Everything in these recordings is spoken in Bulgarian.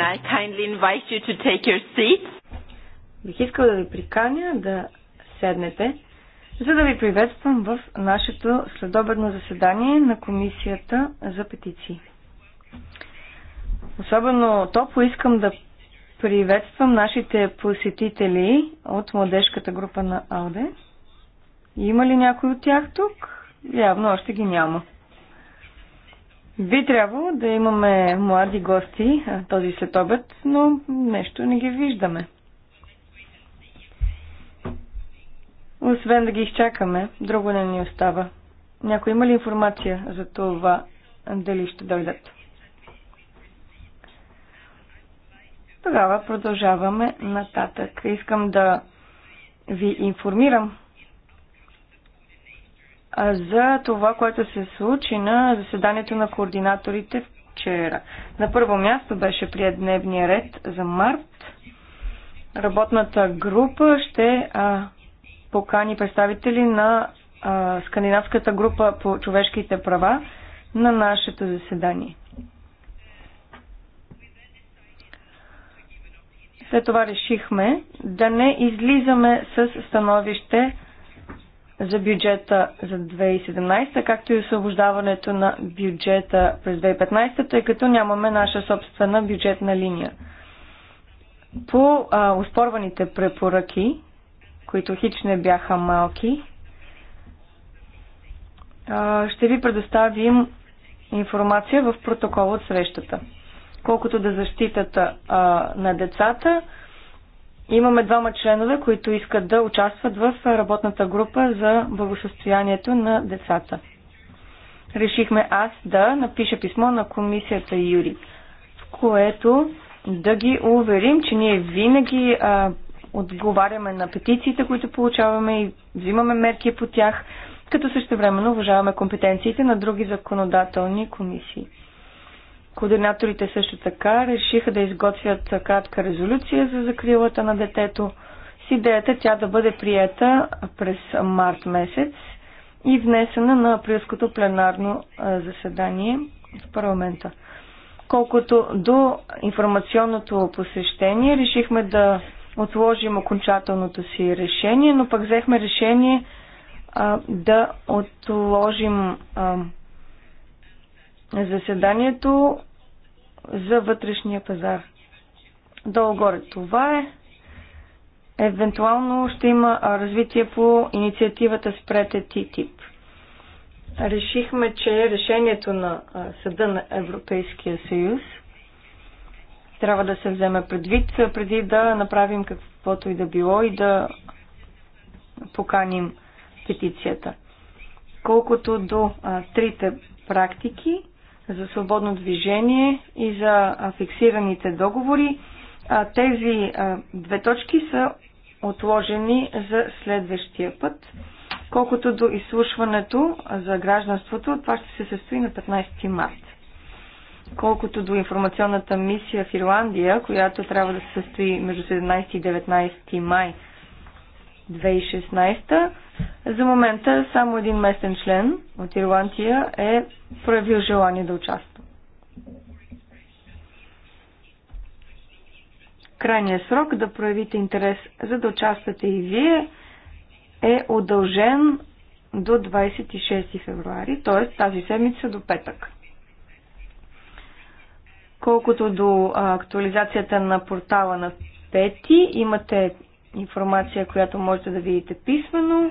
I kindly invite you to take your Бих искал да ви приканя да седнете, за да ви приветствам в нашето следобедно заседание на Комисията за петиции. Особено топло искам да приветствам нашите посетители от младежката група на АЛДЕ. Има ли някой от тях тук? Явно още ги няма. Би трябвало да имаме млади гости този след обед, но нещо не ги виждаме. Освен да ги изчакаме, друго не ни остава. Някой има ли информация за това, дали ще дойдат? Тогава продължаваме нататък. Искам да ви информирам за това, което се случи на заседанието на координаторите вчера. На първо място беше прият дневния ред за март. Работната група ще а, покани представители на а, Скандинавската група по човешките права на нашето заседание. След това решихме да не излизаме с становище за бюджета за 2017, както и освобождаването на бюджета през 2015, тъй като нямаме наша собствена бюджетна линия. По а, успорваните препоръки, които хич не бяха малки, а, ще ви предоставим информация в протокол от срещата. Колкото да защитата а, на децата, Имаме двама членове, които искат да участват в работната група за благосъстоянието на децата. Решихме аз да напиша писмо на комисията Юри, в което да ги уверим, че ние винаги а, отговаряме на петициите, които получаваме и взимаме мерки по тях, като същевременно уважаваме компетенциите на други законодателни комисии. Координаторите също така решиха да изготвят кратка резолюция за закрилата на детето с идеята тя да бъде приета през март месец и внесена на априлското пленарно заседание в парламента. Колкото до информационното посещение, решихме да отложим окончателното си решение, но пък взехме решение а, да отложим а, заседанието за вътрешния пазар. Долу-горе това е. Евентуално ще има развитие по инициативата Спрете ТИТИП. Решихме, че решението на Съда на Европейския съюз трябва да се вземе предвид, преди да направим каквото и да било и да поканим петицията. Колкото до а, трите практики, за свободно движение и за фиксираните договори. Тези две точки са отложени за следващия път. Колкото до изслушването за гражданството, това ще се състои на 15 март. Колкото до информационната мисия в Ирландия, която трябва да се състои между 17 и 19 май 2016. За момента само един местен член от Ирландия е проявил желание да участва. Крайният срок да проявите интерес, за да участвате и вие, е удължен до 26 февруари, т.е. тази седмица до петък. Колкото до актуализацията на портала на пети, имате информация, която можете да видите писменно.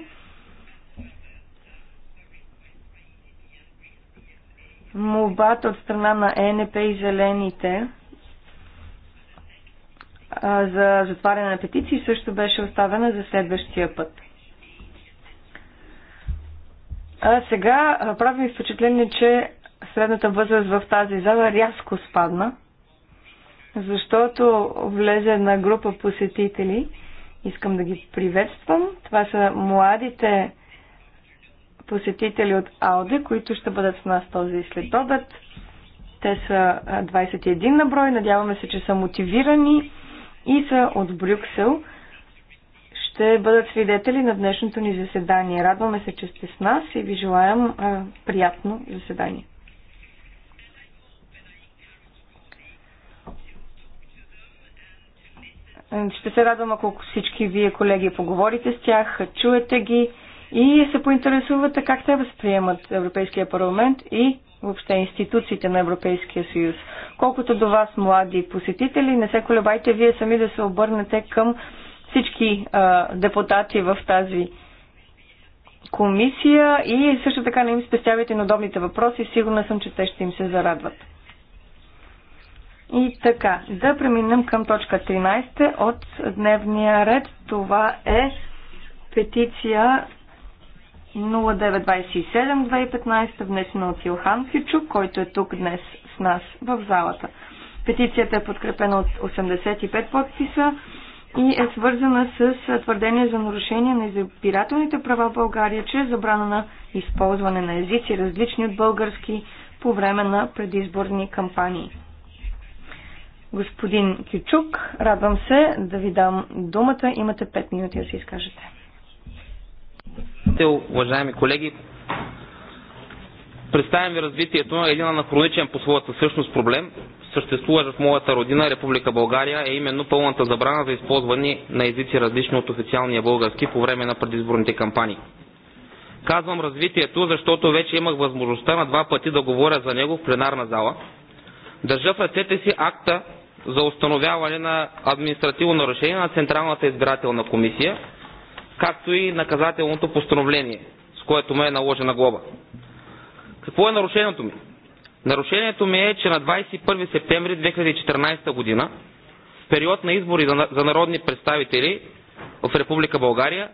Молбата от страна на ЕНП и Зелените за затваряне на петиции също беше оставена за следващия път. А сега правим впечатление, че средната възраст в тази зала рязко спадна, защото влезе една група посетители – Искам да ги приветствам. Това са младите посетители от Ауде, които ще бъдат с нас този следобед. Те са 21 на брой, надяваме се, че са мотивирани и са от Брюксел. Ще бъдат свидетели на днешното ни заседание. Радваме се, че сте с нас и ви желаем приятно заседание. Ще се радвам, ако всички вие, колеги, поговорите с тях, чуете ги и се поинтересувате как те възприемат Европейския парламент и въобще институциите на Европейския съюз. Колкото до вас, млади посетители, не се колебайте вие сами да се обърнете към всички а, депутати в тази комисия и също така не им спестявайте на удобните въпроси. Сигурна съм, че те ще им се зарадват. И така, да преминем към точка 13 от дневния ред. Това е петиция 0927-2015, внесена от Илхан Фичук, който е тук днес с нас в залата. Петицията е подкрепена от 85 подписа и е свързана с твърдение за нарушение на избирателните права в България, чрез забрана на използване на езици, различни от български, по време на предизборни кампании. Господин Кючук, радвам се да ви дам думата. Имате 5 минути да се изкажете. Уважаеми колеги, представям ви развитието на един анахроничен по своята същност проблем, съществуващ в моята родина, Република България, е именно пълната забрана за използване на езици различни от официалния български по време на предизборните кампании. Казвам развитието, защото вече имах възможността на два пъти да говоря за него в пленарна зала – Държа в ръцете си акта за установяване на административно нарушение на Централната избирателна комисия, както и наказателното постановление, с което ме е наложена глоба. Какво е нарушението ми? Нарушението ми е, че на 21 септември 2014 година, в период на избори за народни представители в Република България,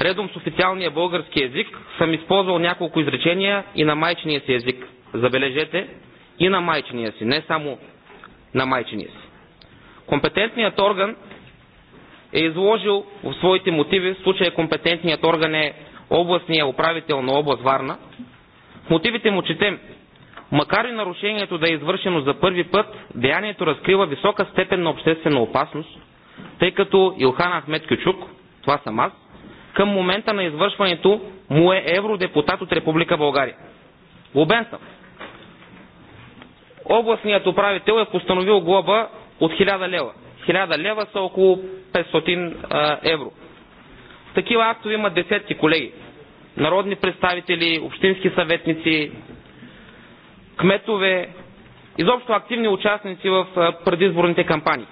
редом с официалния български язик, съм използвал няколко изречения и на майчиния си език. Забележете, и на майчиния си, не само на майчиния си. Компетентният орган е изложил в своите мотиви, в случая компетентният орган е областния управител на област Варна. В мотивите му четем, макар и нарушението да е извършено за първи път, деянието разкрива висока степен на обществена опасност, тъй като Илхан Ахмет Кючук, това съм аз, към момента на извършването му е евродепутат от Република България. Обен съм областният управител е постановил глоба от 1000 лева. 1000 лева са около 500 евро. Такива актове има десетки колеги. Народни представители, общински съветници, кметове, изобщо активни участници в предизборните кампании.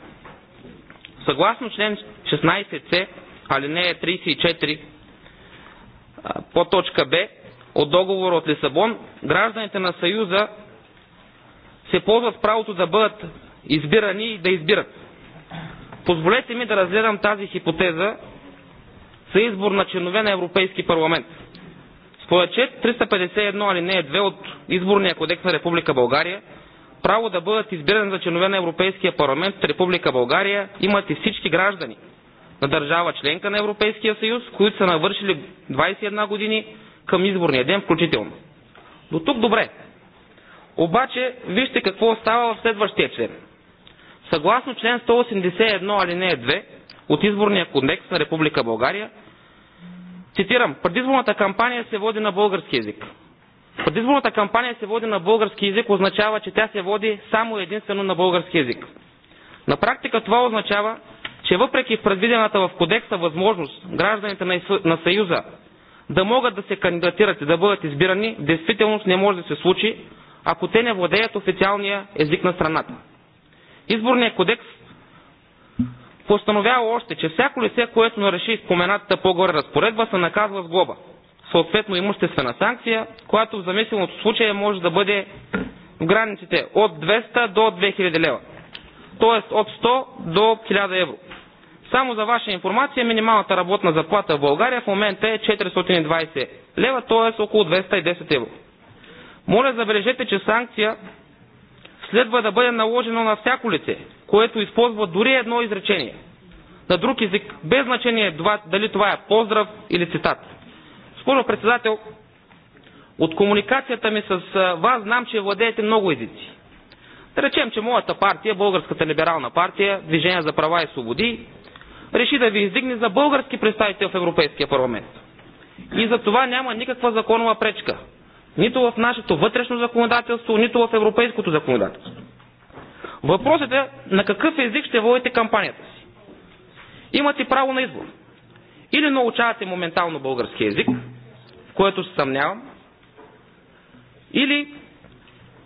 Съгласно член 16c, алинея 34, по точка Б от договора от Лисабон, гражданите на Съюза се ползват правото да бъдат избирани и да избират. Позволете ми да разгледам тази хипотеза за избор на членове на Европейски парламент. Според 351 алинея 2 от Изборния кодекс на Република България, право да бъдат избирани за членове на Европейския парламент в Република България имат и всички граждани на държава членка на Европейския съюз, които са навършили 21 години към изборния ден включително. До тук добре. Обаче, вижте какво става в следващия член. Съгласно член 181 алинея 2 от Изборния кодекс на Република България, цитирам, предизборната кампания се води на български язик. Предизборната кампания се води на български язик означава, че тя се води само единствено на български язик. На практика това означава, че въпреки предвидената в кодекса възможност гражданите на Съюза да могат да се кандидатират и да бъдат избирани, действителност не може да се случи, ако те не владеят официалния език на страната. Изборният кодекс постановява още, че всяко лице, което нареши споменатата по-горе разпоредба, се наказва с глоба, съответно имуществена санкция, която в замисленото случая може да бъде в границите от 200 до 2000 лева, т.е. от 100 до 1000 евро. Само за ваша информация, минималната работна заплата в България в момента е 420 лева, т.е. около 210 евро. Моля забележете, че санкция следва да бъде наложена на всяко лице, което използва дори едно изречение на друг език, без значение дали това е поздрав или цитат. Скоро председател, от комуникацията ми с вас знам, че владеете много езици. Да речем, че моята партия, Българската либерална партия, Движение за права и свободи, реши да ви издигне за български представител в Европейския парламент. И за това няма никаква законова пречка. Нито в нашето вътрешно законодателство, нито в европейското законодателство. Въпросът е на какъв език ще водите кампанията си. Имате право на избор. Или научавате моментално български язик, в което се съмнявам, или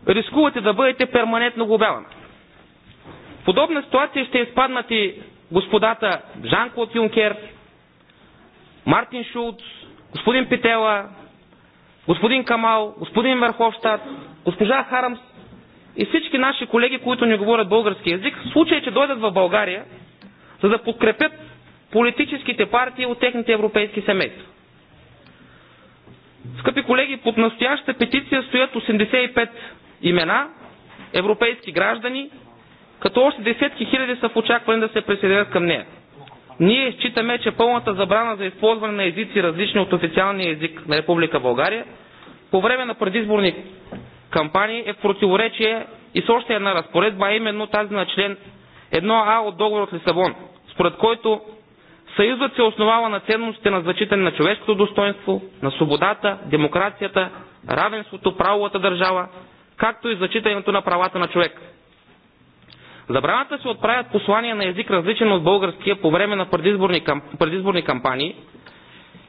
рискувате да бъдете перманентно губявани. В подобна ситуация ще изпаднат и господата Жан-Клод Юнкер, Мартин Шулц, господин Петела, господин Камал, господин Верховщад, госпожа Харамс и всички наши колеги, които не говорят български язик, в случай, че дойдат в България, за да подкрепят политическите партии от техните европейски семейства. Скъпи колеги, под настояща петиция стоят 85 имена, европейски граждани, като още десетки хиляди са в очакване да се присъединят към нея. Ние считаме, че пълната забрана за използване на езици, различни от официалния език на Република България, по време на предизборни кампании е в противоречие и с още една разпоредба, а именно тази на член 1А от договор от Лисабон, според който Съюзът се основава на ценностите на зачитане на човешкото достоинство, на свободата, демокрацията, равенството, правовата държава, както и зачитането на правата на човек. Забраната се отправят послания на език различен от българския по време на предизборни, кам... предизборни кампании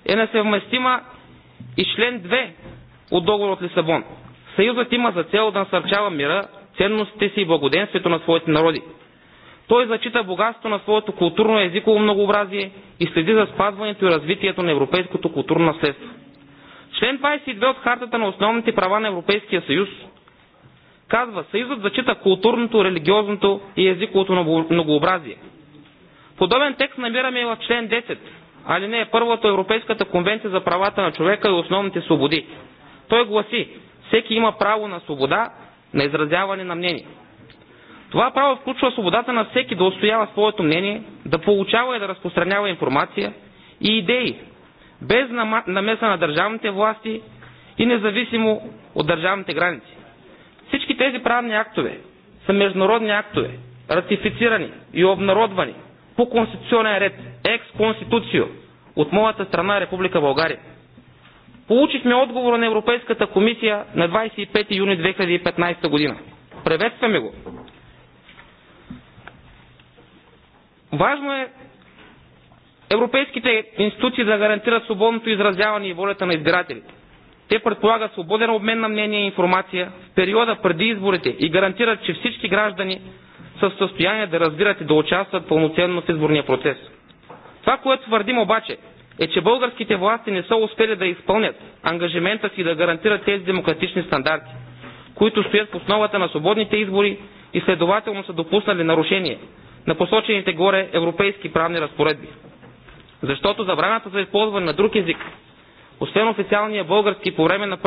е несъвместима и член 2 от договор от Лисабон. Съюзът има за цел да насърчава мира, ценностите си и благоденствието на своите народи. Той зачита богатството на своето културно езиково многообразие и следи за спазването и развитието на европейското културно наследство. Член 22 от Хартата на основните права на Европейския съюз Казва, Съюзът зачита културното, религиозното и езиковото многообразие. Подобен текст намираме и в член 10, али не е първото Европейската конвенция за правата на човека и основните свободи. Той гласи, всеки има право на свобода на изразяване на мнение. Това право включва свободата на всеки да устоява своето мнение, да получава и да разпространява информация и идеи, без намеса на държавните власти и независимо от държавните граници. Всички тези правни актове са международни актове, ратифицирани и обнародвани по конституционен ред, екс конституцио, от моята страна Република България. Получихме отговор на Европейската комисия на 25 юни 2015 година. Приветстваме го. Важно е европейските институции да гарантират свободното изразяване и волята на избирателите. Те предполагат свободен обмен на мнение и информация в периода преди изборите и гарантират, че всички граждани са в състояние да разбират и да участват пълноценно в изборния процес. Това, което твърдим обаче, е, че българските власти не са успели да изпълнят ангажимента си да гарантират тези демократични стандарти, които стоят в основата на свободните избори и следователно са допуснали нарушение на посочените горе европейски правни разпоредби. Защото забраната за използване на друг език освен официалния български по време на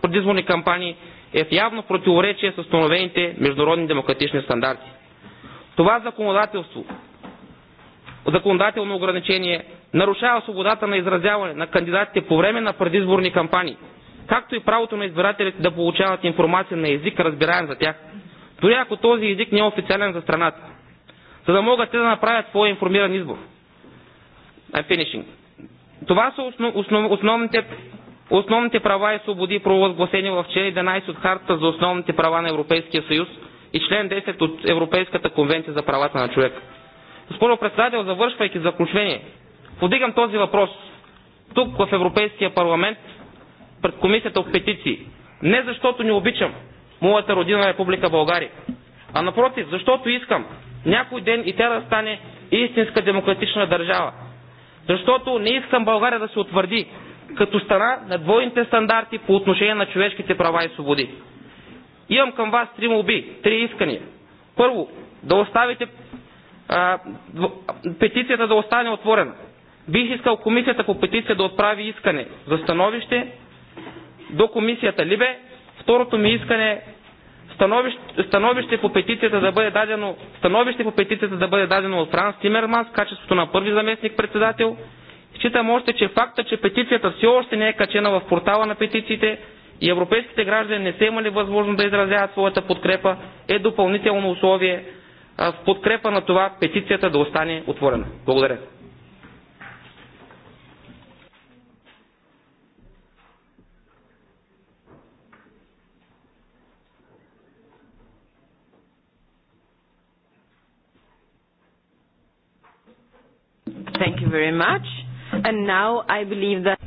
предизборни кампании, е в явно противоречие с установените международни демократични стандарти. Това законодателство, законодателно ограничение нарушава свободата на изразяване на кандидатите по време на предизборни кампании, както и правото на избирателите да получават информация на език, разбираем за тях, дори ако този език не е официален за страната, за да могат те да направят своя информиран избор. I'm finishing. Това са основ, основ, основните, основните права и свободи, провъзгласени в член 11 от Хартата за основните права на Европейския съюз и член 10 от Европейската конвенция за правата на човека. Госпожо председател, завършвайки заключение, подигам този въпрос тук в Европейския парламент пред Комисията от петиции. Не защото не обичам моята родина Република България, а напротив, защото искам някой ден и тя да стане истинска демократична държава, защото не искам България да се утвърди като страна на двойните стандарти по отношение на човешките права и свободи. Имам към вас три молби, три искания. Първо, да оставите а, петицията да остане отворена. Бих искал комисията по петиция да отправи искане за становище до комисията Либе. Второто ми искане е становище, становище по петицията да бъде дадено, становище по петицията да бъде дадено от Франс Тимерманс в качеството на първи заместник-председател. Считам още, че факта, че петицията все още не е качена в портала на петициите и европейските граждани не са имали възможност да изразяват своята подкрепа, е допълнително условие в подкрепа на това петицията да остане отворена. Благодаря. Thank you very much. And now I believe that...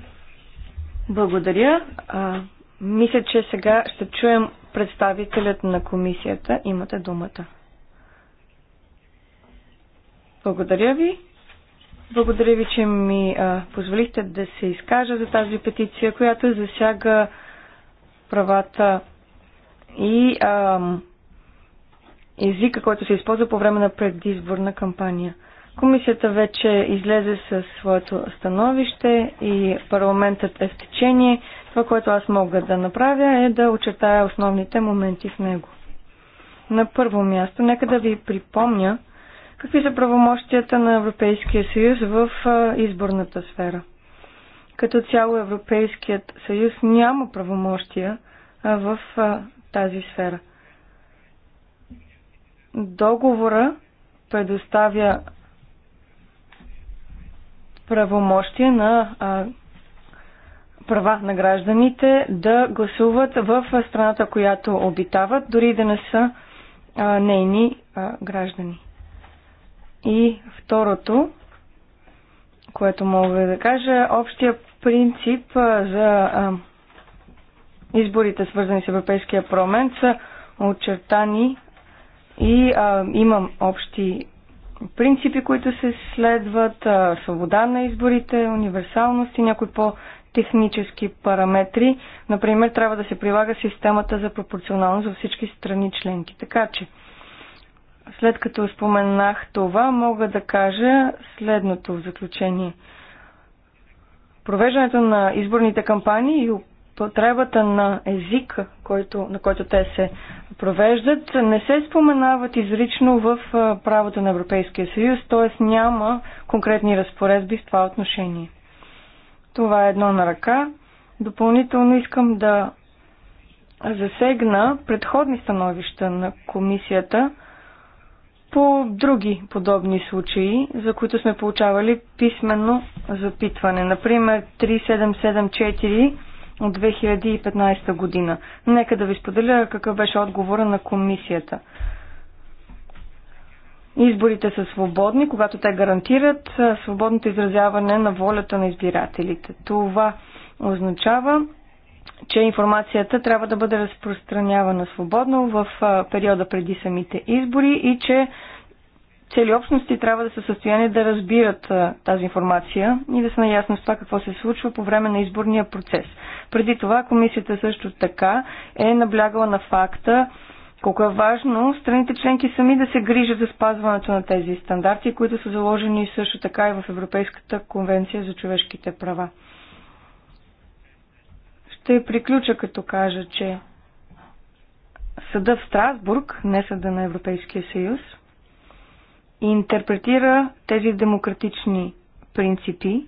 Благодаря. А, мисля, че сега ще чуем представителят на комисията. Имате думата. Благодаря ви. Благодаря ви, че ми а, позволихте да се изкажа за тази петиция, която засяга правата и а, езика, който се използва по време на предизборна кампания. Комисията вече излезе със своето становище и парламентът е в течение. Това, което аз мога да направя е да очертая основните моменти в него. На първо място, нека да ви припомня какви са правомощията на Европейския съюз в изборната сфера. Като цяло Европейският съюз няма правомощия в тази сфера. Договора предоставя правомощия на а, права на гражданите да гласуват в страната, която обитават, дори да не са а, нейни а, граждани. И второто, което мога да кажа, общия принцип а, за а, изборите, свързани с Европейския парламент, са очертани и а, имам общи принципи, които се следват, свобода на изборите, универсалност и някои по-технически параметри. Например, трябва да се прилага системата за пропорционалност за всички страни членки. Така че, след като споменах това, мога да кажа следното в заключение. Провеждането на изборните кампании и употребата на езика, който, на който те се провеждат, не се споменават изрично в правото на Европейския съюз, т.е. няма конкретни разпоредби в това отношение. Това е едно на ръка. Допълнително искам да засегна предходни становища на комисията по други подобни случаи, за които сме получавали писменно запитване. Например, 3774 от 2015 година. Нека да ви споделя какъв беше отговора на комисията. Изборите са свободни, когато те гарантират свободното изразяване на волята на избирателите. Това означава, че информацията трябва да бъде разпространявана свободно в периода преди самите избори и че цели общности трябва да са в състояние да разбират тази информация и да са наясно с това какво се случва по време на изборния процес. Преди това комисията също така е наблягала на факта, колко е важно страните членки сами да се грижат за спазването на тези стандарти, които са заложени също така и в Европейската конвенция за човешките права. Ще приключа като кажа, че съда в Страсбург, не съда на Европейския съюз, интерпретира тези демократични принципи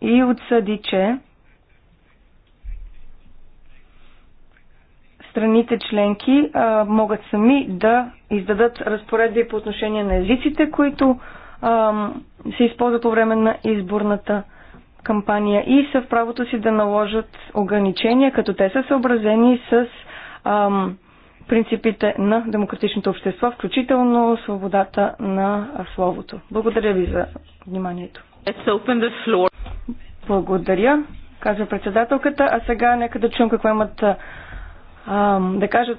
и отсъди, че страните членки а, могат сами да издадат разпоредби по отношение на езиците, които а, се използват по време на изборната кампания и са в правото си да наложат ограничения, като те са съобразени с а, принципите на демократичното общество, включително свободата на словото. Благодаря ви за вниманието. Благодаря, казва председателката. А сега нека да чуем какво имат да кажат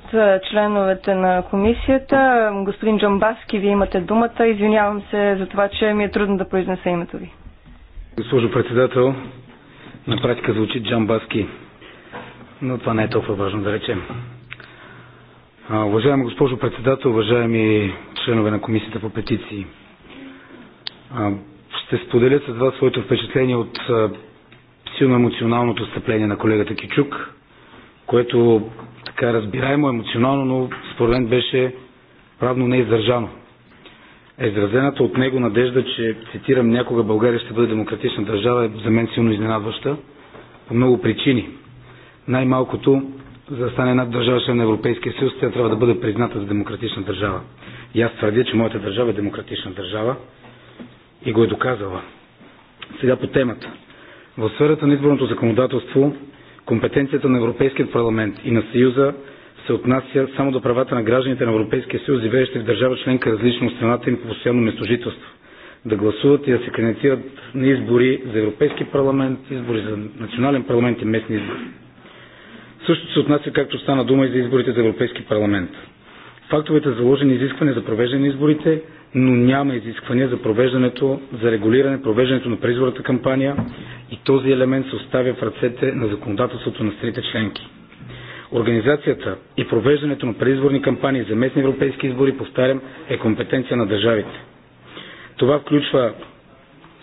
членовете на комисията. Господин Джамбаски, вие имате думата. Извинявам се за това, че ми е трудно да произнеса името ви. Госпожо председател, на практика звучи Джамбаски, но това не е толкова важно да речем. Уважаема госпожо председател, уважаеми членове на комисията по петиции, ще споделя с вас своето впечатление от силно емоционалното стъпление на колегата Кичук – което така разбираемо емоционално, но според мен беше правно неиздържано. Е, изразената от него надежда, че, цитирам, някога България ще бъде демократична държава е за мен силно изненадваща по много причини. Най-малкото, за да стане една държава член на Европейския съюз, тя трябва да бъде призната за демократична държава. И аз твърдя, че моята държава е демократична държава и го е доказала. Сега по темата. В сферата на изборното законодателство Компетенцията на Европейския парламент и на Съюза се отнася само до правата на гражданите на Европейския съюз, живеещи в държава членка, различно от страната им по постоянно местожителство, да гласуват и да се кандидатират на избори за Европейски парламент, избори за национален парламент и местни избори. Същото се отнася, както стана дума, и за изборите за Европейски парламент. Фактовете заложени изискване за провеждане на изборите но няма изисквания за провеждането, за регулиране провеждането на предизборната кампания и този елемент се оставя в ръцете на законодателството на страните членки. Организацията и провеждането на предизборни кампании за местни европейски избори, повтарям, е компетенция на държавите. Това включва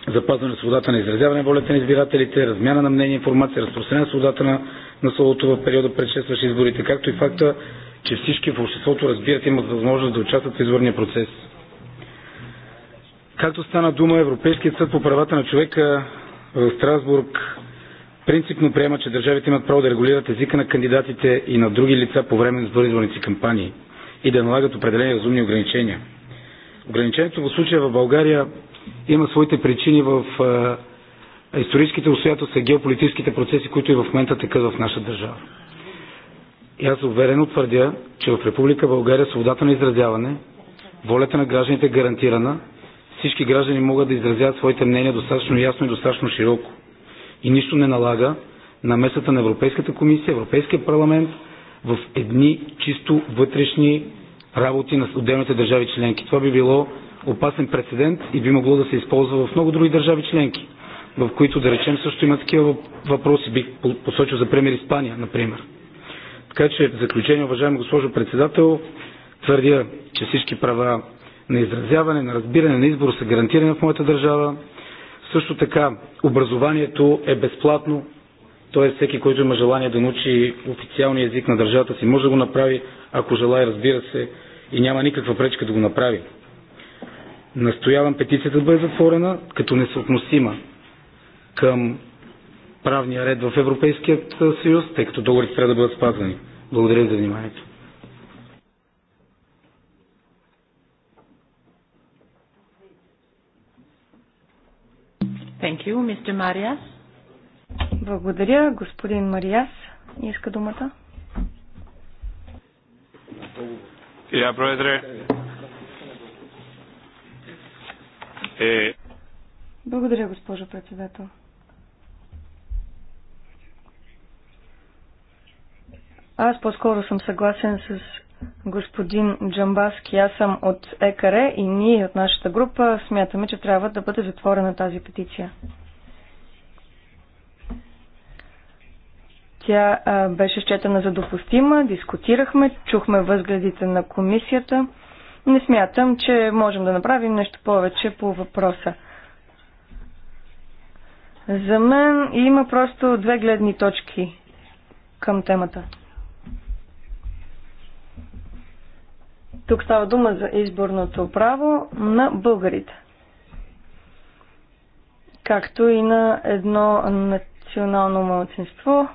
запазване на свободата на изразяване на волята на избирателите, размяна на мнение, информация, разпространение на свободата на, на словото в периода предшестващ изборите, както и факта, че всички в обществото разбират имат възможност да участват в изборния процес. Както стана дума, Европейският съд по правата на човека в Страсбург принципно приема, че държавите имат право да регулират езика на кандидатите и на други лица по време на предизборните кампании и да налагат определени разумни ограничения. Ограничението в случая в България има своите причини в историческите обстоятелства, геополитическите процеси, които и в момента текат в наша държава. И аз уверено твърдя, че в Република България свободата на изразяване, волята на гражданите е гарантирана всички граждани могат да изразят своите мнения достатъчно ясно и достатъчно широко. И нищо не налага намесата на Европейската комисия, Европейския парламент в едни чисто вътрешни работи на отделните държави членки. Това би било опасен прецедент и би могло да се използва в много други държави членки, в които, да речем, също има такива въпроси. Бих посочил за пример Испания, например. Така че, в заключение, уважаема госпожо председател, твърдя, че всички права на изразяване, на разбиране, на избор са гарантирани в моята държава. Също така образованието е безплатно, т.е. всеки, който има желание да научи официалния език на държавата си, може да го направи, ако желая, разбира се, и няма никаква пречка да го направи. Настоявам петицията да бъде затворена като несъотносима към правния ред в Европейският съюз, тъй като договорите трябва да бъдат спазвани. Благодаря за вниманието. Thank you, Mr. Marias. Благодаря. Господин Мариас иска думата. Я проведре. е... Благодаря, госпожо председател. Аз по-скоро съм съгласен с господин Джамбаски, аз съм от ЕКАРЕ и ние от нашата група смятаме, че трябва да бъде затворена тази петиция. Тя а, беше счетена за допустима, дискутирахме, чухме възгледите на комисията. Не смятам, че можем да направим нещо повече по въпроса. За мен има просто две гледни точки към темата. Тук става дума за изборното право на българите, както и на едно национално младсинство,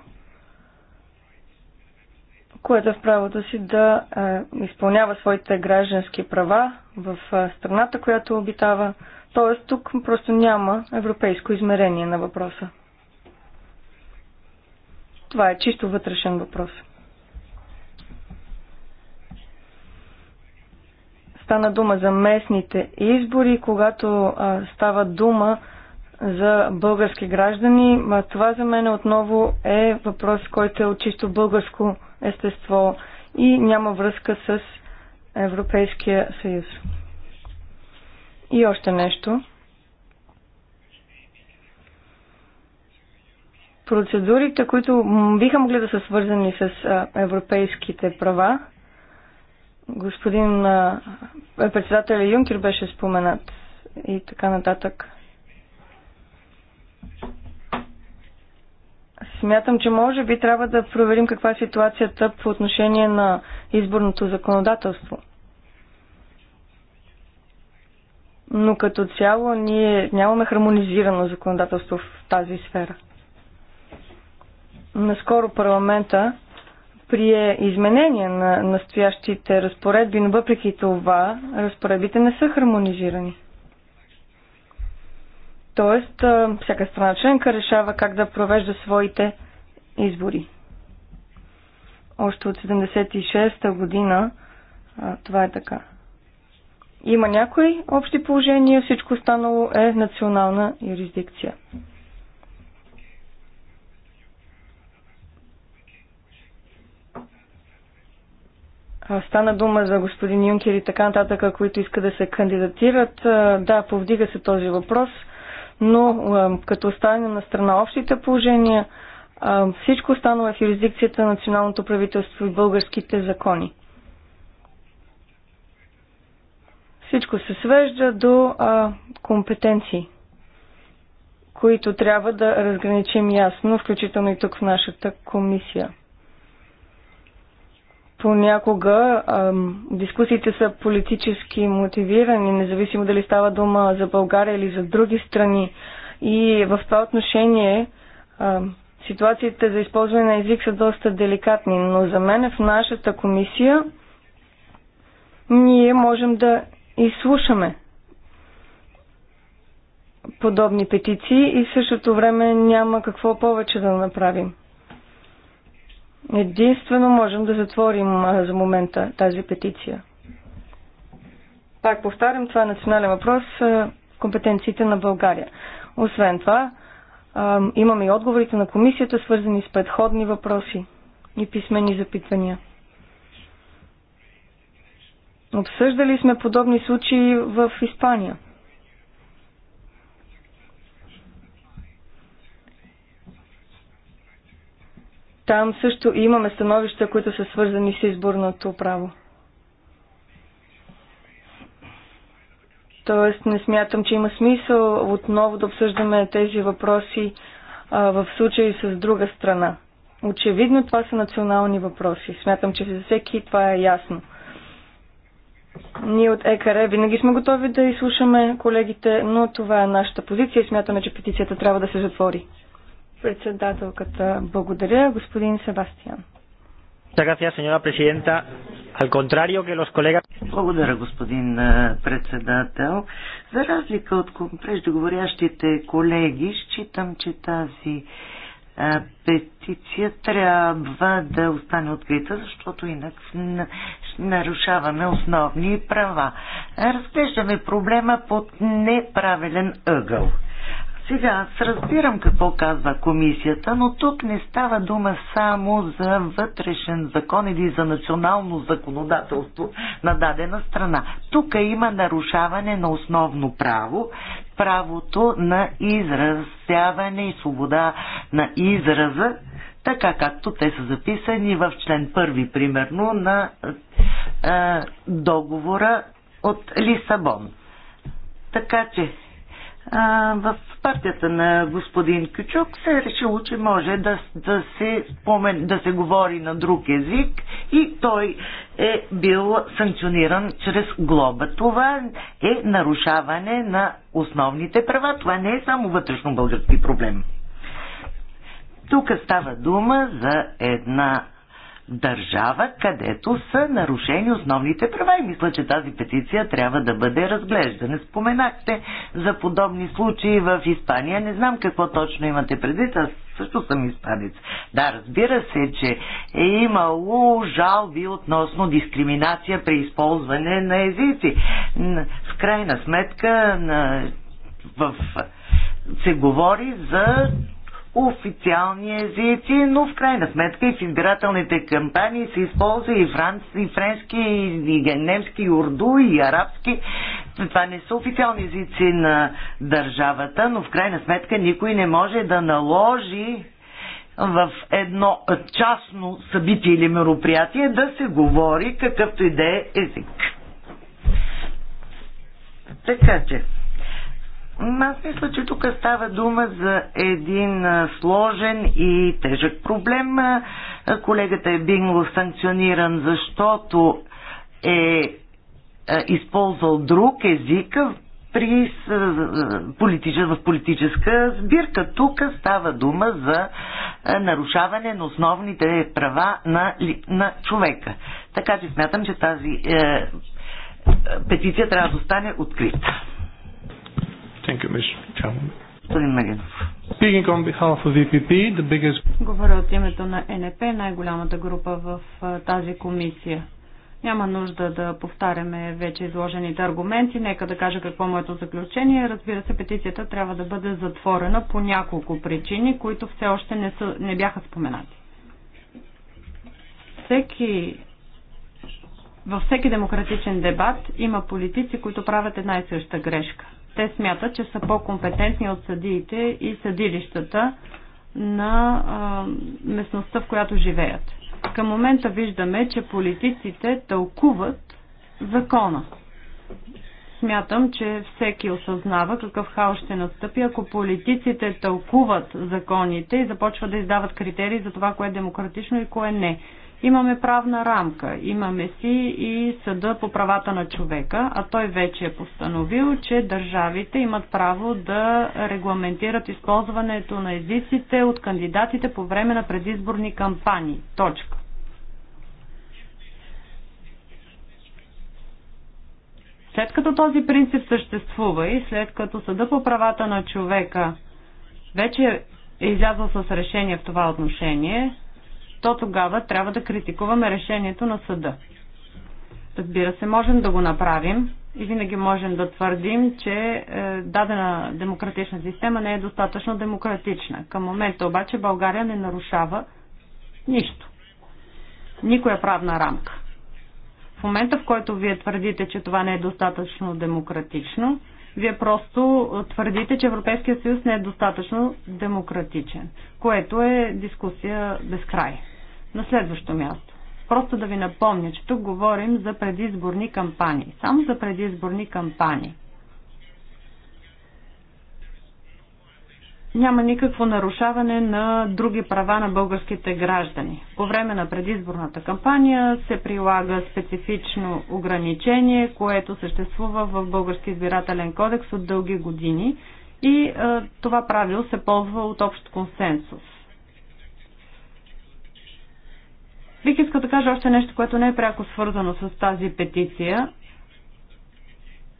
което е в правото си да е, изпълнява своите граждански права в е, страната, която обитава. Тоест, тук просто няма европейско измерение на въпроса. Това е чисто вътрешен въпрос. стана дума за местните избори, когато а, става дума за български граждани, а това за мен отново е въпрос, който е от чисто българско естество и няма връзка с Европейския съюз. И още нещо. Процедурите, които биха могли да са свързани с европейските права, господин председателя Юнкер беше споменат и така нататък. Смятам, че може би трябва да проверим каква е ситуацията по отношение на изборното законодателство. Но като цяло ние нямаме хармонизирано законодателство в тази сфера. Наскоро парламента прие изменения на настоящите разпоредби, но въпреки това разпоредбите не са хармонизирани. Тоест, всяка страна членка решава как да провежда своите избори. Още от 76-та година това е така. Има някои общи положения, всичко останало е национална юрисдикция. Стана дума за господин Юнкер и така нататък, които искат да се кандидатират. Да, повдига се този въпрос, но като останем на страна общите положения, всичко останало е в юрисдикцията на националното правителство и българските закони. Всичко се свежда до а, компетенции, които трябва да разграничим ясно, включително и тук в нашата комисия понякога ам, дискусиите са политически мотивирани, независимо дали става дума за България или за други страни. И в това отношение ам, ситуациите за използване на език са доста деликатни, но за мен в нашата комисия ние можем да изслушаме подобни петиции и в същото време няма какво повече да направим. Единствено можем да затворим за момента тази петиция. Пак повтарям, това е национален въпрос компетенциите на България. Освен това, имаме и отговорите на комисията, свързани с предходни въпроси и писмени запитвания. Обсъждали сме подобни случаи в Испания – Там също имаме становища, които са свързани с изборното право. Тоест не смятам, че има смисъл отново да обсъждаме тези въпроси а, в случай с друга страна. Очевидно това са национални въпроси. Смятам, че за всеки това е ясно. Ние от ЕКР винаги сме готови да изслушаме колегите, но това е нашата позиция и смятаме, че петицията трябва да се затвори. Председателката, благодаря. Господин Себастиан. Благодаря, господин председател. За разлика от преждеговорящите колеги, считам, че тази петиция трябва да остане открита, защото инак нарушаваме основни права. Разглеждаме проблема под неправилен ъгъл. Сега, аз разбирам какво казва комисията, но тук не става дума само за вътрешен закон или за национално законодателство на дадена страна. Тук има нарушаване на основно право, правото на изразяване и свобода на израза, така както те са записани в член първи, примерно, на е, договора от Лисабон. Така че в партията на господин Кючук се е решило, че може да, да, се спомен, да се говори на друг език и той е бил санкциониран чрез глоба. Това е нарушаване на основните права. Това не е само вътрешно български проблем. Тук става дума за една държава, където са нарушени основните права. И мисля, че тази петиция трябва да бъде разглеждана. Споменахте за подобни случаи в Испания. Не знам какво точно имате предвид. Аз също съм испанец. Да, разбира се, че е имало жалби относно дискриминация при използване на езици. В крайна сметка в... се говори за официални езици, но в крайна сметка и в избирателните кампании се използва и, франц, и френски, и немски, и урду, и арабски. Това не са официални езици на държавата, но в крайна сметка никой не може да наложи в едно частно събитие или мероприятие да се говори какъвто и да е език. Така че. Аз мисля, че тук става дума за един сложен и тежък проблем. Колегата е бил санкциониран, защото е използвал друг език при, в политическа сбирка. Тук става дума за нарушаване на основните права на, на човека. Така че смятам, че тази е, петиция трябва да остане открита. Thank you, Mr. Chairman. Господин e biggest... Говоря от името на НП, най-голямата група в тази комисия. Няма нужда да повтаряме вече изложените аргументи. Нека да кажа какво е моето заключение. Разбира се, петицията трябва да бъде затворена по няколко причини, които все още не, са, не бяха споменати. Всеки, във всеки демократичен дебат има политици, които правят една и съща грешка – те смятат, че са по-компетентни от съдиите и съдилищата на а, местността, в която живеят. Към момента виждаме, че политиците тълкуват закона. Смятам, че всеки осъзнава какъв хаос ще настъпи, ако политиците тълкуват законите и започват да издават критерии за това, кое е демократично и кое не. Имаме правна рамка, имаме си и съда по правата на човека, а той вече е постановил, че държавите имат право да регламентират използването на езиците от кандидатите по време на предизборни кампании. Точка. След като този принцип съществува и след като съда по правата на човека вече е излязъл с решение в това отношение, то тогава трябва да критикуваме решението на съда. Разбира се, можем да го направим и винаги можем да твърдим, че е, дадена демократична система не е достатъчно демократична. Към момента обаче България не нарушава нищо. Никоя правна рамка. В момента, в който вие твърдите, че това не е достатъчно демократично, вие просто твърдите, че Европейския съюз не е достатъчно демократичен, което е дискусия без край. На следващо място. Просто да ви напомня, че тук говорим за предизборни кампании. Само за предизборни кампании. няма никакво нарушаване на други права на българските граждани. По време на предизборната кампания се прилага специфично ограничение, което съществува в Български избирателен кодекс от дълги години и е, това правило се ползва от общ консенсус. Бих искал да кажа още нещо, което не е пряко свързано с тази петиция,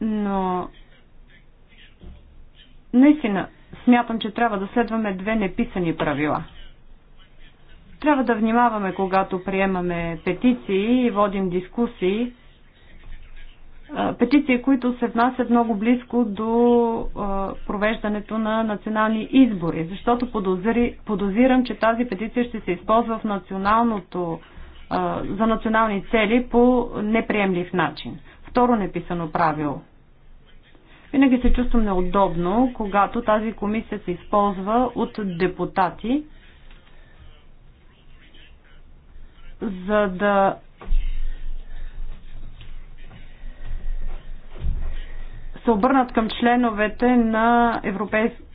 но наистина смятам, че трябва да следваме две неписани правила. Трябва да внимаваме, когато приемаме петиции и водим дискусии, петиции, които се внасят много близко до провеждането на национални избори, защото подозирам, че тази петиция ще се използва в националното, за национални цели по неприемлив начин. Второ неписано правило – винаги се чувствам неудобно, когато тази комисия се използва от депутати, за да се обърнат към членовете на Европейския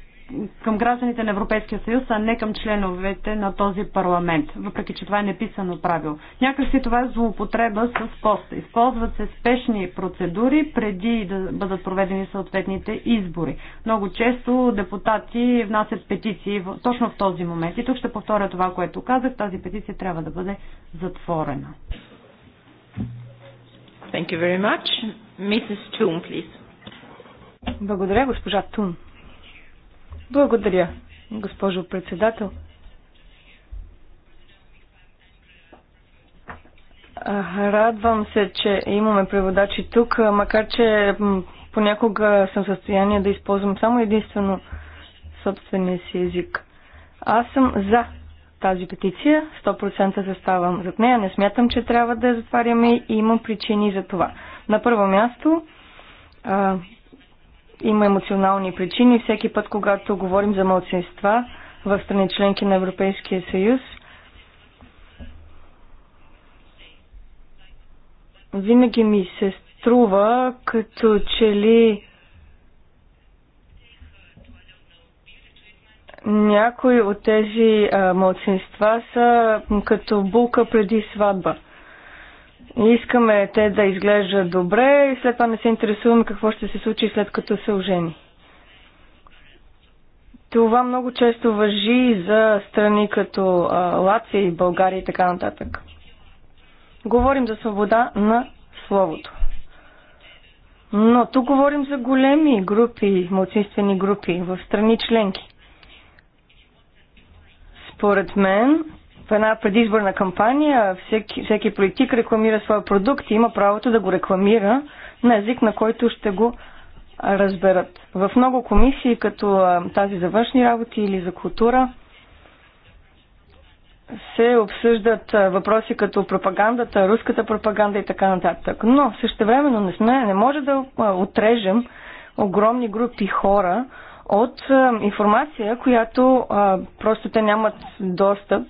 към гражданите на Европейския съюз, а не към членовете на този парламент, въпреки че това е неписано правило. Някакси това е злоупотреба с пост. Използват се спешни процедури преди да бъдат проведени съответните избори. Много често депутати внасят петиции точно в този момент. И тук ще повторя това, което казах. Тази петиция трябва да бъде затворена. Thank you very much. Mrs. Toon, please. Благодаря, госпожа Тун. Благодаря, госпожо председател. Радвам се, че имаме преводачи тук, макар че понякога съм в състояние да използвам само единствено собствения си език. Аз съм за тази петиция, 100% заставам зад нея, не смятам, че трябва да я затваряме и имам причини за това. На първо място, има емоционални причини. Всеки път, когато говорим за младсинства в страни членки на Европейския съюз, винаги ми се струва, като че ли някои от тези а, младсинства са като булка преди сватба. Не искаме те да изглеждат добре и след това не се интересуваме какво ще се случи след като се ожени. Това много често въжи за страни като а, Латвия и България и така нататък. Говорим за свобода на словото. Но тук говорим за големи групи, младсинствени групи в страни членки. Според мен, в една предизборна кампания всеки, всеки политик рекламира своя продукт и има правото да го рекламира на език, на който ще го разберат. В много комисии, като тази за външни работи или за култура, се обсъждат въпроси като пропагандата, руската пропаганда и така нататък. Но същевременно не сме, не може да отрежем огромни групи хора от информация, която просто те нямат достъп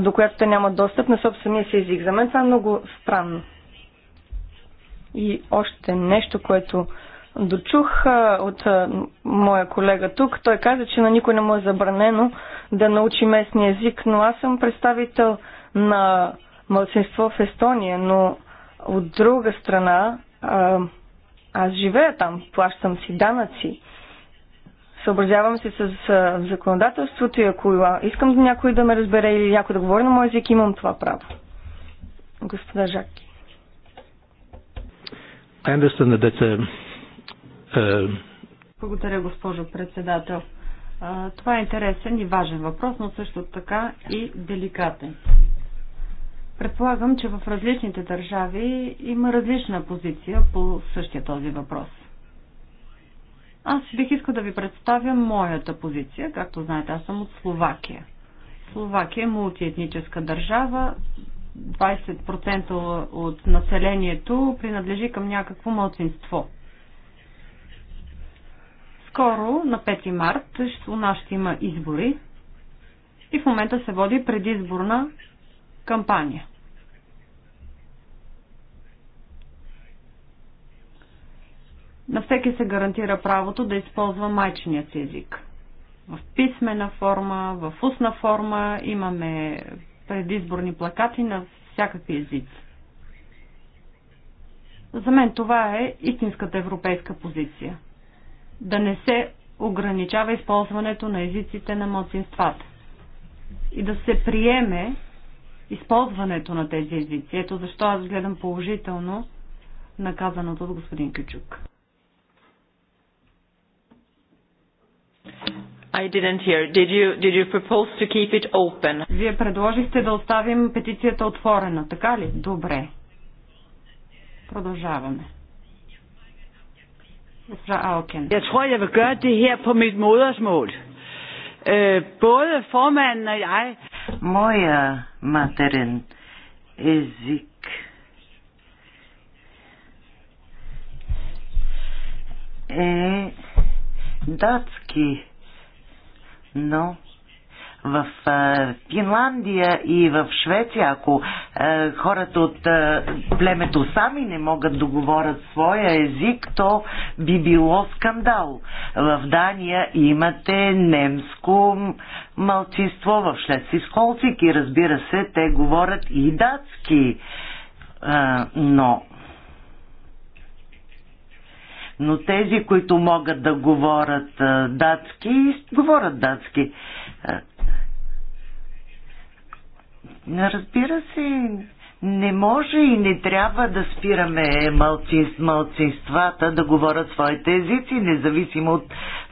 до която те нямат достъп на собствения си език. За мен това е много странно. И още нещо, което дочух от моя колега тук. Той каза, че на никой не му е забранено да научи местния език, но аз съм представител на младсинство в Естония, но от друга страна аз живея там, плащам си данъци съобразявам се с законодателството и ако искам да някой да ме разбере или някой да говори на мой език, имам това право. Господа Жаки. Um, uh... Благодаря, госпожо председател. Това е интересен и важен въпрос, но също така и деликатен. Предполагам, че в различните държави има различна позиция по същия този въпрос. Аз бих искал да ви представя моята позиция. Както знаете, аз съм от Словакия. Словакия е мултиетническа държава. 20% от населението принадлежи към някакво мълцинство. Скоро, на 5 март, у нас ще има избори и в момента се води предизборна кампания. На всеки се гарантира правото да използва майчиният си език. В писмена форма, в устна форма имаме предизборни плакати на всякакви езици. За мен това е истинската европейска позиция. Да не се ограничава използването на езиците на младсинствата. И да се приеме използването на тези езици. Ето защо аз гледам положително наказаното от господин Кючук. I didn't hear. Did you, did you propose to keep it open? Вие предложихте да оставим петицията отворена, така ли? Добре. Продължаваме. Fra Auken. Jeg tror, jeg vil gøre det her på mit modersmål. både formanden og jeg... Моя матерен език е датски но в Финландия и в Швеция, ако хората от племето сами не могат да говорят своя език, то би било скандал. В Дания имате немско малцинство, в Шлеци-Сколцик и разбира се, те говорят и датски. Но но тези, които могат да говорят датски, говорят датски. Разбира се, не може и не трябва да спираме малцинствата да говорят своите езици, независимо от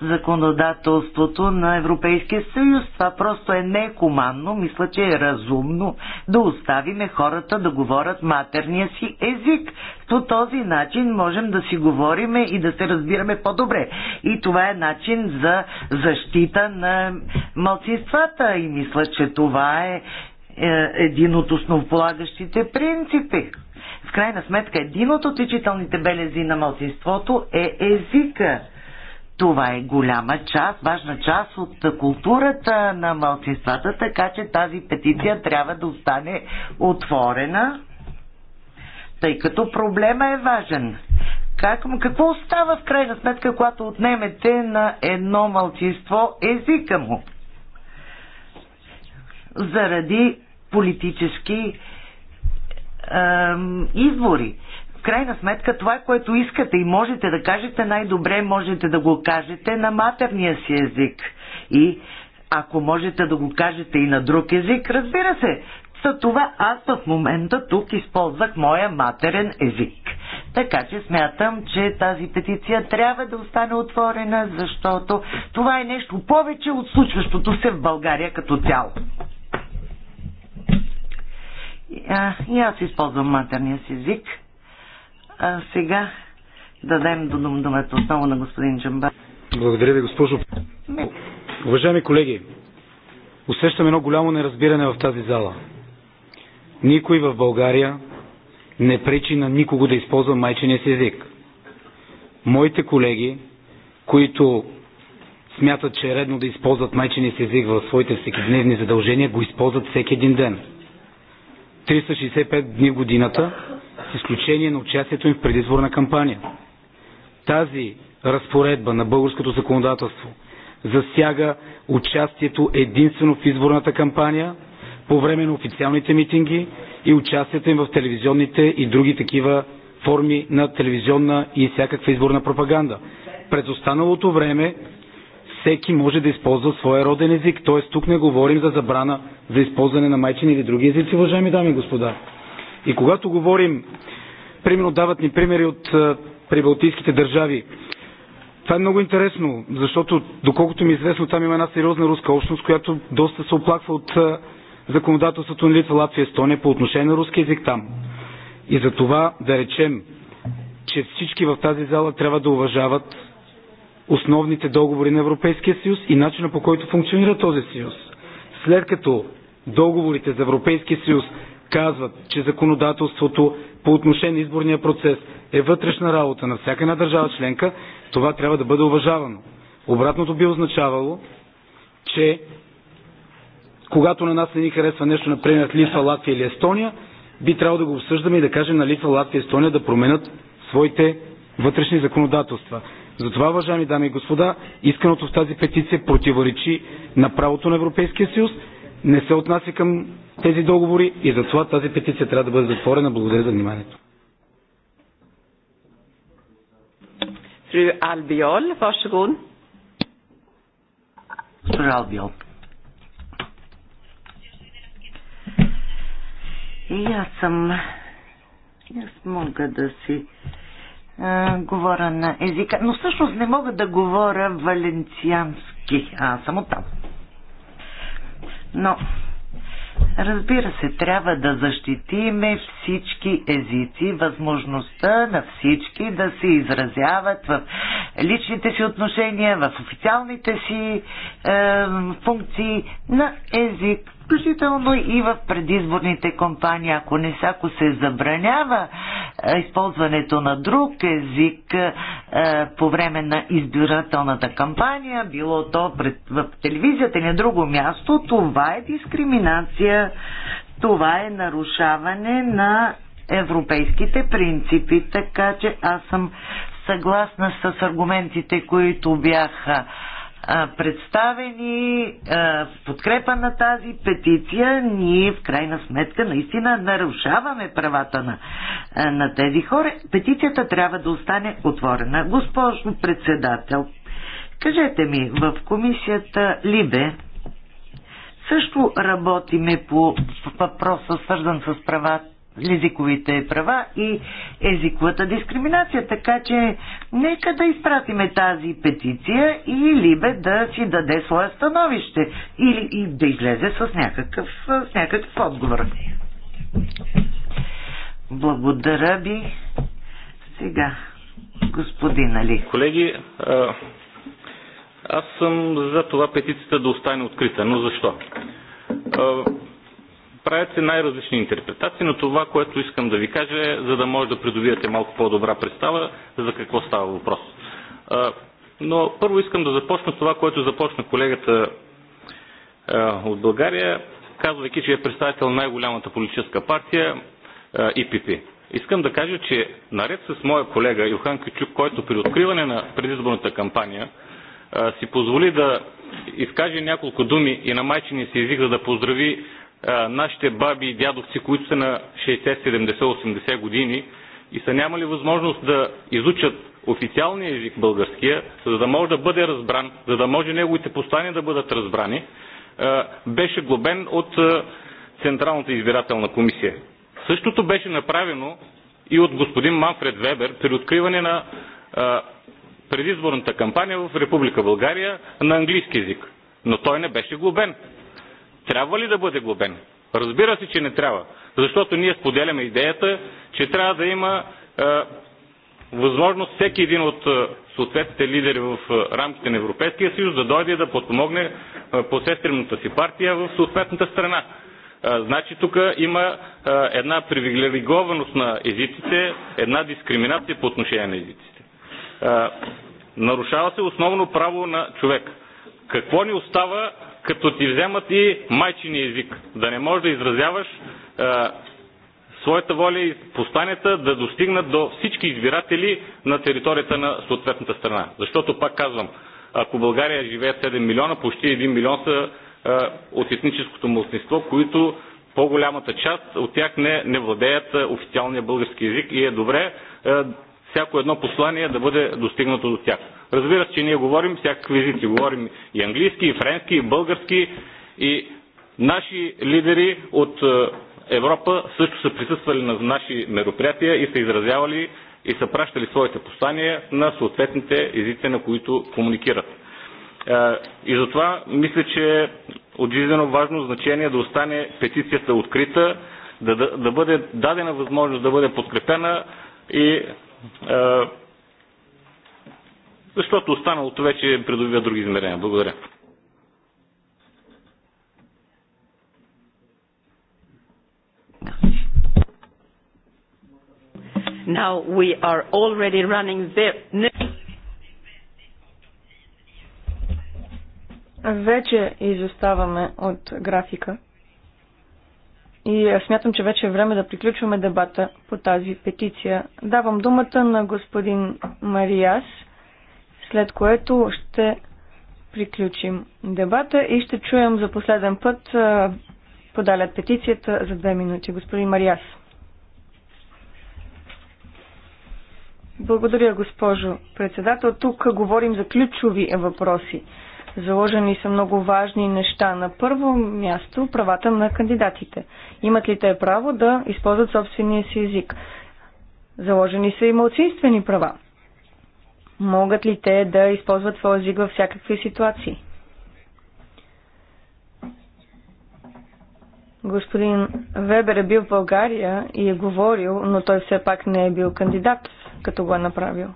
законодателството на Европейския съюз. Това просто е некоманно, мисля, че е разумно да оставиме хората да говорят матерния си език. По този начин можем да си говориме и да се разбираме по-добре. И това е начин за защита на малцинствата и мисля, че това е е, един от основополагащите принципи. В крайна сметка, един от отличителните белези на мълцинството е езика. Това е голяма част, важна част от културата на мълцинствата, така че тази петиция трябва да остане отворена, тъй като проблема е важен. Как, какво остава в крайна сметка, когато отнемете на едно мълчинство езика му? Заради политически избори. В крайна сметка това, е, което искате и можете да кажете най-добре, можете да го кажете на матерния си език. И ако можете да го кажете и на друг език, разбира се. За това аз в момента тук използвах моя матерен език. Така че смятам, че тази петиция трябва да остане отворена, защото това е нещо повече от случващото се в България като цяло. А, и аз използвам матерния си език. А, сега дадем думата отново на господин Джамба. Благодаря ви, госпожо. Не. Уважаеми колеги, усещам едно голямо неразбиране в тази зала. Никой в България не пречи на никого да използва майчения си език. Моите колеги, които смятат, че е редно да използват майчения си език в своите всекидневни задължения, го използват всеки един ден. 365 дни в годината, с изключение на участието им в предизборна кампания. Тази разпоредба на българското законодателство засяга участието единствено в изборната кампания, по време на официалните митинги и участието им в телевизионните и други такива форми на телевизионна и всякаква изборна пропаганда. През останалото време всеки може да използва своя роден език. Т.е. тук не говорим за забрана за използване на майчин или други езици, уважаеми дами и господа. И когато говорим, примерно дават ни примери от прибалтийските държави. Това е много интересно, защото, доколкото ми е известно, там има една сериозна руска общност, която доста се оплаква от законодателството на Литва, Латвия, Естония по отношение на руски язик там. И за това да речем, че всички в тази зала трябва да уважават основните договори на Европейския съюз и начина по който функционира този съюз. След като договорите за Европейския съюз казват, че законодателството по отношение на изборния процес е вътрешна работа на всяка една държава членка, това трябва да бъде уважавано. Обратното би означавало, че когато на нас не ни харесва нещо, например Литва, Латвия или Естония, би трябвало да го обсъждаме и да кажем на Литва, Латвия и Естония да променят своите вътрешни законодателства. Затова, уважаеми дами и господа, исканото в тази петиция противоречи на правото на Европейския съюз, не се отнася към тези договори и затова тази петиция трябва да бъде затворена. Благодаря за вниманието. Fru Albiol, И аз съм... Аз мога да си говоря на езика, но всъщност не мога да говоря валенциански, а само там. Но, разбира се, трябва да защитиме всички езици, възможността на всички да се изразяват в личните си отношения, в официалните си е, функции на език, включително и в предизборните кампании. Ако не всяко се забранява е, използването на друг език е, по време на избирателната кампания, било то пред, в телевизията или на друго място, това е дискриминация, това е нарушаване на европейските принципи, така че аз съм съгласна с аргументите, които бяха представени в подкрепа на тази петиция, ние в крайна сметка наистина нарушаваме правата на, на тези хора. Петицията трябва да остане отворена. Госпожо председател, кажете ми, в комисията Либе също работиме по въпроса, свързан с правата езиковите права и езиковата дискриминация. Така че нека да изпратиме тази петиция или бе да си даде своя становище или и да излезе с някакъв, с някакъв отговор. Благодаря ви. Сега, господин Али. Колеги, аз съм за това петицията да остане открита. Но защо? Правят се най-различни интерпретации, но това, което искам да ви кажа е, за да може да придобиете малко по-добра представа за какво става въпрос. Но първо искам да започна това, което започна колегата от България, казвайки, че е представител на най-голямата политическа партия ИПП. Искам да кажа, че наред с моя колега Йохан Кючук, който при откриване на предизборната кампания си позволи да изкаже няколко думи и на майчиния си език, за да поздрави нашите баби и дядовци, които са на 60, 70, 80 години и са нямали възможност да изучат официалния език българския, за да може да бъде разбран, за да може неговите послания да бъдат разбрани, беше глобен от Централната избирателна комисия. Същото беше направено и от господин Манфред Вебер при откриване на предизборната кампания в Република България на английски язик. Но той не беше глобен трябва ли да бъде глобен? Разбира се, че не трябва, защото ние споделяме идеята, че трябва да има е, възможност всеки един от съответните лидери в рамките на Европейския съюз да дойде да подпомогне посестрената си партия в съответната страна. Значи тук има една привилегированост на езиците, една дискриминация по отношение на езиците. Нарушава се основно право на човек. Какво ни остава като ти вземат и майчиния език. Да не можеш да изразяваш е, своята воля и посланията да достигнат до всички избиратели на територията на съответната страна. Защото, пак казвам, ако България живеят 7 милиона, почти 1 милион са е, от етническото мълцинство, които по-голямата част от тях не, не владеят официалния български език и е добре е, всяко едно послание да бъде достигнато до тях. Разбира се, че ние говорим всякакви езици. Говорим и английски, и френски, и български. И наши лидери от е, Европа също са присъствали на наши мероприятия и са изразявали и са пращали своите послания на съответните езици, на които комуникират. Е, и затова мисля, че е от жизнено важно значение да остане петицията открита, да, да, да бъде дадена възможност да бъде подкрепена и е, защото останалото вече придобива други измерения. Благодаря. Now we are already running there. Вече изоставаме от графика. И е, смятам, че вече е време да приключваме дебата по тази петиция. Давам думата на господин Мариас след което ще приключим дебата и ще чуем за последен път подалят петицията за две минути. Господин Мариас. Благодаря, госпожо председател. Тук говорим за ключови въпроси. Заложени са много важни неща. На първо място правата на кандидатите. Имат ли те право да използват собствения си език? Заложени са и малцинствени права. Могат ли те да използват своя език във всякакви ситуации? Господин Вебер е бил в България и е говорил, но той все пак не е бил кандидат, като го е направил.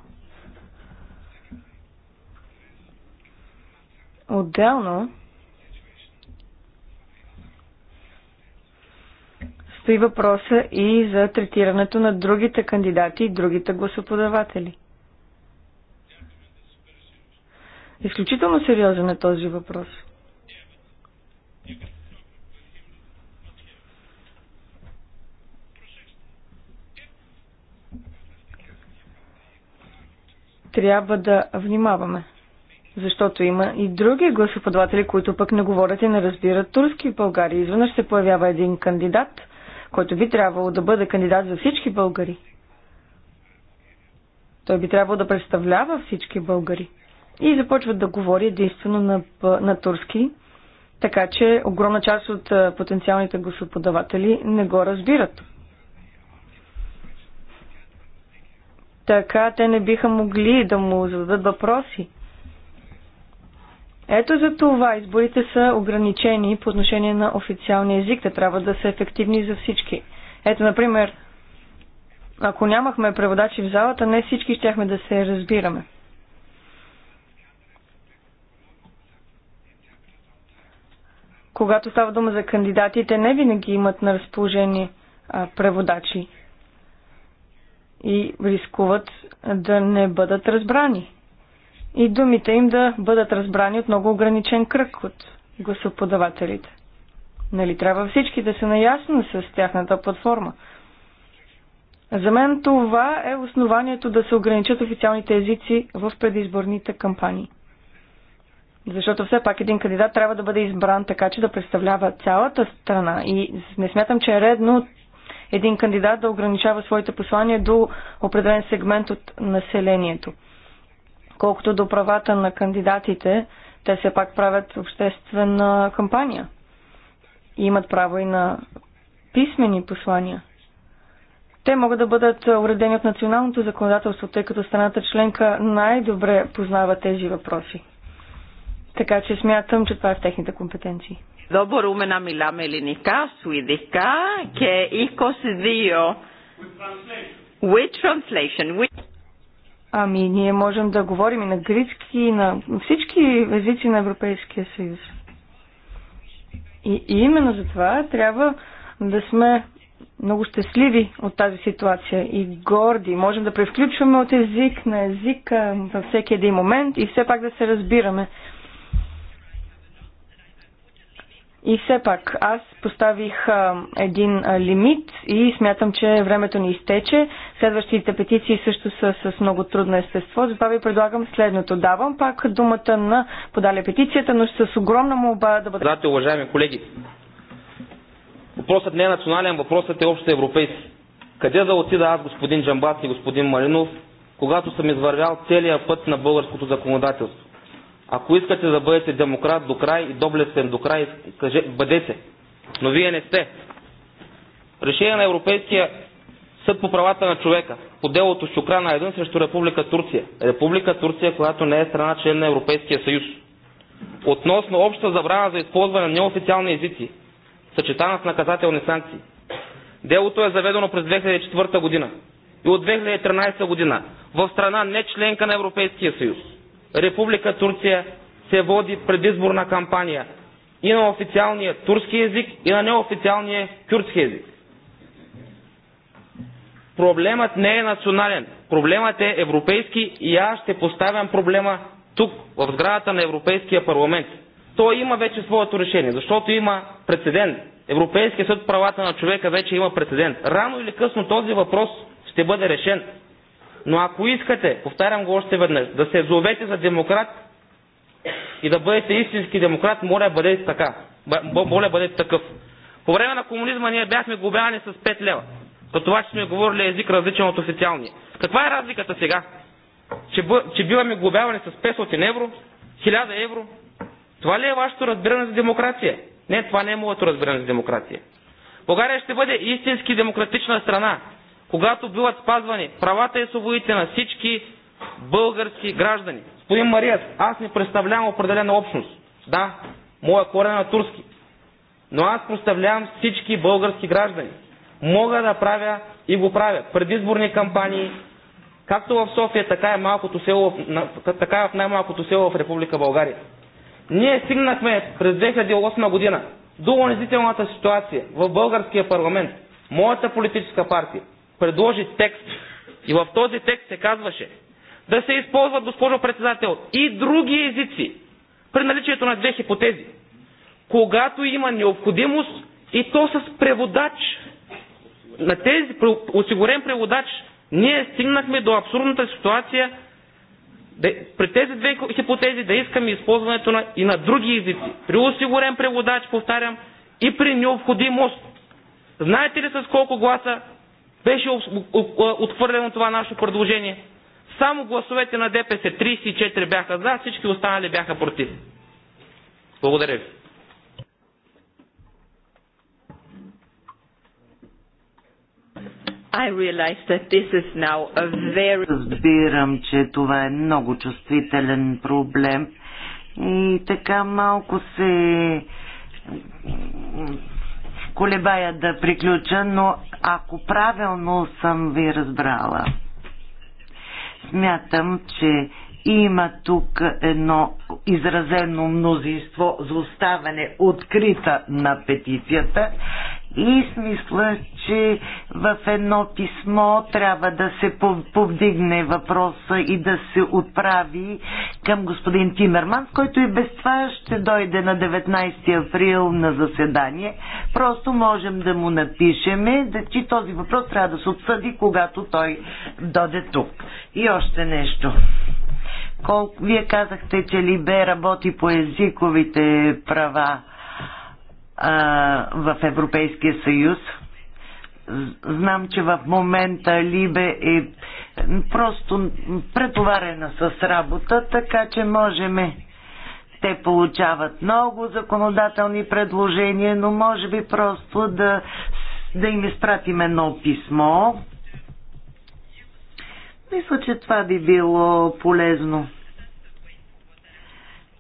Отделно стои въпроса и за третирането на другите кандидати и другите гласоподаватели. Изключително сериозен е този въпрос. Трябва да внимаваме. Защото има и други гласоподаватели, които пък не говорят и не разбират турски и българи. Изведнъж се появява един кандидат, който би трябвало да бъде кандидат за всички българи. Той би трябвало да представлява всички българи и започват да говори единствено на, на турски, така че огромна част от потенциалните гласоподаватели не го разбират. Така те не биха могли да му зададат въпроси. Ето за това изборите са ограничени по отношение на официалния език. Те трябва да са ефективни за всички. Ето, например, ако нямахме преводачи в залата, не всички щяхме да се разбираме. когато става дума за кандидатите, не винаги имат на разположение а, преводачи и рискуват да не бъдат разбрани. И думите им да бъдат разбрани от много ограничен кръг от гласоподавателите. Нали трябва всички да са наясни с тяхната платформа? За мен това е основанието да се ограничат официалните езици в предизборните кампании. Защото все пак един кандидат трябва да бъде избран така, че да представлява цялата страна. И не смятам, че е редно един кандидат да ограничава своите послания до определен сегмент от населението. Колкото до правата на кандидатите, те все пак правят обществена кампания. И имат право и на писмени послания. Те могат да бъдат уредени от националното законодателство, тъй като страната членка най-добре познава тези въпроси. Така че смятам, че това е в техните компетенции. Εδώ μπορούμε να μιλάμε ελληνικά, σουηδικά και 22. With translation. With... Ами, ние можем да говорим и на гречки, и на всички езици на Европейския съюз. И, и именно за това трябва да сме много щастливи от тази ситуация и горди. Можем да превключваме от език на езика във всеки един момент и все пак да се разбираме. И все пак, аз поставих а, един а, лимит и смятам, че времето ни изтече. Следващите петиции също са с много трудно естество. Затова ви предлагам следното. Давам пак думата на подаля петицията, но с огромна молба да бъде... Здравейте, уважаеми колеги. Въпросът не е национален, въпросът е общо европейски. Къде да отида аз, господин Джамбас и господин Маринов, когато съм извървял целия път на българското законодателство? Ако искате да бъдете демократ до край и доблестен до край, каже, бъдете. Но вие не сте. Решение на Европейския съд по правата на човека по делото на едън срещу Република Турция. Република Турция, която не е страна член на Европейския съюз. Относно обща забрана за използване на неофициални езици, съчетана с наказателни санкции. Делото е заведено през 2004 година и от 2013 година в страна не членка на Европейския съюз Република Турция се води предизборна кампания и на официалния турски език, и на неофициалния кюртски език. Проблемът не е национален, проблемът е европейски и аз ще поставям проблема тук, в сградата на Европейския парламент. Той има вече своето решение, защото има прецедент. Европейския съд правата на човека вече има прецедент. Рано или късно този въпрос ще бъде решен. Но ако искате, повтарям го още веднъж, да се зовете за демократ и да бъдете истински демократ, моля бъдете така. Моля бъдете такъв. По време на комунизма ние бяхме губяни с 5 лева. За това, че сме говорили език различен от официалния. Каква е разликата сега? Че, бъ, че биваме глобявани с 500 евро, 1000 евро. Това ли е вашето разбиране за демокрация? Не, това не е моето разбиране за демокрация. България ще бъде истински демократична страна когато биват спазвани правата и свободите на всички български граждани. Господин Марият, аз не представлявам определена общност. Да, моя корен е на турски. Но аз представлявам всички български граждани. Мога да правя и го правя. Предизборни кампании, както в София, така и, малкото село, така и в най-малкото село в Република България. Ние стигнахме през 2008 година до унизителната ситуация в българския парламент. Моята политическа партия предложи текст. И в този текст се казваше да се използват, госпожо председател, и други езици при наличието на две хипотези. Когато има необходимост и то с преводач. На тези осигурен преводач ние стигнахме до абсурдната ситуация да, при тези две хипотези да искаме използването на, и на други езици. При осигурен преводач, повтарям, и при необходимост. Знаете ли с колко гласа беше отхвърлено това наше предложение. Само гласовете на ДПС 34 бяха за, всички останали бяха против. Благодаря ви. I realize that this is now a very... Разбирам, че това е много чувствителен проблем и така малко се колебая да приключа, но ако правилно съм ви разбрала, смятам, че има тук едно изразено мнозинство за оставане открита на петицията, и смисла, че в едно писмо трябва да се повдигне въпроса и да се отправи към господин Тимерман, който и без това ще дойде на 19 април на заседание. Просто можем да му напишеме, да, че този въпрос трябва да се отсъди, когато той доде тук. И още нещо. Колко, вие казахте, че Либе работи по езиковите права в Европейския съюз. Знам, че в момента Либе е просто претоварена с работа, така че можем. Те получават много законодателни предложения, но може би просто да, да им изпратим едно писмо. Мисля, че това би било полезно.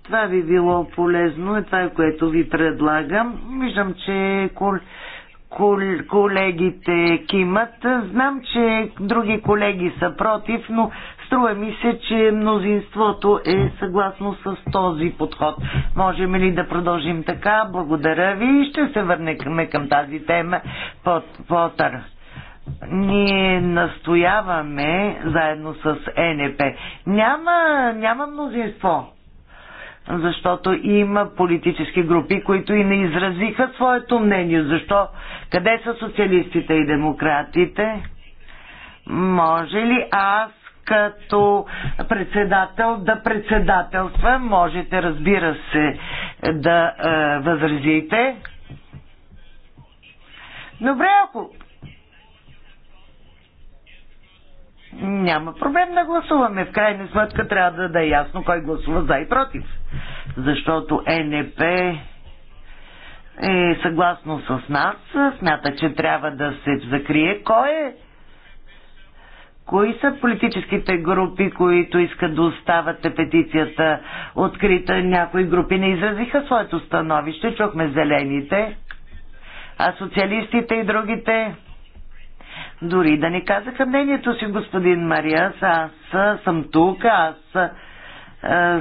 Това би било полезно и е това е което ви предлагам. Виждам, че кол, кол, колегите кимат. Знам, че други колеги са против, но струва ми се, че мнозинството е съгласно с този подход. Можем ли да продължим така? Благодаря ви и ще се върнем към тази тема под Потър ние настояваме заедно с НП. Няма, няма мнозинство защото има политически групи, които и не изразиха своето мнение. Защо? Къде са социалистите и демократите? Може ли аз като председател да председателства? Можете, разбира се, да е, възразите. Добре, ако Няма проблем да гласуваме. В крайна сметка трябва да, да е ясно кой гласува за и против. Защото НП е съгласно с нас, смята, че трябва да се закрие кой е Кои са политическите групи, които искат да остават петицията открита? Някои групи не изразиха своето становище. Чухме зелените, а социалистите и другите дори да не казаха мнението си, господин Мариас, аз съм тук, аз а,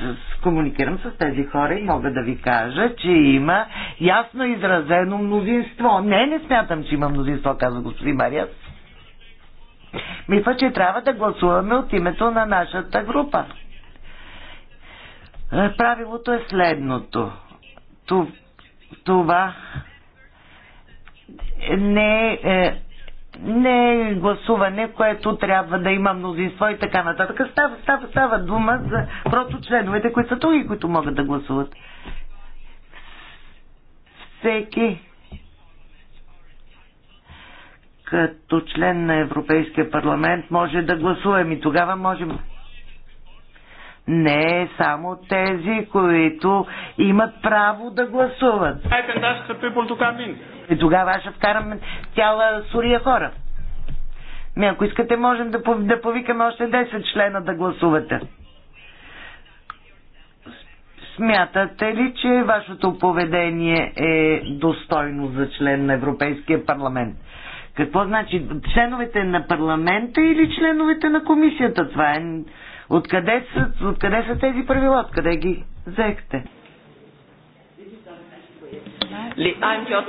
с, комуникирам с тези хора и мога да ви кажа, че има ясно изразено мнозинство. Не, не смятам, че има мнозинство, каза господин Мариас. Мисля, че трябва да гласуваме от името на нашата група. Правилото е следното. Това не е, не е гласуване, което трябва да има мнозинство и така нататък. Става, става, става дума за просто членовете, които са други, които могат да гласуват. Всеки като член на Европейския парламент може да гласуваме и тогава можем не е само тези, които имат право да гласуват. И тогава аз ще вкарам цяла сурия хора. Ми, ако искате, можем да, да повикаме още 10 члена да гласувате. Смятате ли, че вашето поведение е достойно за член на Европейския парламент? Какво значи? Членовете на парламента или членовете на комисията? Това е Откъде са, откъде са тези правила? Откъде ги взехте? I'm just,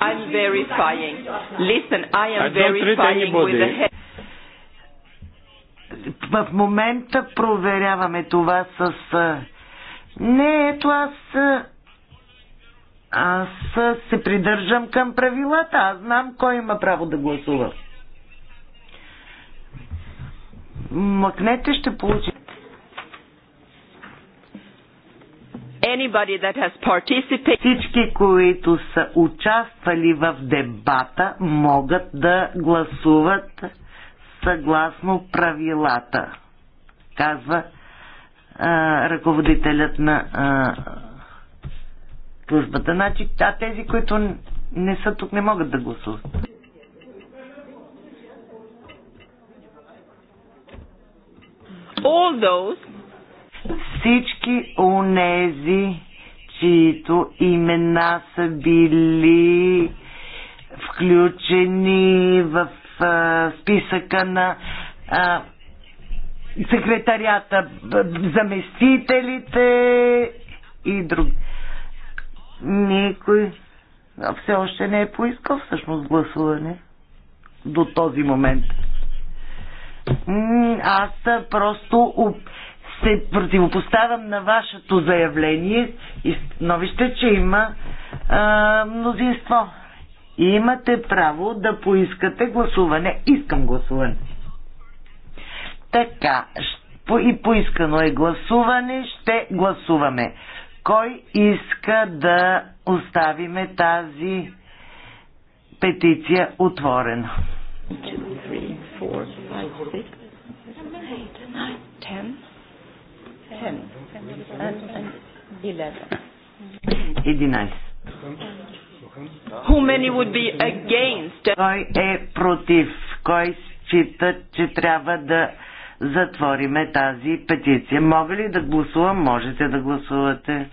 I'm verifying. Listen, I am verifying with the В момента проверяваме това с... Не, ето аз... Аз се придържам към правилата. Аз знам кой има право да гласува мъкнете, ще получите. Anybody that has participated... Всички, които са участвали в дебата, могат да гласуват съгласно правилата, казва а, ръководителят на а, службата. Значи, а тези, които не са тук, не могат да гласуват. all those всички унези, чието имена са били включени в а, списъка на а, секретарията, заместителите и други. Никой все още не е поискал всъщност гласуване до този момент. Аз просто се противопоставям на вашето заявление и становище, че има а, мнозинство. И имате право да поискате гласуване. Искам гласуване. Така, и поискано е гласуване, ще гласуваме. Кой иска да оставиме тази петиция отворена? two, three, four, five, six, eight, nine, ten, ten, and, and eleven. Единайсет. Who many would be against? Кой е против? Кой счита, че трябва да затвориме тази петиция? Мога ли да гласувам? Можете да гласувате.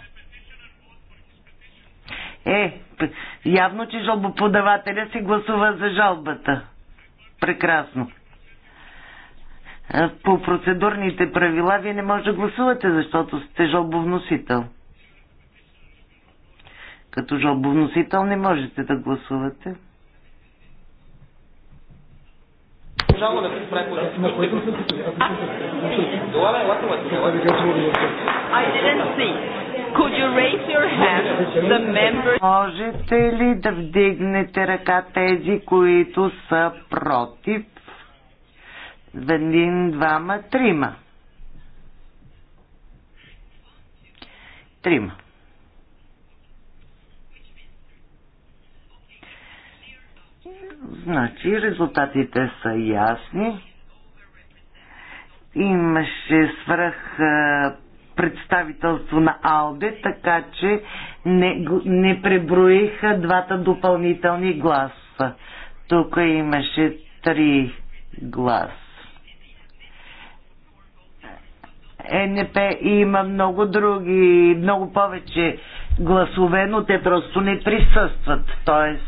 Е, явно, че жалбоподавателя си гласува за жалбата прекрасно. По процедурните правила вие не може да гласувате, защото сте жалбовносител. Като жълбовносител, не можете да гласувате. да I didn't see. Could you raise your hand, the members... Можете ли да вдигнете ръка тези, които са против? Един, двама, трима. Трима. Значи резултатите са ясни. Имаше свръх представителство на АЛДЕ, така че не, не преброиха двата допълнителни гласа. Тук имаше три гласа. Е, НП има много други, много повече гласове, но те просто не присъстват. Тоест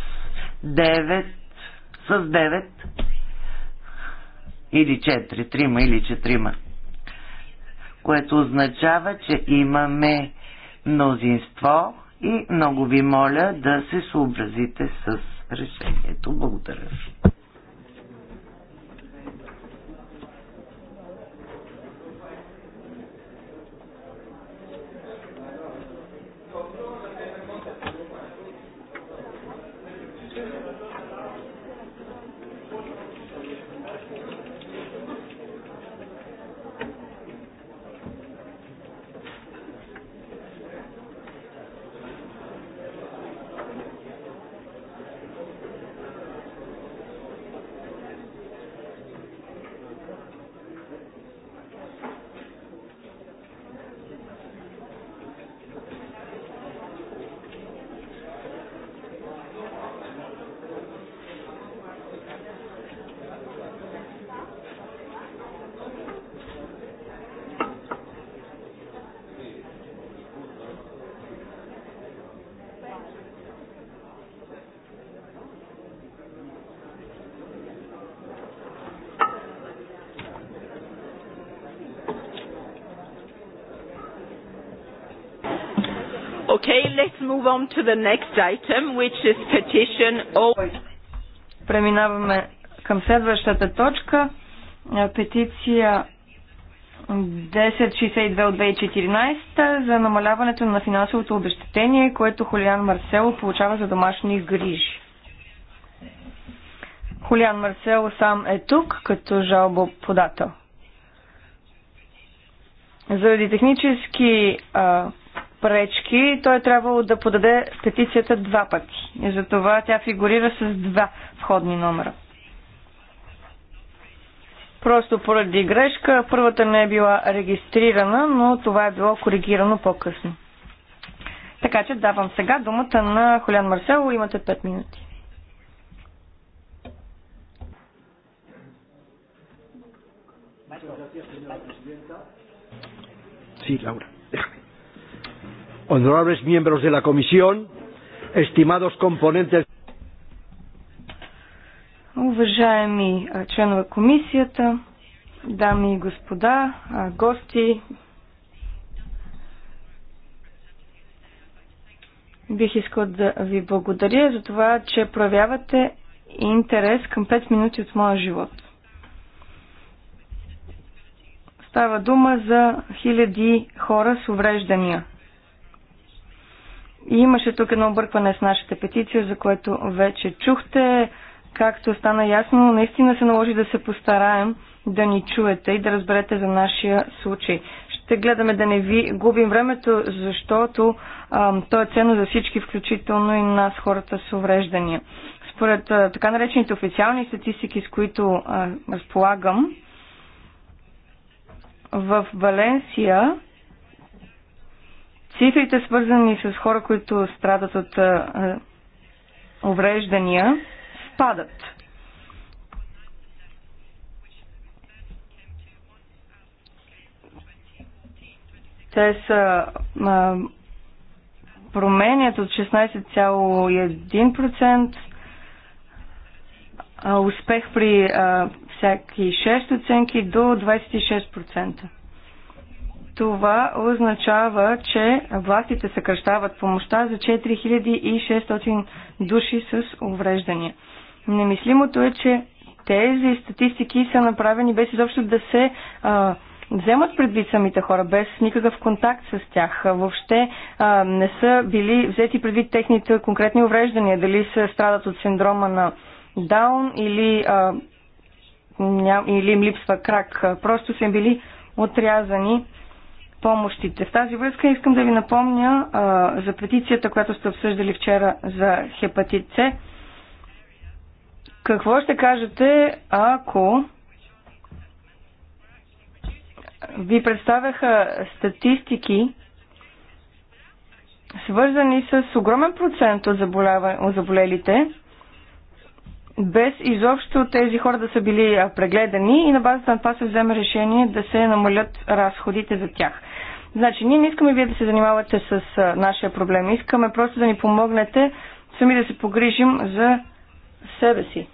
9 с 9 или 4, 3 или 4 което означава, че имаме мнозинство и много ви моля да се съобразите с решението. Благодаря ви. move on to the next item, which is petition Преминаваме към следващата точка. Е, петиция 1062 от 2014 за намаляването на финансовото обещетение, което Холиан Марсело получава за домашни грижи. Холиан Марсело сам е тук като жалбоподател. Заради технически а, пречки, той е трябвало да подаде петицията два пъти. И затова тя фигурира с два входни номера. Просто поради грешка първата не е била регистрирана, но това е било коригирано по-късно. Така че давам сега думата на Холян Марсело. Имате 5 минути. Sí, Laura honorables miembros de la Comisión, estimados componentes. Уважаеми членове комисията, дами и господа, гости, бих искал да ви благодаря за това, че проявявате интерес към 5 минути от моя живот. Става дума за хиляди хора с увреждания. И имаше тук едно объркване с нашата петиция, за което вече чухте. Както стана ясно, наистина се наложи да се постараем да ни чуете и да разберете за нашия случай. Ще гледаме да не ви губим времето, защото а, то е ценно за всички, включително и нас, хората с увреждания. Според а, така наречените официални статистики, с които а, разполагам, в Валенсия Цифрите, свързани с хора, които страдат от а, увреждания, спадат. Те са а, променят от 16,1%, успех при а, всяки 6 оценки до 26%. Това означава, че властите съкръщават помощта за 4600 души с увреждания. Немислимото е, че тези статистики са направени без изобщо да се а, вземат предвид самите хора, без никакъв контакт с тях. Въобще а, не са били взети предвид техните конкретни увреждания, дали се страдат от синдрома на Даун или, а, ням, или им липсва крак. Просто са били отрязани помощите. В тази връзка искам да ви напомня а, за петицията, която сте обсъждали вчера за хепатит С. Какво ще кажете, ако ви представяха статистики, свързани с огромен процент от, от заболелите, без изобщо тези хора да са били прегледани и на базата на това се вземе решение да се намалят разходите за тях. Значи, ние не искаме вие да се занимавате с нашия проблем. Искаме просто да ни помогнете сами да се погрижим за себе си.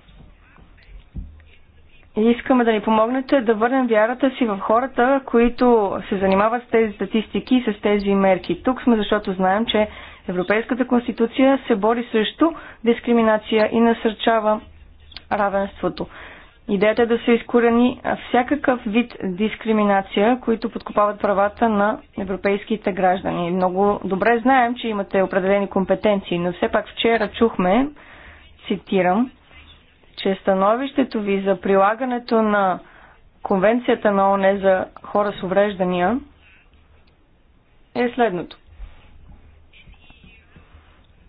И искаме да ни помогнете да върнем вярата си в хората, които се занимават с тези статистики и с тези мерки. Тук сме, защото знаем, че Европейската конституция се бори срещу дискриминация и насърчава равенството. Идеята е да се изкорени всякакъв вид дискриминация, които подкопават правата на европейските граждани. Много добре знаем, че имате определени компетенции, но все пак вчера чухме, цитирам, че становището ви за прилагането на Конвенцията на ОНЕ за хора с увреждания е следното.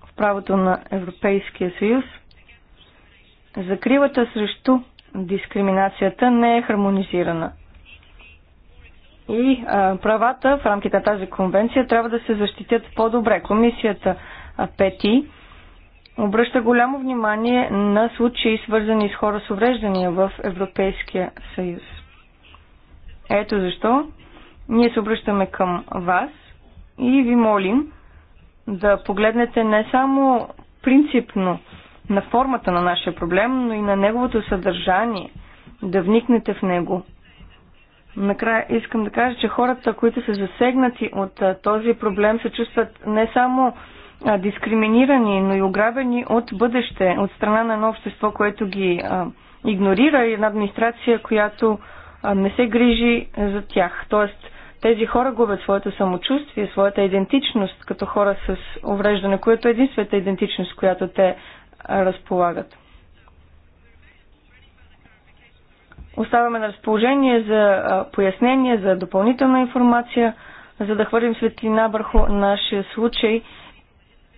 В правото на Европейския съюз закривата срещу дискриминацията не е хармонизирана. И а, правата в рамките на тази конвенция трябва да се защитят по-добре. Комисията Пети обръща голямо внимание на случаи, свързани с хора с увреждания в Европейския съюз. Ето защо ние се обръщаме към вас и ви молим да погледнете не само принципно на формата на нашия проблем, но и на неговото съдържание, да вникнете в него. Накрая искам да кажа, че хората, които са засегнати от този проблем, се чувстват не само дискриминирани, но и ограбени от бъдеще, от страна на едно общество, което ги игнорира и една администрация, която не се грижи за тях. Тоест, тези хора губят своето самочувствие, своята идентичност като хора с увреждане, което е единствената идентичност, която те разполагат. Оставаме на разположение за пояснение, за допълнителна информация, за да хвърлим светлина върху нашия случай.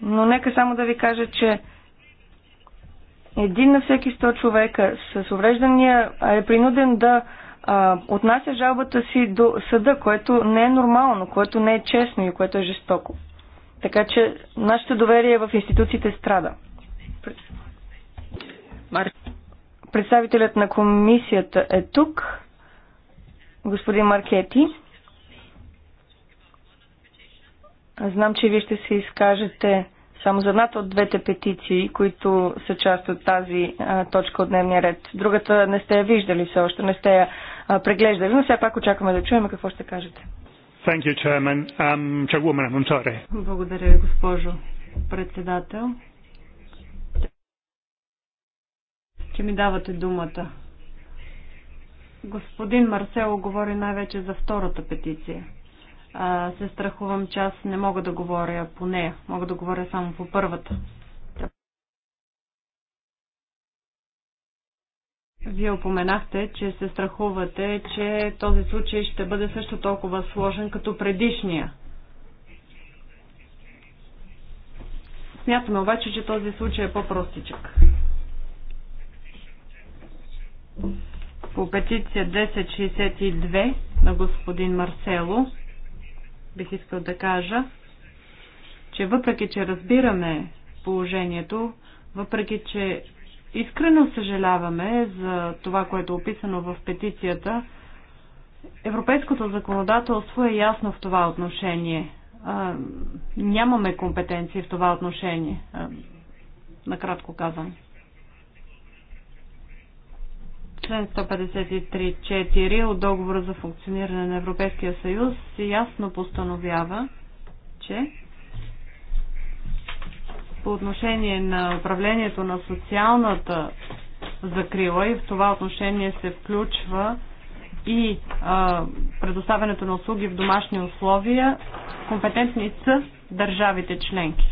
Но нека само да ви кажа, че един на всеки 100 човека с увреждания е принуден да а, отнася жалбата си до съда, което не е нормално, което не е честно и което е жестоко. Така че нашето доверие в институциите страда. Представителят на комисията е тук. Господин Маркети. Знам, че вие ще се изкажете само за едната от двете петиции, които са част от тази а, точка от дневния ред. Другата не сте я виждали все още, не сте я а, преглеждали, но все пак очакваме да чуем какво ще кажете. Thank you, Um, Благодаря, госпожо председател. че ми давате думата. Господин Марсело говори най-вече за втората петиция. А, се страхувам, че аз не мога да говоря по нея. Мога да говоря само по първата. Вие опоменахте, че се страхувате, че този случай ще бъде също толкова сложен като предишния. Смятаме обаче, че този случай е по-простичък. По петиция 1062 на господин Марсело бих искал да кажа, че въпреки, че разбираме положението, въпреки, че искрено съжаляваме за това, което е описано в петицията, европейското законодателство е ясно в това отношение. А, нямаме компетенции в това отношение, а, накратко казвам. Член 153.4 от договора за функциониране на Европейския съюз ясно постановява, че по отношение на управлението на социалната закрила и в това отношение се включва и а, предоставянето на услуги в домашни условия, компетентни са държавите членки.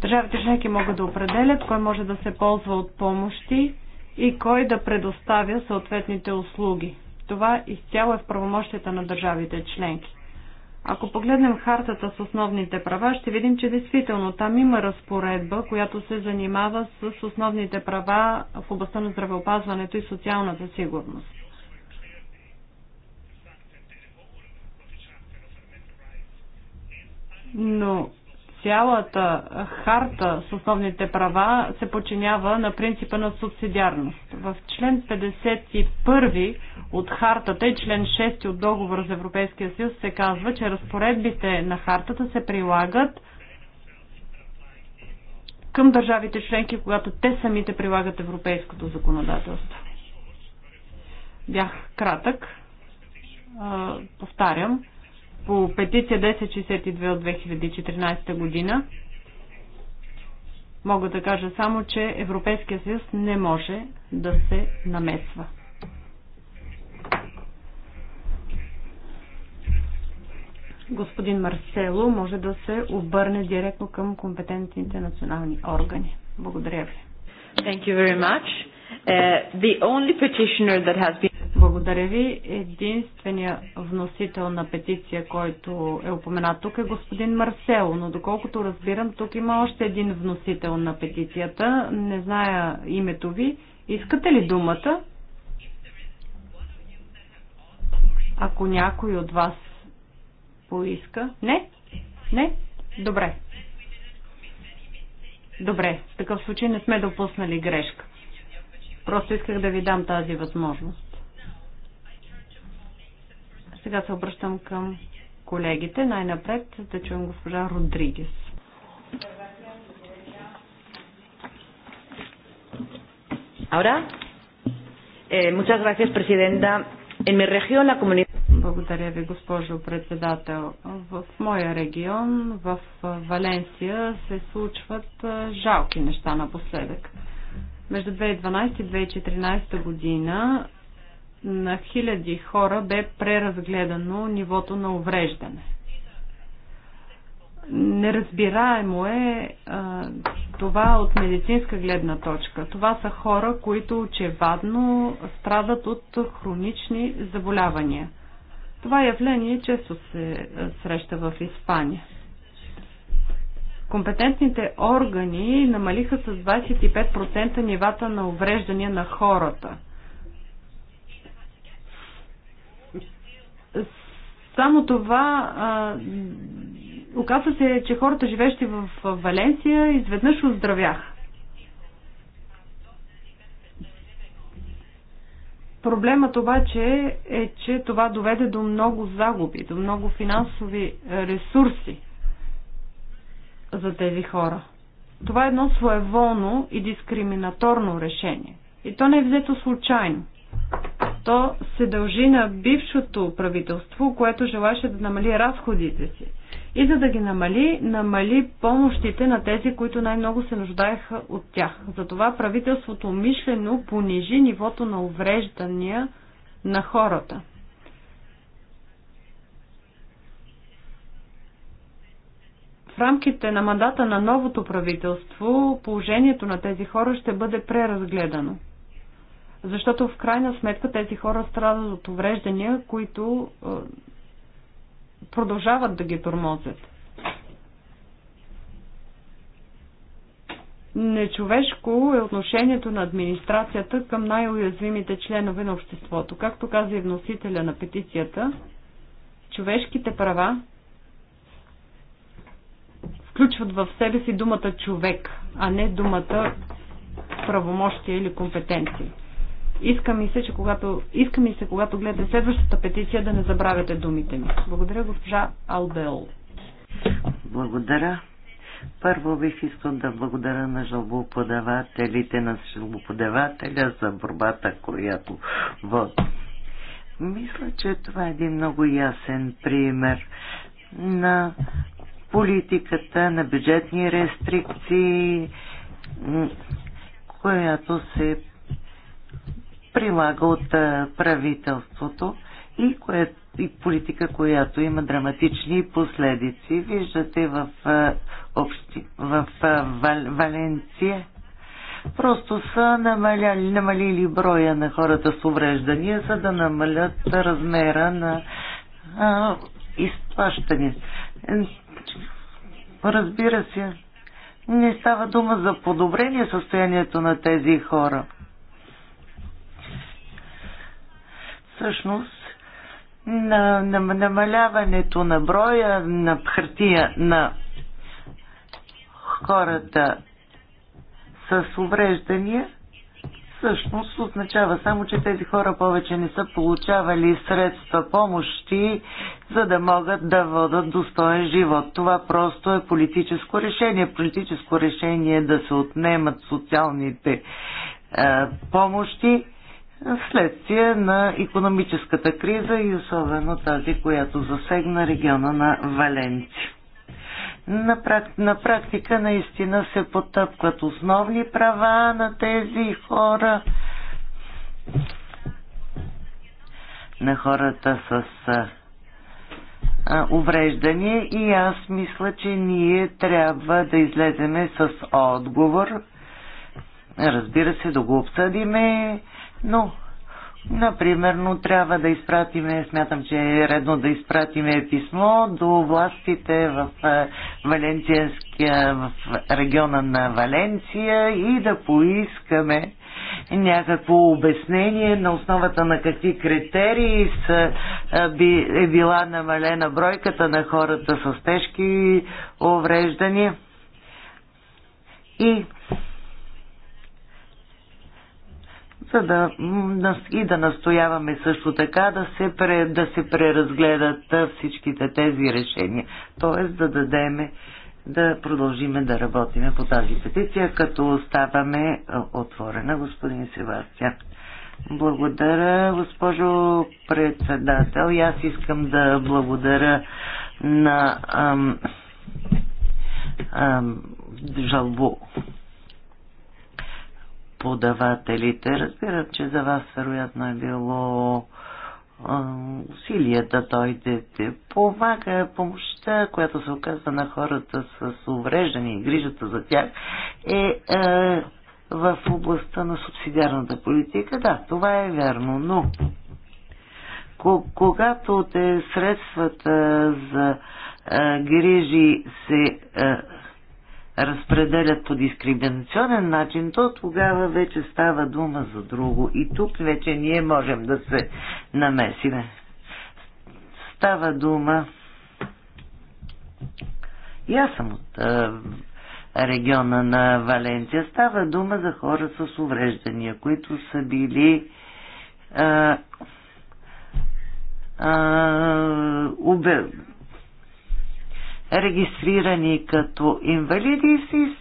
Държавите членки могат да определят кой може да се ползва от помощи и кой да предоставя съответните услуги. Това изцяло е в правомощията на държавите членки. Ако погледнем хартата с основните права, ще видим, че действително там има разпоредба, която се занимава с основните права в областта на здравеопазването и социалната сигурност. Но цялата харта с основните права се подчинява на принципа на субсидиарност. В член 51 от хартата и член 6 от договора за Европейския съюз се казва, че разпоредбите на хартата се прилагат към държавите членки, когато те самите прилагат европейското законодателство. Бях кратък. Повтарям по петиция 1062 от 2014 година, мога да кажа само, че Европейския съюз не може да се намесва. господин Марсело може да се обърне директно към компетентните национални органи. Благодаря ви. Thank you very much. Uh, the only petitioner that has been благодаря ви. Единствения вносител на петиция, който е упоменат тук е господин Марсел, но доколкото разбирам, тук има още един вносител на петицията. Не зная името ви. Искате ли думата? Ако някой от вас поиска. Не? Не? Добре. Добре. В такъв случай не сме допуснали грешка. Просто исках да ви дам тази възможност. Сега се обръщам към колегите. Най-напред да чуем госпожа Родригес. Ahora, eh, muchas gracias, Presidenta. En mi región, la comunidad. Благодаря ви, госпожо председател. В моя регион, в Валенсия, се случват жалки неща напоследък. Между 2012 и 2014 година на хиляди хора бе преразгледано нивото на увреждане. Неразбираемо е а, това от медицинска гледна точка. Това са хора, които очевадно страдат от хронични заболявания. Това явление често се среща в Испания. Компетентните органи намалиха с 25% нивата на увреждания на хората – Само това а, оказва се, че хората, живещи в Валенсия, изведнъж оздравяха. Проблемът обаче е, че това доведе до много загуби, до много финансови ресурси за тези хора. Това е едно своеволно и дискриминаторно решение. И то не е взето случайно. То се дължи на бившото правителство, което желаше да намали разходите си. И за да ги намали, намали помощите на тези, които най-много се нуждаеха от тях. Затова правителството мишлено понижи нивото на увреждания на хората. В рамките на мандата на новото правителство положението на тези хора ще бъде преразгледано. Защото в крайна сметка тези хора страдат от увреждания, които е, продължават да ги тормозят. Нечовешко е отношението на администрацията към най-уязвимите членове на обществото. Както каза и вносителя на петицията, човешките права включват в себе си думата човек, а не думата правомощия или компетенции. Иска ми се, че когато, иска ми се, когато гледате следващата петиция, да не забравяте думите ми. Благодаря, госпожа Албел. Благодаря. Първо бих искал да благодаря на жалбоподавателите, на жалбоподавателя за борбата, която вод. Мисля, че това е един много ясен пример на политиката на бюджетни рестрикции, която се прилага от правителството и, кое, и политика, която има драматични последици. Виждате в, общи, в Вал, Валенция просто са намаляли, намалили броя на хората с увреждания, за да намалят размера на а, изплащане. Разбира се, не става дума за подобрение състоянието на тези хора. всъщност на, на намаляването на броя на хартия на хората с увреждания всъщност означава само, че тези хора повече не са получавали средства, помощи, за да могат да водат достоен живот. Това просто е политическо решение. Политическо решение е да се отнемат социалните е, помощи вследствие на економическата криза и особено тази, която засегна региона на Валенци. На, прак, на практика наистина се потъпкват основни права на тези хора, на хората с а, увреждания и аз мисля, че ние трябва да излеземе с отговор. Разбира се, да го обсъдиме но, например, трябва да изпратиме, смятам, че е редно да изпратиме писмо до властите в е, Валенцианския, в региона на Валенция и да поискаме някакво обяснение на основата на какви критерии са, е, би, е била намалена бройката на хората с тежки увреждания. И за да, и да настояваме също така да се, пре, да се преразгледат всичките тези решения. Тоест да дадеме да продължиме да работиме по тази петиция, като оставаме отворена, господин Севастия. Благодаря, госпожо председател. И аз искам да благодаря на ам, ам, жалбо преподавателите. Разбирам, че за вас вероятно е било усилията дойдете, да помага, помощта, която се оказва на хората с увреждане и грижата за тях, е, е в областта на субсидиарната политика. Да, това е вярно, но когато те средствата за е, грижи се е, разпределят по дискриминационен начин, то тогава вече става дума за друго. И тук вече ние можем да се намесиме. Става дума. И аз съм от а, региона на Валенция. Става дума за хора с увреждания, които са били а, а, убе, регистрирани като инвалиди и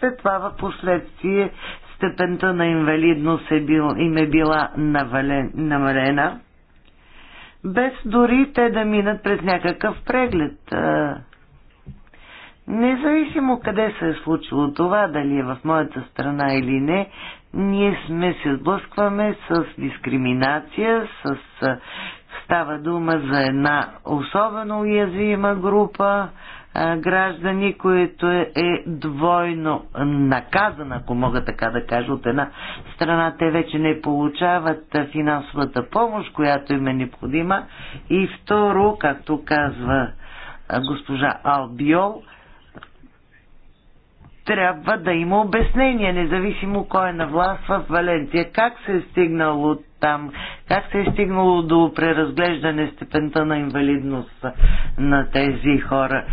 след това в последствие степента на инвалидност е бил, им е била навален, намалена, без дори те да минат през някакъв преглед. Независимо къде се е случило това, дали е в моята страна или не, ние сме се сблъскваме с дискриминация, с Става дума за една особено уязвима група граждани, което е, е двойно наказана, ако мога така да кажа. От една страна те вече не получават финансовата помощ, която им е необходима. И второ, както казва госпожа Албиол, трябва да има обяснение, независимо кой е на власт в Валенция. Как се е стигнало там? Как се е стигнало до преразглеждане степента на инвалидност на тези хора?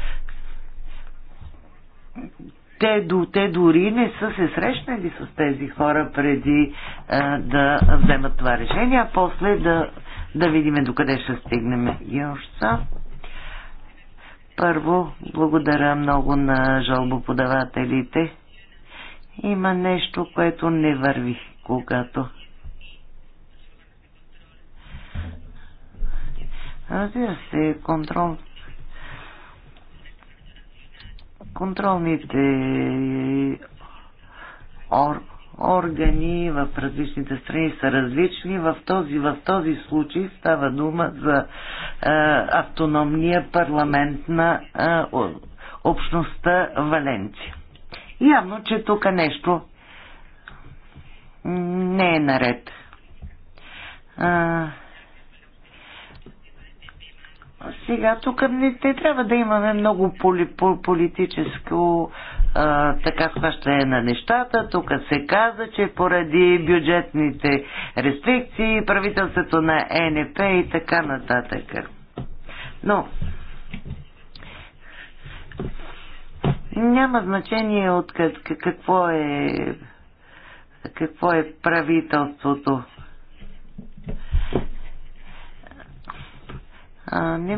Те, те дори не са се срещнали с тези хора преди а, да вземат това решение, а после да, да видим докъде ще стигнем. и още. Първо, благодаря много на жалбоподавателите. Има нещо, което не върви, когато. Разбира се, контрол. Контролните ор, органи в различните страни са различни. В този, в този случай става дума за е, автономния парламент на е, общността Валенция. Явно, че тук нещо не е наред. А, сега тук не, не трябва да имаме много поли, политическо а, така схващане на нещата. Тук се каза, че поради бюджетните рестрикции, правителството на ЕНП и така нататък. Но няма значение от какво е какво е правителството. А, не,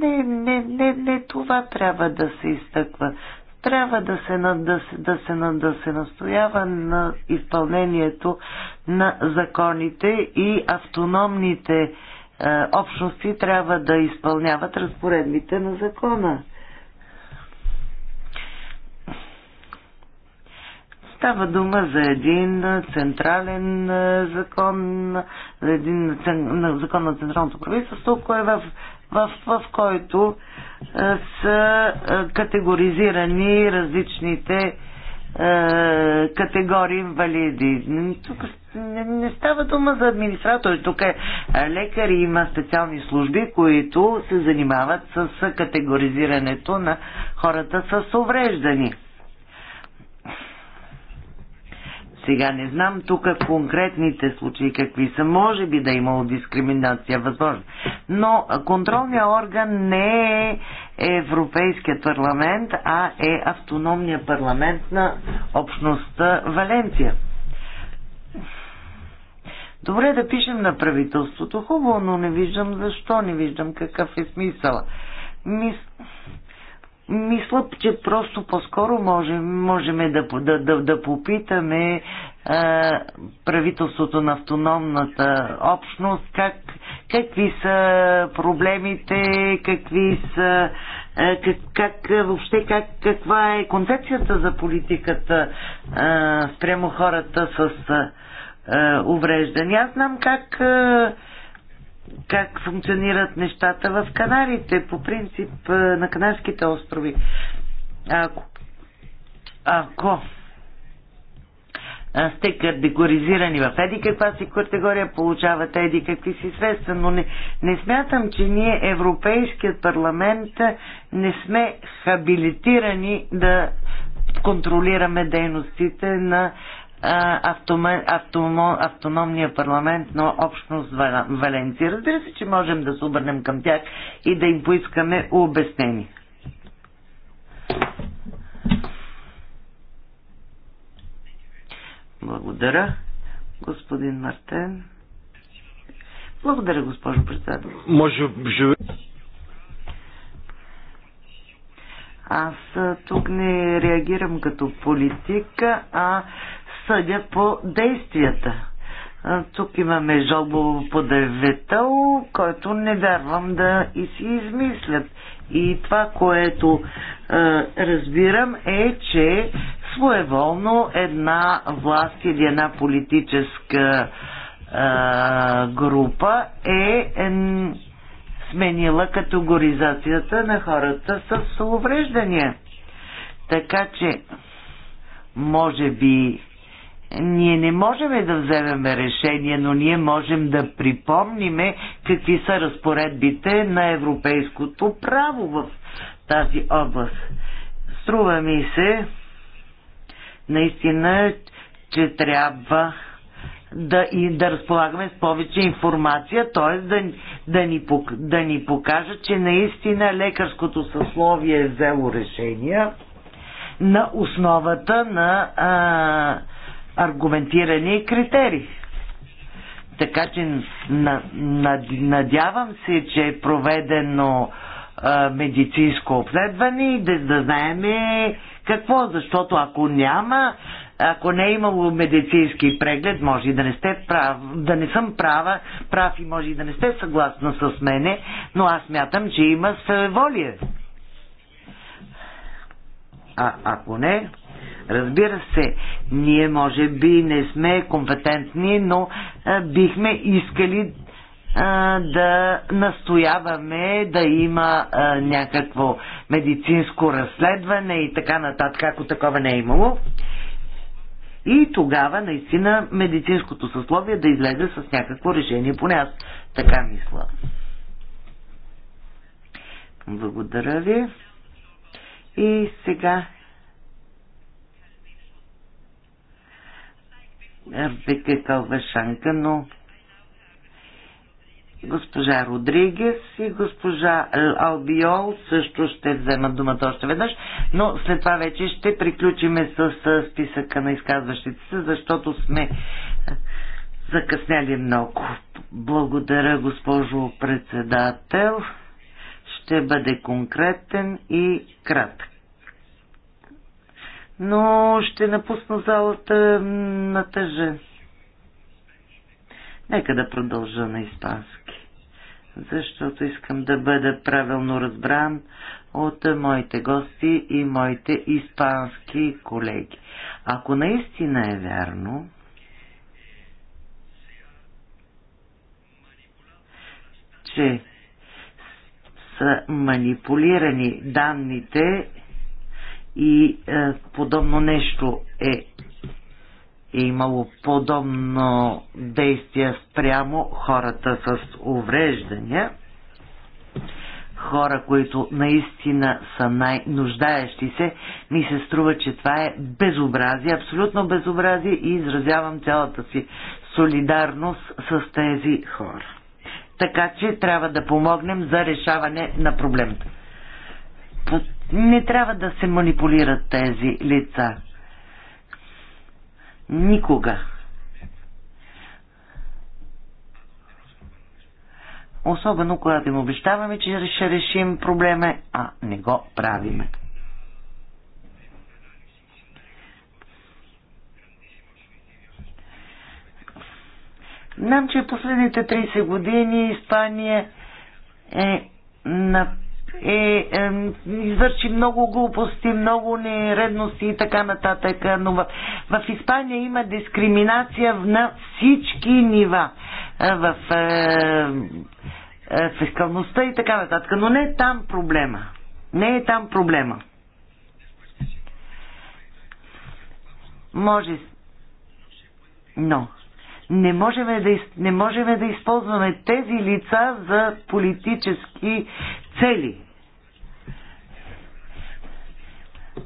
не, не, не, не това трябва да се изтъква. Трябва да се, да се, да се, да се настоява на изпълнението на законите и автономните е, общности трябва да изпълняват разпоредбите на закона. Става дума за един централен е, закон, за един закон на Централното правителство, кое е в в, в който а, са а, категоризирани различните а, категории инвалиди. Тук не, не става дума за администратори. Тук е лекари, има специални служби, които се занимават с категоризирането на хората с увреждани. Сега не знам тук конкретните случаи какви са. Може би да е имало дискриминация, възможно. Но контролният орган не е Европейският парламент, а е автономния парламент на общността Валенция. Добре да пишем на правителството. Хубаво, но не виждам защо, не виждам какъв е смисъл. Мис мисля, че просто по-скоро можем, можем да, да, да, да попитаме е, правителството на автономната общност как, какви са проблемите, какви са е, как, как въобще как, каква е концепцията за политиката е, спрямо хората с е, увреждания. Аз знам как е, как функционират нещата в Канарите, по принцип е, на Канарските острови. Ако, ако сте категоризирани в еди каква си категория, получавате еди какви си средства, но не, не смятам, че ние, Европейският парламент, не сме хабилитирани да контролираме дейностите на автономния парламент на общност Валенция. Разбира се, че можем да се обърнем към тях и да им поискаме обяснение. Благодаря, господин Мартен. Благодаря, госпожо председател. Може би. Аз тук не реагирам като политика, а съдя по действията. Тук имаме Жобо Подеветъл, който не вярвам да и си измислят. И това, което е, разбирам е, че своеволно една власт или една политическа е, група е, е сменила категоризацията на хората с увреждания. Така че, може би, ние не можем да вземем решение, но ние можем да припомниме какви са разпоредбите на европейското право в тази област. Струва ми се, наистина, че трябва да, и да разполагаме с повече информация, т.е. Да, да, ни, да ни покажа, че наистина лекарското съсловие е взело решение на основата на а, аргументирани критерии. Така че надявам се, че е проведено медицинско обследване и да, да знаеме какво, защото ако няма, ако не е имало медицински преглед, може и да не сте прав, да не съм права, прав и може и да не сте съгласна с мене, но аз мятам, че има своеволие. А ако не, Разбира се, ние може би не сме компетентни, но а, бихме искали а, да настояваме да има а, някакво медицинско разследване и така нататък, ако такова не е имало. И тогава наистина медицинското съсловие да излезе с някакво решение, поне аз така мисля. Благодаря ви. И сега Вика е, Калвашанка, но госпожа Родригес и госпожа Албиол също ще вземат думата още веднъж, но след това вече ще приключиме с списъка на изказващите се, защото сме закъсняли много. Благодаря, госпожо председател. Ще бъде конкретен и кратък но ще напусна залата на тъжа. Нека да продължа на испански, защото искам да бъда правилно разбран от моите гости и моите испански колеги. Ако наистина е вярно, че са манипулирани данните и е, подобно нещо е, е имало подобно действие спрямо хората с увреждания, хора, които наистина са най-нуждаещи се, ми се струва, че това е безобразие, абсолютно безобразие и изразявам цялата си солидарност с тези хора. Така че трябва да помогнем за решаване на проблемата. Не трябва да се манипулират тези лица. Никога. Особено когато им обещаваме, че ще решим проблема, а не го правиме. Знам, че последните 30 години Испания е на е, е, извърши много глупости, много нередности и така нататък. Но в, в Испания има дискриминация на всички нива. Е, в е, е, фискалността и така нататък. Но не е там проблема. Не е там проблема. Може. Но. No не можем да, не можем да използваме тези лица за политически цели.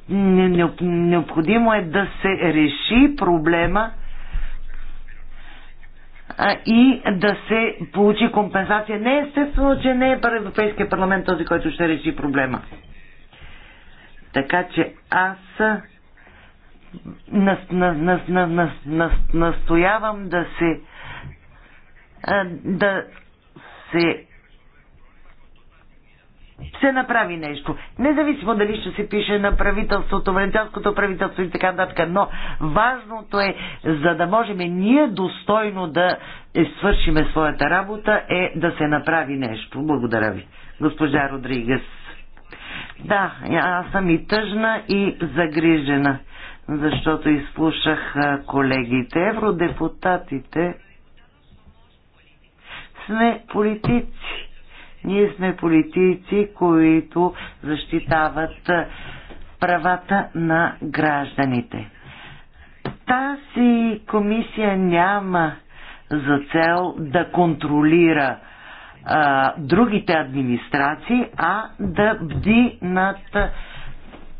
Необходимо е да се реши проблема и да се получи компенсация. Не е естествено, че не е Европейския парламент този, който ще реши проблема. Така че аз нас, нас, нас, нас, настоявам да се да се се направи нещо. Независимо дали ще се пише на правителството, венецианското правителство и така нататък, но важното е, за да можем ние достойно да е, свършиме своята работа, е да се направи нещо. Благодаря ви, госпожа Родригес. Да, аз съм и тъжна, и загрижена защото изслушах колегите. Евродепутатите сме политици. Ние сме политици, които защитават правата на гражданите. Тази комисия няма за цел да контролира а, другите администрации, а да бди над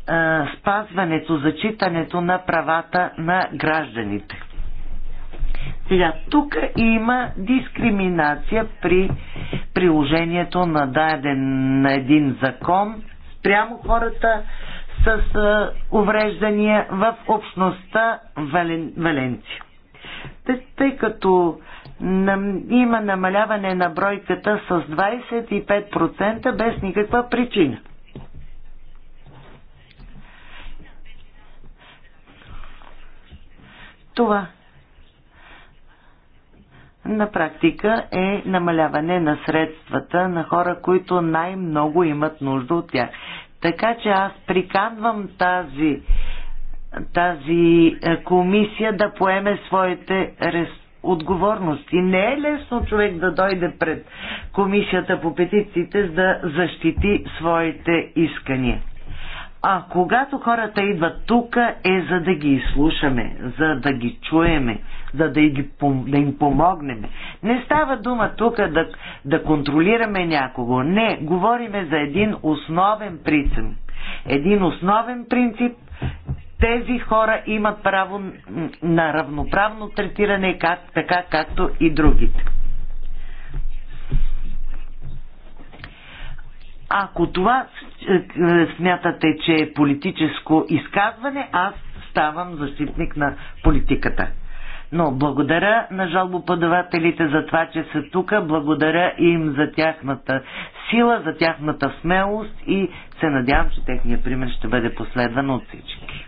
е, спазването, зачитането на правата на гражданите. Сега, тук има дискриминация при приложението на даден на един закон спрямо хората с а, е, увреждания в общността Вален, Валенция. Тъй, тъй като нам, има намаляване на бройката с 25% без никаква причина. Това на практика е намаляване на средствата на хора, които най-много имат нужда от тях. Така че аз приканвам тази, тази е, комисия да поеме своите отговорности. Не е лесно човек да дойде пред комисията по петициите да защити своите искания. А когато хората идват тук е за да ги изслушаме, за да ги чуеме, за да, ги, да им помогнем. Не става дума тук да, да контролираме някого. Не, говориме за един основен принцип. Един основен принцип. Тези хора имат право на равноправно третиране, как, така както и другите. Ако това е, е, смятате, че е политическо изказване, аз ставам защитник на политиката. Но благодаря на жалбоподавателите за това, че са тук, благодаря им за тяхната сила, за тяхната смелост и се надявам, че техният пример ще бъде последван от всички.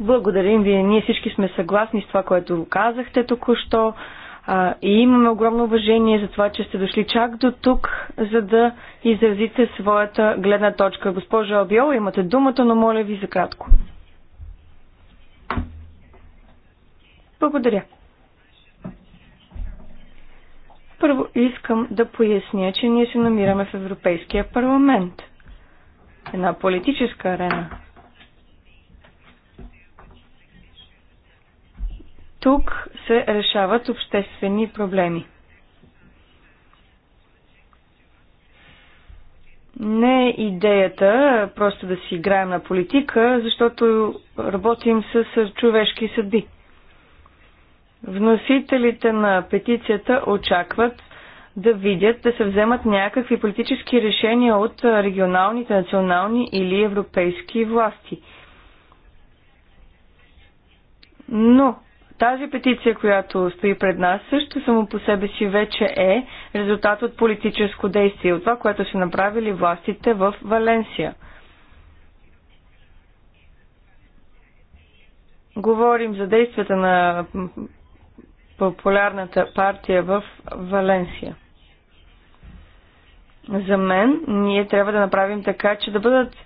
Благодарим ви. Ние всички сме съгласни с това, което казахте току-що. А, и имаме огромно уважение за това, че сте дошли чак до тук, за да изразите своята гледна точка. Госпожа Абиола, имате думата, но моля ви за кратко. Благодаря. Първо искам да поясня, че ние се намираме в Европейския парламент. Една политическа арена. Тук се решават обществени проблеми. не е идеята просто да си играем на политика, защото работим с човешки съдби. Вносителите на петицията очакват да видят, да се вземат някакви политически решения от регионалните, национални или европейски власти. Но тази петиция, която стои пред нас, също само по себе си вече е резултат от политическо действие, от това, което са направили властите в Валенсия. Говорим за действията на популярната партия в Валенсия. За мен ние трябва да направим така, че да бъдат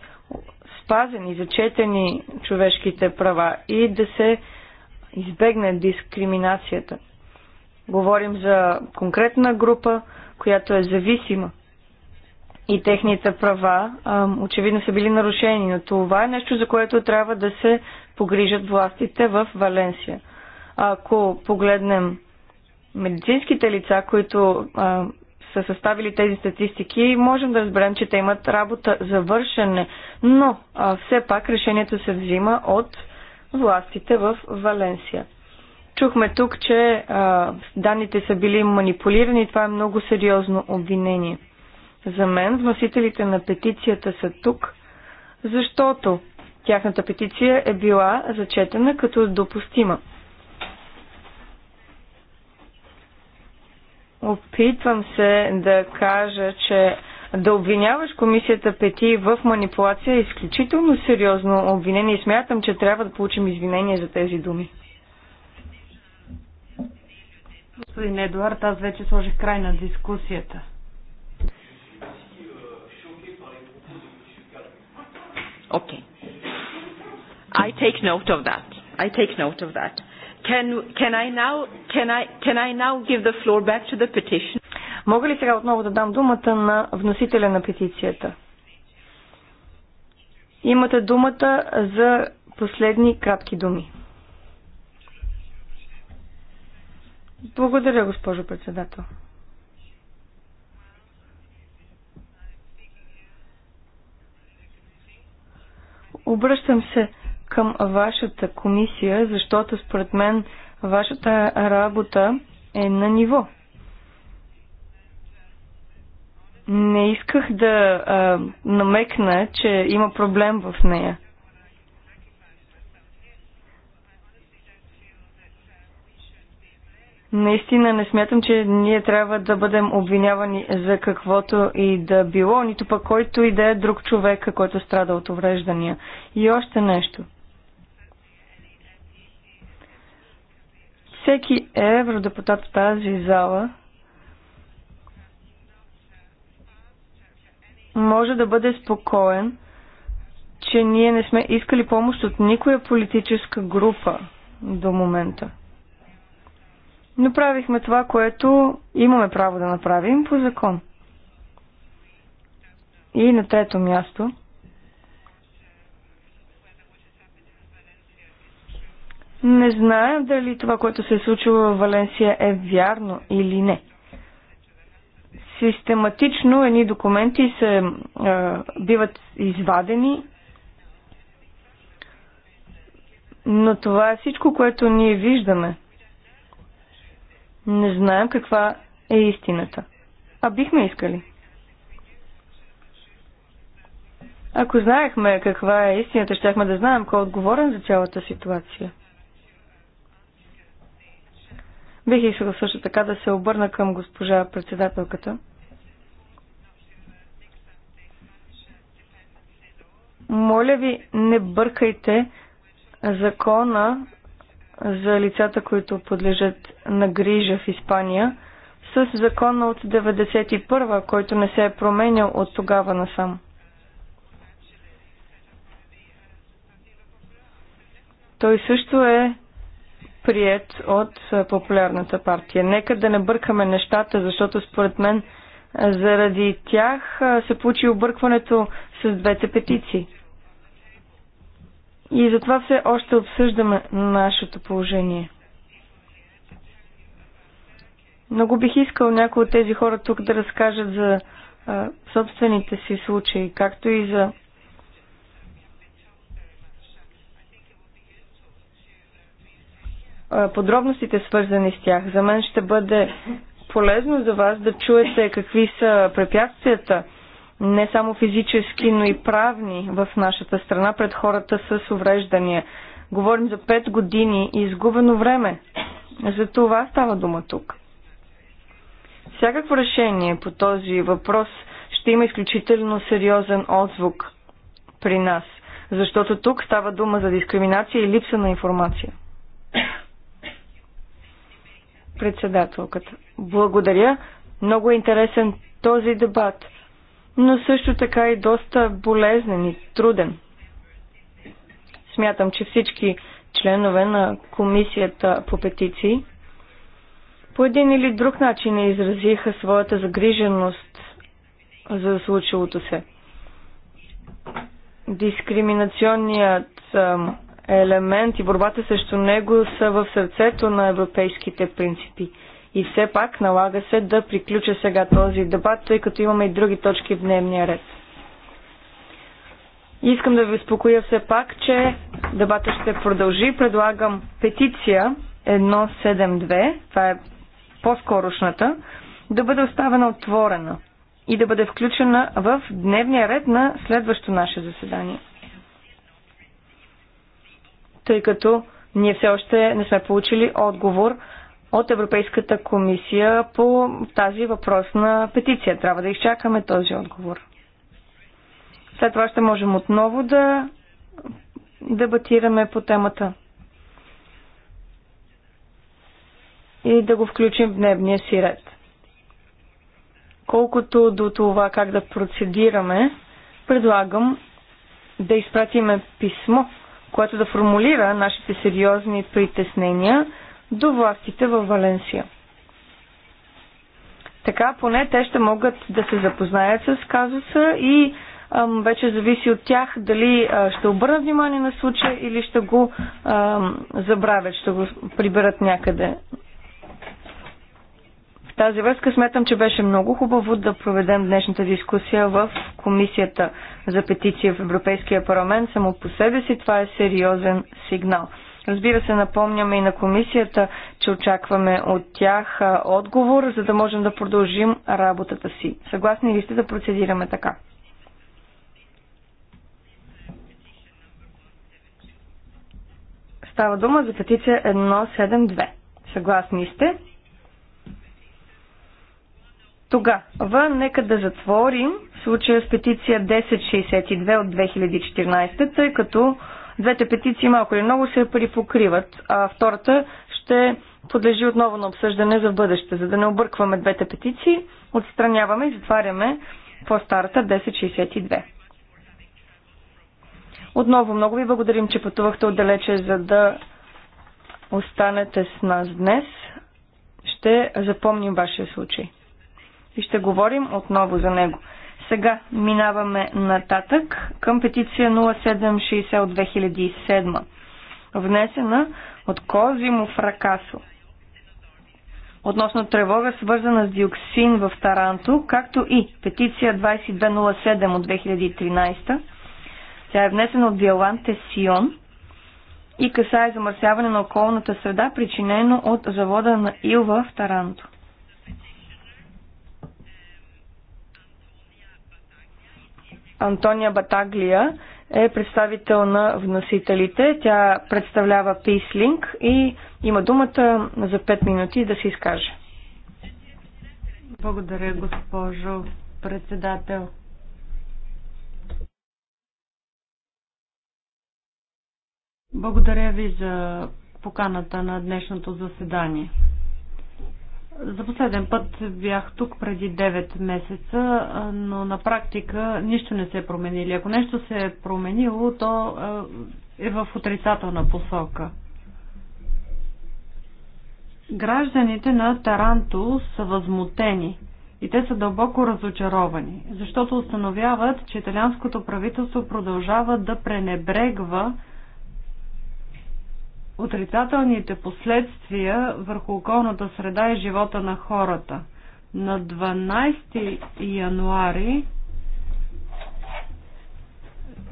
спазени, зачетени човешките права и да се избегне дискриминацията. Говорим за конкретна група, която е зависима и техните права а, очевидно са били нарушени, но това е нещо, за което трябва да се погрижат властите в Валенсия. Ако погледнем медицинските лица, които а, са съставили тези статистики, можем да разберем, че те имат работа за вършене, но а, все пак решението се взима от властите в Валенсия. Чухме тук, че а, данните са били манипулирани. Това е много сериозно обвинение. За мен вносителите на петицията са тук, защото тяхната петиция е била зачетена като допустима. Опитвам се да кажа, че да обвиняваш комисията Пети в манипулация е изключително сериозно обвинение и смятам, че трябва да получим извинение за тези думи. Господин Едуард, аз вече сложих край на дискусията. Окей. Okay. I take note of that. I take note of that. Can, can, I now, can, I, can I now give the floor back to the petition? Мога ли сега отново да дам думата на вносителя на петицията? Имате думата за последни кратки думи. Благодаря, госпожо председател. Обръщам се към вашата комисия, защото според мен вашата работа е на ниво. Не исках да а, намекна, че има проблем в нея. Наистина не смятам, че ние трябва да бъдем обвинявани за каквото и да било, нито пък който и да е друг човек, който страда от увреждания. И още нещо. Всеки евродепутат в тази зала може да бъде спокоен, че ние не сме искали помощ от никоя политическа група до момента. Но правихме това, което имаме право да направим по закон. И на трето място. Не знаем дали това, което се е случило в Валенсия е вярно или не. Систематично едни документи се, а, е, биват извадени, но това е всичко, което ние виждаме. Не знаем каква е истината. А бихме искали. Ако знаехме каква е истината, щяхме да знаем кой е отговорен за цялата ситуация. Бих искала също така да се обърна към госпожа председателката. Моля ви, не бъркайте закона за лицата, които подлежат на грижа в Испания, с закона от 91, който не се е променял от тогава насам. Той също е прият от популярната партия. Нека да не бъркаме нещата, защото според мен заради тях се получи объркването с двете петиции. И затова все още обсъждаме нашето положение. Много бих искал някои от тези хора тук да разкажат за а, собствените си случаи, както и за подробностите свързани с тях. За мен ще бъде полезно за вас да чуете какви са препятствията, не само физически, но и правни в нашата страна пред хората с увреждания. Говорим за 5 години и изгубено време. За това става дума тук. Всякакво решение по този въпрос ще има изключително сериозен отзвук при нас, защото тук става дума за дискриминация и липса на информация. Председателката. Благодаря. Много е интересен този дебат, но също така и доста болезнен и труден. Смятам, че всички членове на комисията по петиции по един или друг начин изразиха своята загриженост за случилото се. Дискриминационният елемент и борбата срещу него са в сърцето на европейските принципи. И все пак налага се да приключа сега този дебат, тъй като имаме и други точки в дневния ред. Искам да ви успокоя все пак, че дебата ще продължи. Предлагам петиция 172, това е по-скорошната, да бъде оставена отворена и да бъде включена в дневния ред на следващо наше заседание тъй като ние все още не сме получили отговор от Европейската комисия по тази въпросна петиция. Трябва да изчакаме този отговор. След това ще можем отново да дебатираме по темата и да го включим в дневния си ред. Колкото до това как да процедираме, предлагам да изпратиме писмо което да формулира нашите сериозни притеснения до властите във Валенсия. Така поне те ще могат да се запознаят с казуса и ам, вече зависи от тях дали а, ще обърнат внимание на случая или ще го ам, забравят, ще го приберат някъде тази връзка сметам, че беше много хубаво да проведем днешната дискусия в Комисията за петиция в Европейския парламент. Само по себе си това е сериозен сигнал. Разбира се, напомняме и на комисията, че очакваме от тях отговор, за да можем да продължим работата си. Съгласни ли сте да процедираме така? Става дума за петиция 172. Съгласни сте? Тогава нека да затворим случая с петиция 1062 от 2014, тъй като двете петиции малко или много се припокриват, а втората ще подлежи отново на обсъждане за бъдеще. За да не объркваме двете петиции, отстраняваме и затваряме по-старата 1062. Отново много ви благодарим, че пътувахте отдалече, за да останете с нас днес. Ще запомним вашия случай и ще говорим отново за него. Сега минаваме нататък към петиция 0760 от 2007, внесена от Козимо Фракасо. Относно тревога, свързана с диоксин в Таранто, както и петиция 2207 от 2013, тя е внесена от Виоланте Сион и касае замърсяване на околната среда, причинено от завода на Илва в Таранто. Антония Батаглия е представител на вносителите. Тя представлява Peacelink и има думата за 5 минути да се изкаже. Благодаря, госпожо председател. Благодаря ви за поканата на днешното заседание. За последен път бях тук преди 9 месеца, но на практика нищо не се е променили. Ако нещо се е променило, то е в отрицателна посока. Гражданите на Таранто са възмутени и те са дълбоко разочаровани, защото установяват, че италианското правителство продължава да пренебрегва отрицателните последствия върху околната среда и живота на хората. На 12 януари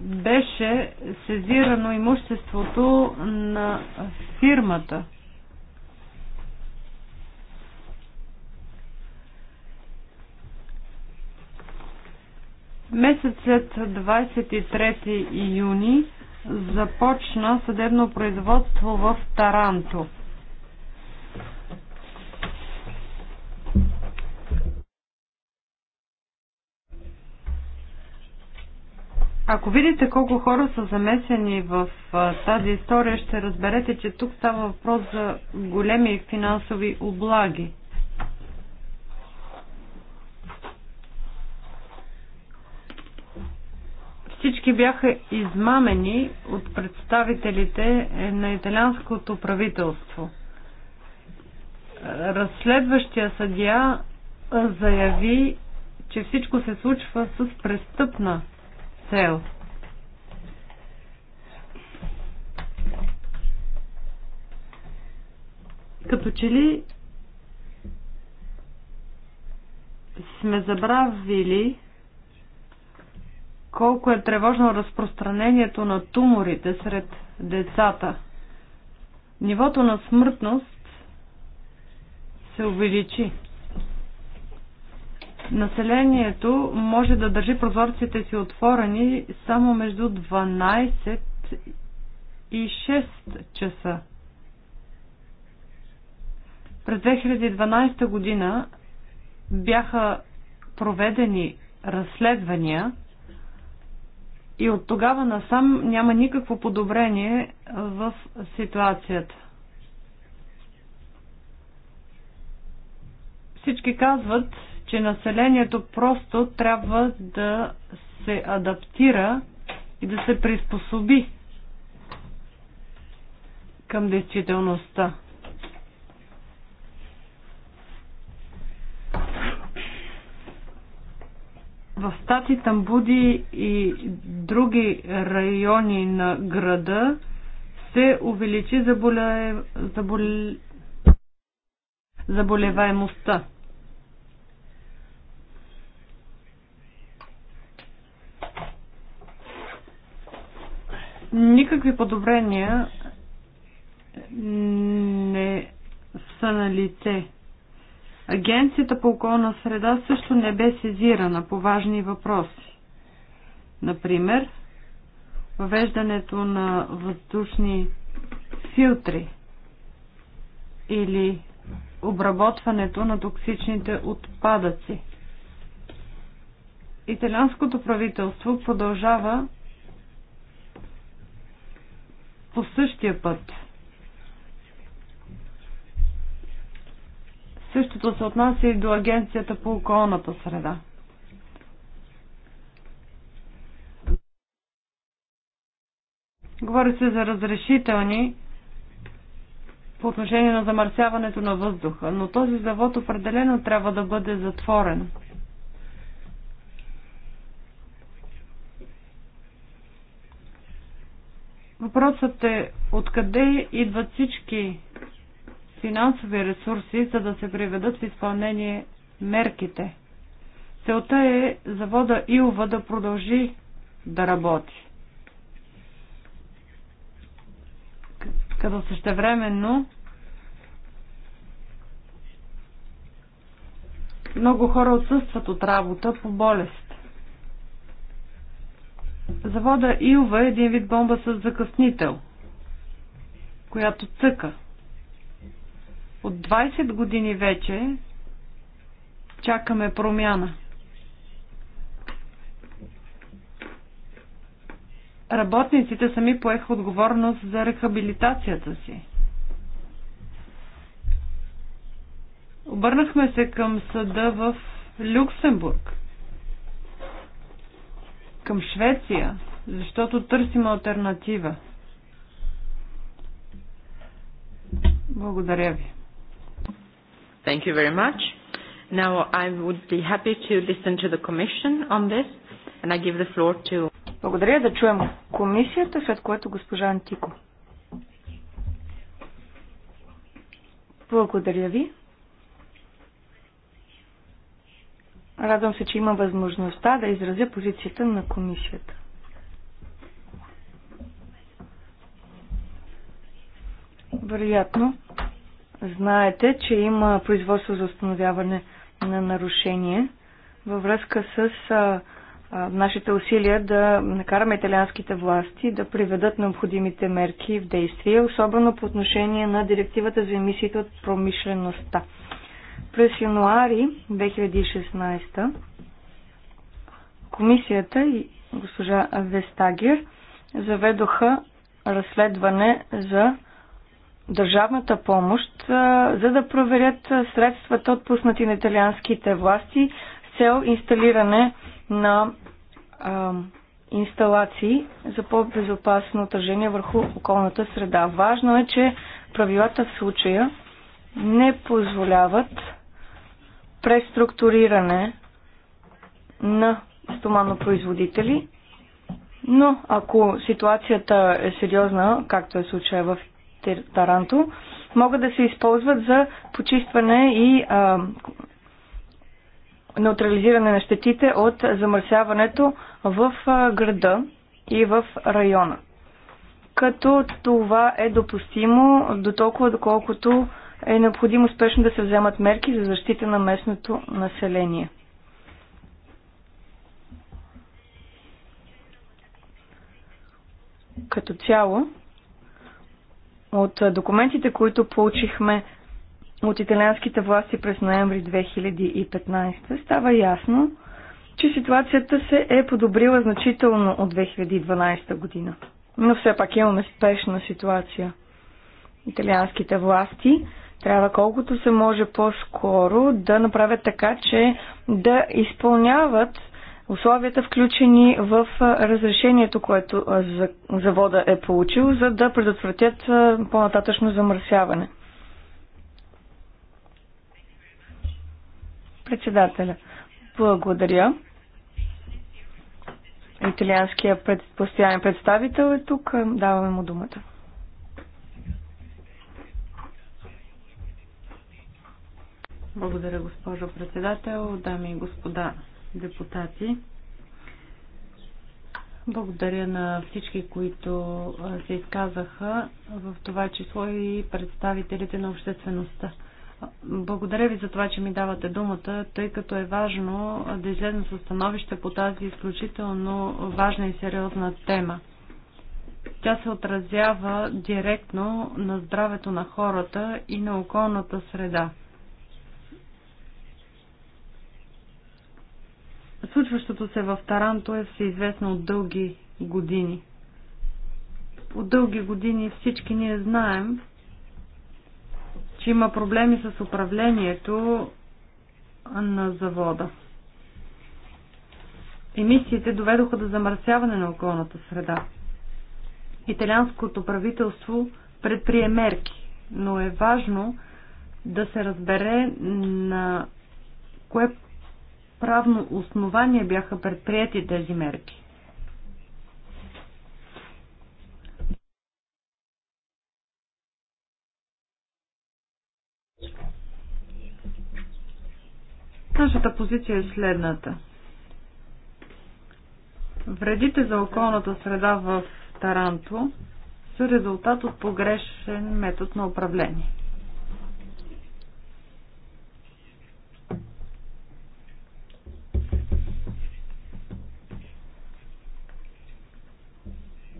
беше сезирано имуществото на фирмата. Месецът 23 июни започна съдебно производство в Таранто. Ако видите колко хора са замесени в тази история, ще разберете, че тук става въпрос за големи финансови облаги. Всички бяха измамени от представителите на италианското правителство. Разследващия съдия заяви, че всичко се случва с престъпна цел. Като че ли сме забравили колко е тревожно разпространението на туморите сред децата. Нивото на смъртност се увеличи. Населението може да държи прозорците си отворени само между 12 и 6 часа. През 2012 година бяха проведени разследвания и от тогава насам няма никакво подобрение в ситуацията. Всички казват, че населението просто трябва да се адаптира и да се приспособи към действителността. В Стати Тамбуди и други райони на града се увеличи заболе... заболе... заболеваемостта. Никакви подобрения не са на лице. Агенцията по околна среда също не бе сезирана по важни въпроси. Например, въвеждането на въздушни филтри или обработването на токсичните отпадъци. Италианското правителство продължава по същия път – Същото се отнася и до Агенцията по околната среда. Говори се за разрешителни по отношение на замърсяването на въздуха, но този завод определено трябва да бъде затворен. Въпросът е откъде идват всички финансови ресурси, за да се приведат в изпълнение мерките. Целта е завода Илва да продължи да работи. Като същевременно много хора отсъстват от работа по болест. Завода Илва е един вид бомба с закъснител, която цъка – от 20 години вече чакаме промяна. Работниците сами поеха отговорност за рехабилитацията си. Обърнахме се към съда в Люксембург, към Швеция, защото търсим альтернатива. Благодаря ви. Thank you very much. Now I would be happy to listen to the Commission on this, and I give the floor to... Благодаря да чуем комисията, след което госпожа Антико. Благодаря ви. Радвам се, че има възможността да изразя позицията на комисията. Вероятно, Знаете, че има производство за установяване на нарушение във връзка с а, а, нашите усилия да накараме италианските власти да приведат необходимите мерки в действие, особено по отношение на директивата за емисиите от промишлеността. През януари 2016 комисията и госпожа Вестагер заведоха разследване за държавната помощ, за да проверят средствата отпуснати на италианските власти с цел инсталиране на а, инсталации за по-безопасно отражение върху околната среда. Важно е, че правилата в случая не позволяват преструктуриране на стоманопроизводители, но ако ситуацията е сериозна, както е случая в Таранто могат да се използват за почистване и а, неутрализиране на щетите от замърсяването в града и в района. Като това е допустимо до толкова доколкото е необходимо спешно да се вземат мерки за защита на местното население. Като цяло, от документите, които получихме от италианските власти през ноември 2015, става ясно, че ситуацията се е подобрила значително от 2012 година. Но все пак имаме спешна ситуация. Италианските власти трябва колкото се може по-скоро да направят така, че да изпълняват условията включени в разрешението, което завода е получил, за да предотвратят по-нататъчно замърсяване. Председателя, благодаря. Италианския пред, постоянен представител е тук. Даваме му думата. Благодаря, госпожо председател, дами и господа депутати. Благодаря на всички, които се изказаха, в това число и представителите на обществеността. Благодаря ви за това, че ми давате думата, тъй като е важно да излезна със становище по тази изключително важна и сериозна тема. Тя се отразява директно на здравето на хората и на околната среда. Случващото се в Таранто е всеизвестно от дълги години. От дълги години всички ние знаем, че има проблеми с управлението на завода. Емисиите доведоха до замърсяване на околната среда. Италианското правителство предприе мерки, но е важно да се разбере на кое правно основание бяха предприяти тези мерки? Нашата позиция е следната. Вредите за околната среда в Таранто са резултат от погрешен метод на управление.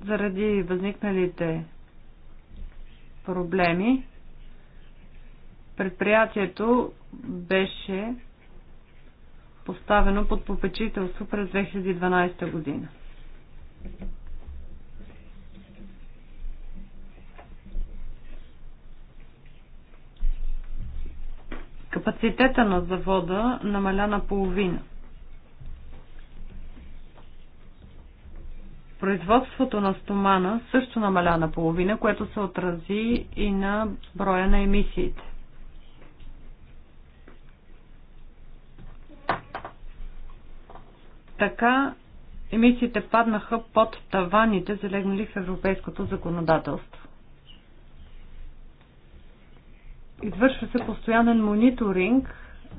заради възникналите проблеми, предприятието беше поставено под попечителство през 2012 година. Капацитета на завода намаля на половина. Производството на стомана също намаля на половина, което се отрази и на броя на емисиите. Така емисиите паднаха под таваните, залегнали в европейското законодателство. Извършва се постоянен мониторинг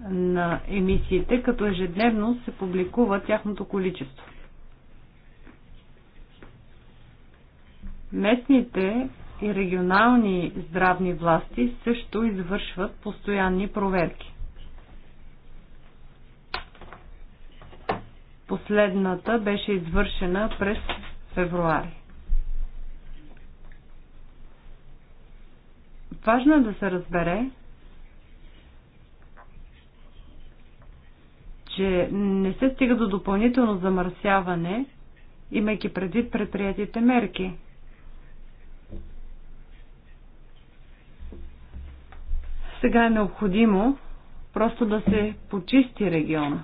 на емисиите, като ежедневно се публикува тяхното количество. Местните и регионални здравни власти също извършват постоянни проверки. Последната беше извършена през февруари. Важно е да се разбере, че не се стига до допълнително замърсяване, имайки предвид предприятите мерки – Сега е необходимо просто да се почисти региона.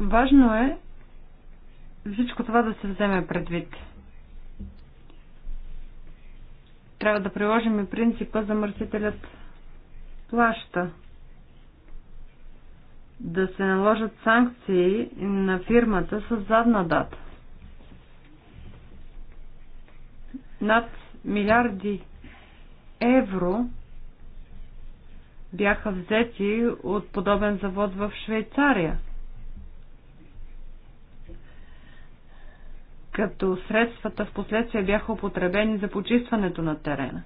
Важно е всичко това да се вземе предвид. трябва да приложим и принципа замърсителят плаща. Да се наложат санкции на фирмата с задна дата. Над милиарди евро бяха взети от подобен завод в Швейцария. като средствата в последствие бяха употребени за почистването на терена.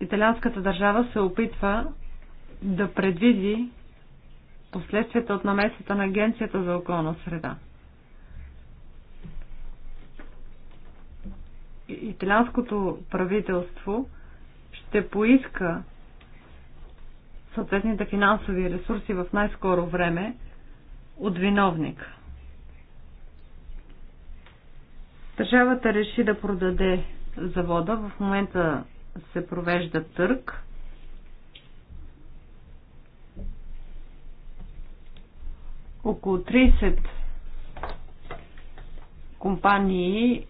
Италианската държава се опитва да предвиди последствията от намесата на Агенцията за околна среда. Италианското правителство ще поиска съответните финансови ресурси в най-скоро време от виновник. Държавата реши да продаде завода. В момента се провежда търг. Около 30 компании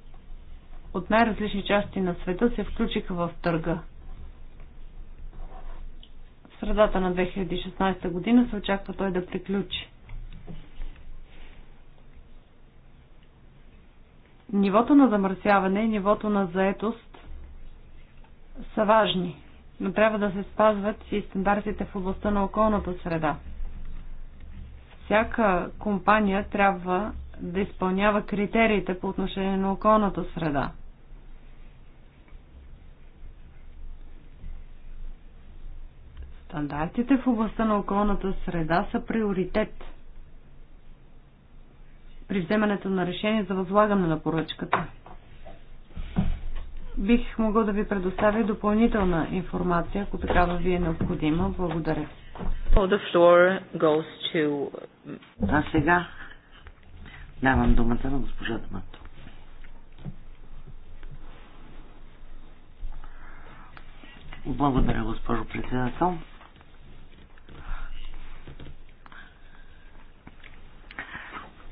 от най-различни части на света се включиха в търга средата на 2016 година се очаква той да приключи. Нивото на замърсяване и нивото на заетост са важни, но трябва да се спазват и стандартите в областта на околната среда. Всяка компания трябва да изпълнява критериите по отношение на околната среда – Стандартите в областта на околната среда са приоритет при вземането на решение за възлагане на поръчката. Бих могъл да ви предоставя допълнителна информация, ако такава ви е необходима. Благодаря. To... А сега давам думата на госпожа Дамато. Благодаря, госпожо председател.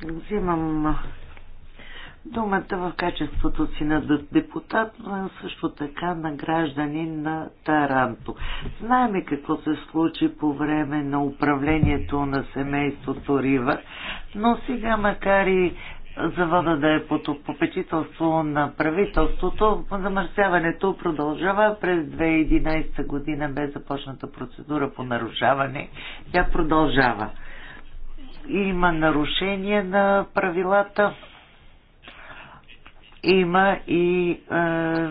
Взимам думата в качеството си на депутат, но е също така на граждани на Таранто. Знаеме какво се случи по време на управлението на семейството Рива, но сега макар и завода да е под попечителство на правителството, замърсяването продължава. През 2011 година бе започната процедура по нарушаване. Тя продължава има нарушение на правилата, има и е,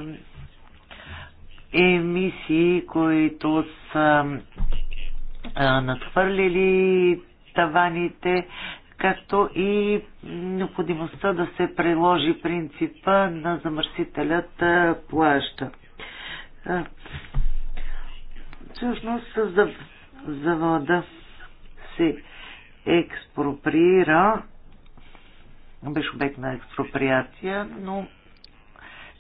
емисии, които са е, надхвърлили таваните, както и необходимостта да се приложи принципа на замърсителят е, плаща. Е, всъщност за завода се експроприира, беше обект на експроприация, но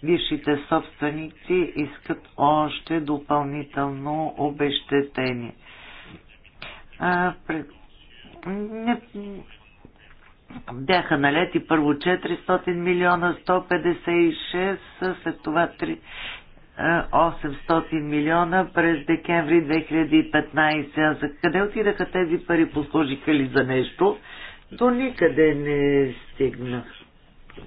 висшите собственици искат още допълнително обещетение. А, пред... не... Бяха налети първо 400 милиона, 156, след това 800 милиона през декември 2015. А за къде отидаха тези пари? Послужиха ли за нещо? До никъде не стигна.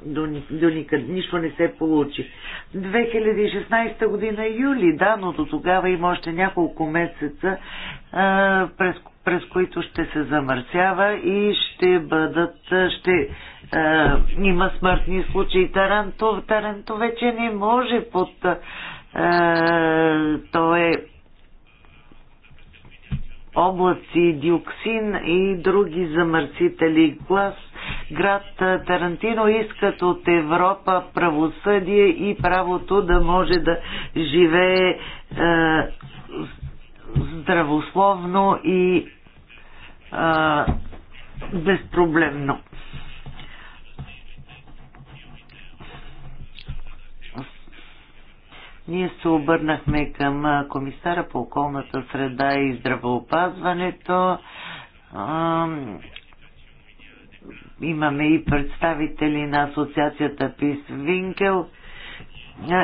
До, до никъде. Нищо не се получи. 2016 година е юли, да, но до тогава има още няколко месеца, а, през, през които ще се замърсява и ще бъдат, ще а, има смъртни случаи. Таранто, Таранто вече не може под а, е, то е облаци, диоксин и други замърсители. Глас, град е, Тарантино искат от Европа правосъдие и правото да може да живее е, здравословно и е, безпроблемно. Ние се обърнахме към комисара по околната среда и здравоопазването. Имаме и представители на асоциацията Пис Винкел.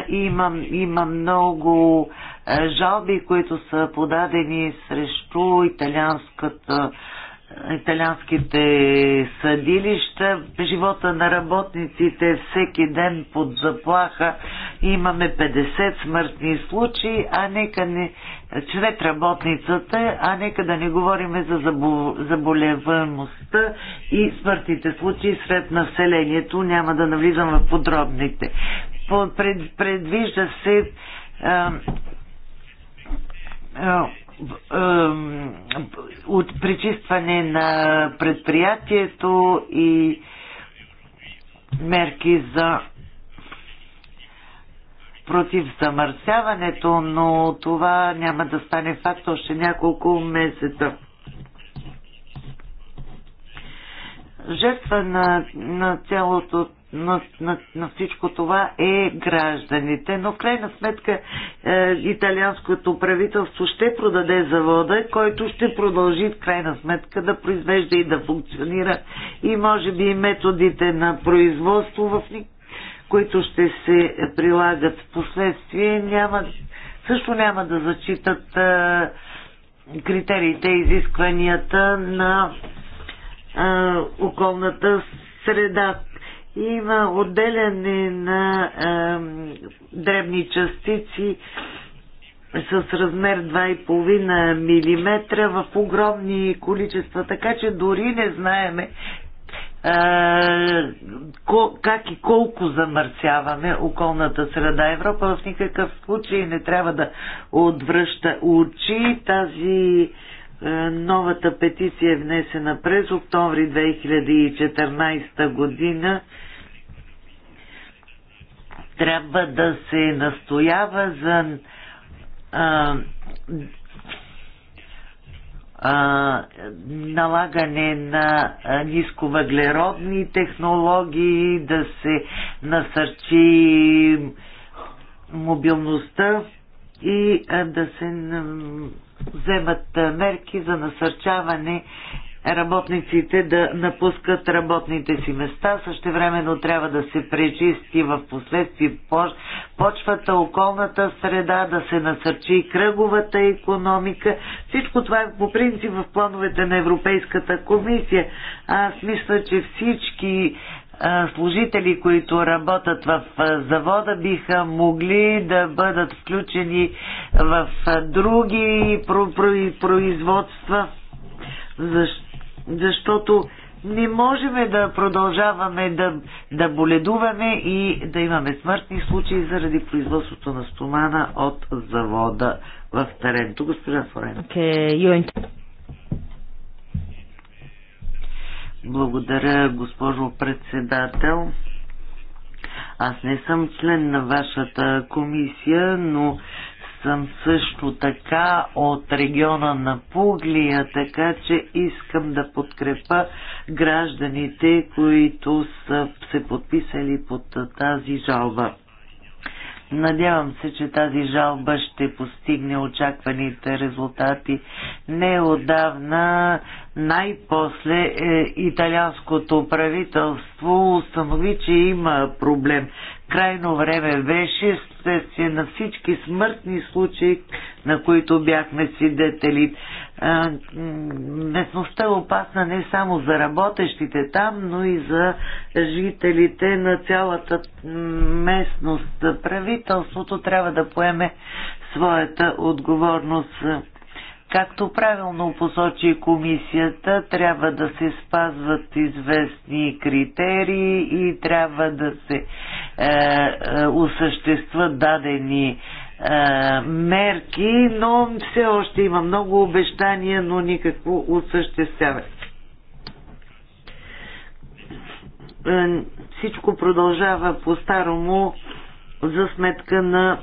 Има, има много жалби, които са подадени срещу италианската италианските съдилища, живота на работниците всеки ден под заплаха. Имаме 50 смъртни случаи, а нека не чрез работницата, а нека да не говорим за заболеваемостта и смъртните случаи сред населението. Няма да навлизам в подробните. Предвижда се а, а, от пречистване на предприятието и мерки за против замърсяването, но това няма да стане факт още няколко месеца. Жертва на, на цялото на, на, на всичко това е гражданите. Но в крайна сметка е, италианското правителство ще продаде завода, който ще продължи в крайна сметка да произвежда и да функционира. И може би и методите на производство, в ни... които ще се прилагат в последствие, няма, също няма да зачитат е, критериите и изискванията на е, околната среда има отделяне на е, дребни частици с размер 2,5 мм в огромни количества, така че дори не знаеме е, как и колко замърсяваме околната среда. Европа в никакъв случай не трябва да отвръща очи. Тази е, новата петиция е внесена през октомври 2014 година трябва да се настоява за а, а, налагане на нисковъглеродни технологии, да се насърчи мобилността и а, да се вземат мерки за насърчаване работниците да напускат работните си места. Същевременно трябва да се пречисти в последствие почвата, околната среда, да се насърчи кръговата економика. Всичко това е по принцип в плановете на Европейската комисия. Аз мисля, че всички служители, които работят в завода, биха могли да бъдат включени в други производства. Защо? защото не можем да продължаваме да, да боледуваме и да имаме смъртни случаи заради производството на стомана от завода в Таренто. Госпожа Форен. Okay, Благодаря, госпожо председател. Аз не съм член на вашата комисия, но съм също така от региона на Пуглия, така че искам да подкрепа гражданите, които са се подписали под тази жалба. Надявам се, че тази жалба ще постигне очакваните резултати. Не отдавна най-после е, италианското правителство установи, че има проблем крайно време беше следствие на всички смъртни случаи, на които бяхме свидетели. Местността е опасна не само за работещите там, но и за жителите на цялата местност. Правителството трябва да поеме своята отговорност Както правилно посочи комисията, трябва да се спазват известни критерии и трябва да се е, е, осъществат дадени е, мерки, но все още има много обещания, но никакво осъществяване. Е, всичко продължава по-старому за сметка на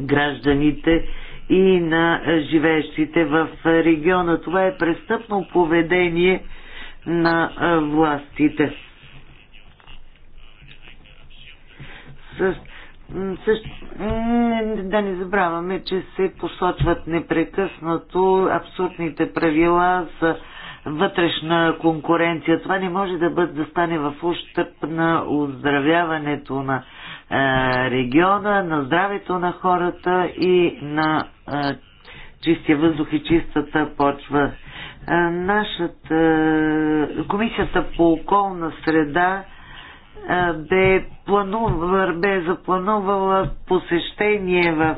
гражданите и на живеещите в региона. Това е престъпно поведение на властите. Също да не забравяме, че се посочват непрекъснато абсурдните правила за вътрешна конкуренция. Това не може да бъде да стане в ущърп на оздравяването на е, региона, на здравето на хората и на е, чистия въздух и чистата почва. Е, нашата комисията по околна среда бе, планув, бе запланувала посещение в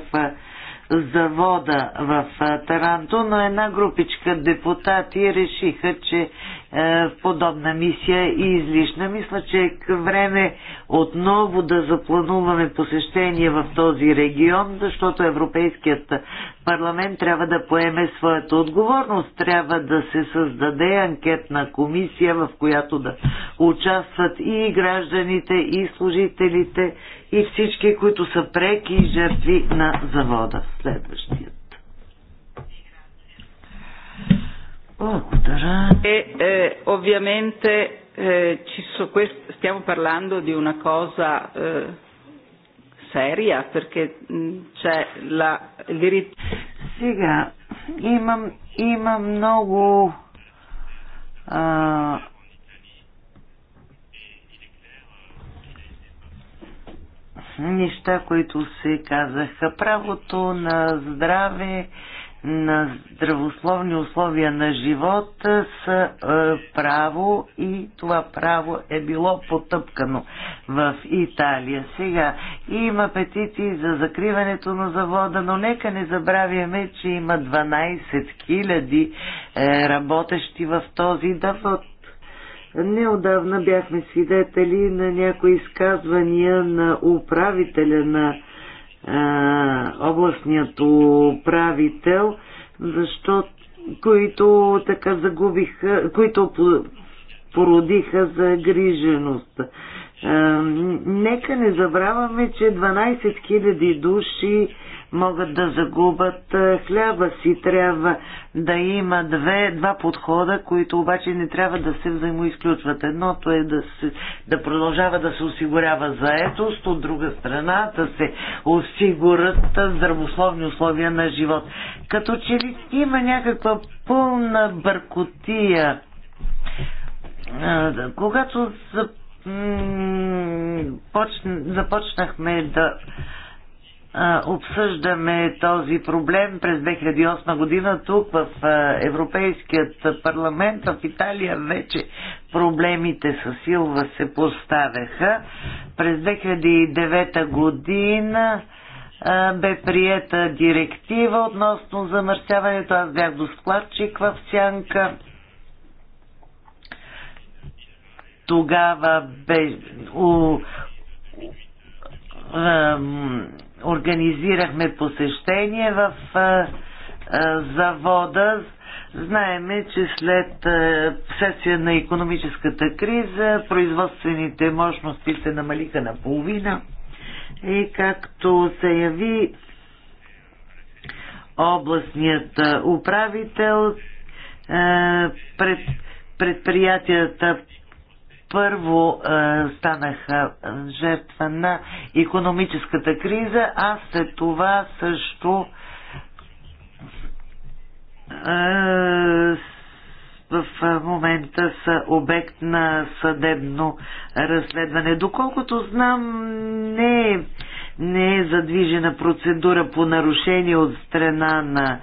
завода в Таранто, но една групичка депутати решиха, че е, подобна мисия е излишна. Мисля, че е време отново да заплануваме посещение в този регион, защото Европейският парламент трябва да поеме своята отговорност. Трябва да се създаде анкетна комисия, в която да участват и гражданите, и служителите, и всички, които са преки жертви на завода. Следващият. Благодаря. E, eh, ovviamente eh, ci so, quest, stiamo parlando di una cosa eh, seria perché c'è la diritto. Сега имам, има много а, неща, които се казаха. Правото на здраве, на здравословни условия на живот са е, право и това право е било потъпкано в Италия. Сега има петиции за закриването на завода, но нека не забравяме, че има 12 000 е, работещи в този завод. Неодавна бяхме свидетели на някои изказвания на управителя на а, областният управител, защото които така загубиха, които породиха загриженост. А, нека не забравяме, че 12 000 души могат да загубят е, хляба си. Трябва да има две, два подхода, които обаче не трябва да се взаимоизключват. Едното е да, се, да продължава да се осигурява заетост, от друга страна да се осигурят здравословни условия на живот. Като че ли има някаква пълна бъркотия. Е, когато започнахме да обсъждаме този проблем през 2008 година тук в Европейският парламент. В Италия вече проблемите с Силва се поставяха. През 2009 година бе приета директива относно замърсяването. Аз бях доскладчик в Сянка. Тогава бе, у, у, организирахме посещение в завода. Знаеме, че след сесия на економическата криза производствените мощности се намалиха на половина и както се яви областният управител пред предприятията първо е, станаха е, жертва на економическата криза, а след това също е, в е, момента са обект на съдебно разследване. Доколкото знам, не е, не е задвижена процедура по нарушение от страна на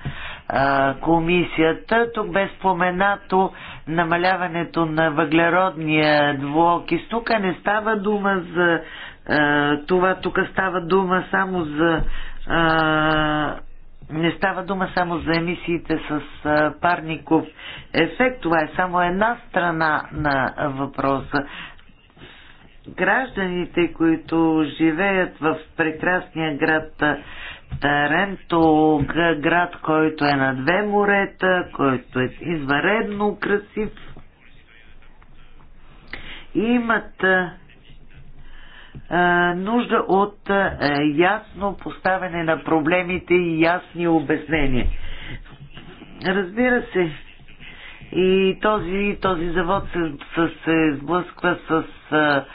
комисията. Тук бе споменато намаляването на въглеродния двуокис. Тук не става дума за а, това, тук става дума само за а, не става дума само за емисиите с а, парников ефект. Това е само една страна на въпроса. Гражданите, които живеят в прекрасния град Таренто, град, който е на две морета, който е изваредно красив. И имат а, нужда от а, ясно поставяне на проблемите и ясни обяснения. Разбира се, и този, този завод се, се, се сблъсква с а,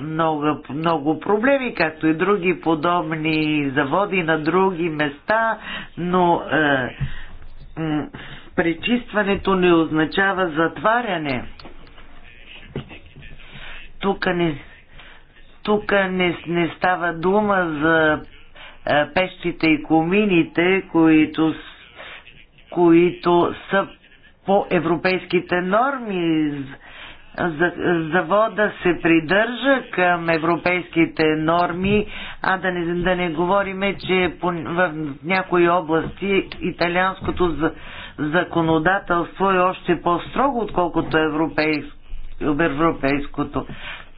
много, много проблеми, както и други подобни заводи на други места, но е, пречистването не означава затваряне. Тук не, тук не, не става дума за е, пещите и комините, които, които са по европейските норми. Е, завода се придържа към европейските норми, а да не, да не говориме, че по, в някои области италианското законодателство е още по-строго, отколкото европейско, европейското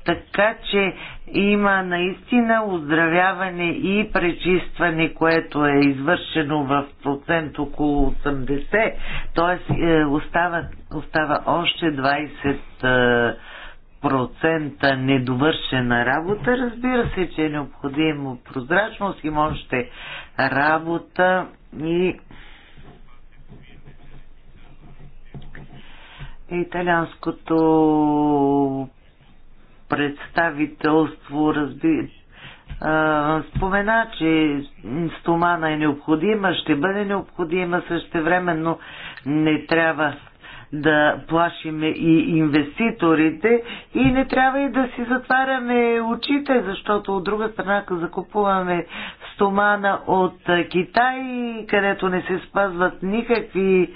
така че има наистина оздравяване и пречистване, което е извършено в процент около 80, т.е. Остава, остава още 20 е, процента недовършена работа. Разбира се, че е необходимо прозрачност, има още работа и италианското представителство разби... а, спомена, че стомана е необходима, ще бъде необходима същевременно, не трябва да плашиме и инвеститорите и не трябва и да си затваряме очите, защото от друга страна закупуваме стомана от Китай, където не се спазват никакви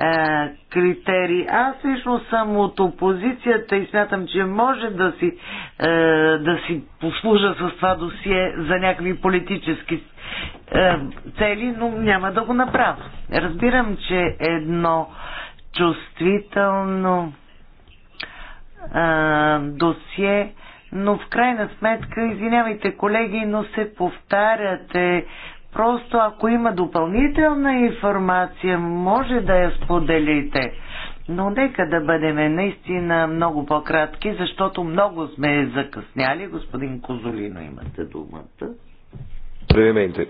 е, критерии. Аз лично съм от опозицията и смятам, че може да си, е, да си послужа с това досие за някакви политически е, цели, но няма да го направя. Разбирам, че едно чувствително е, досие но в крайна сметка, извинявайте колеги, но се повтаряте Просто ако има допълнителна информация, може да я споделите. Но нека да бъдем наистина много по-кратки, защото много сме закъсняли. Господин Козолино, имате думата. Времеmente.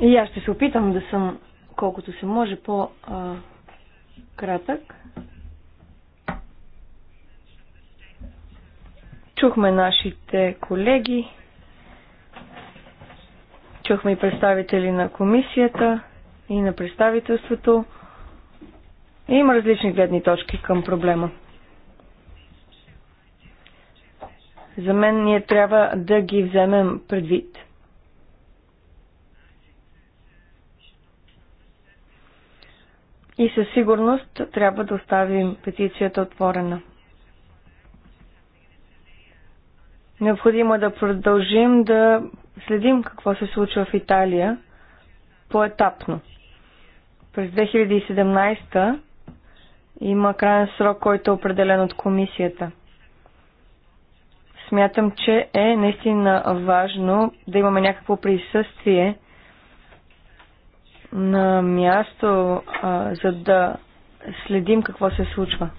И аз ще се опитам да съм колкото се може по-кратък. Чухме нашите колеги, Чухме и представители на комисията и на представителството. Има различни гледни точки към проблема. За мен ние трябва да ги вземем предвид. И със сигурност трябва да оставим петицията отворена. Необходимо е да продължим да следим какво се случва в Италия поетапно. През 2017 има крайен срок, който е определен от комисията. Смятам, че е наистина важно да имаме някакво присъствие на място, а, за да следим какво се случва.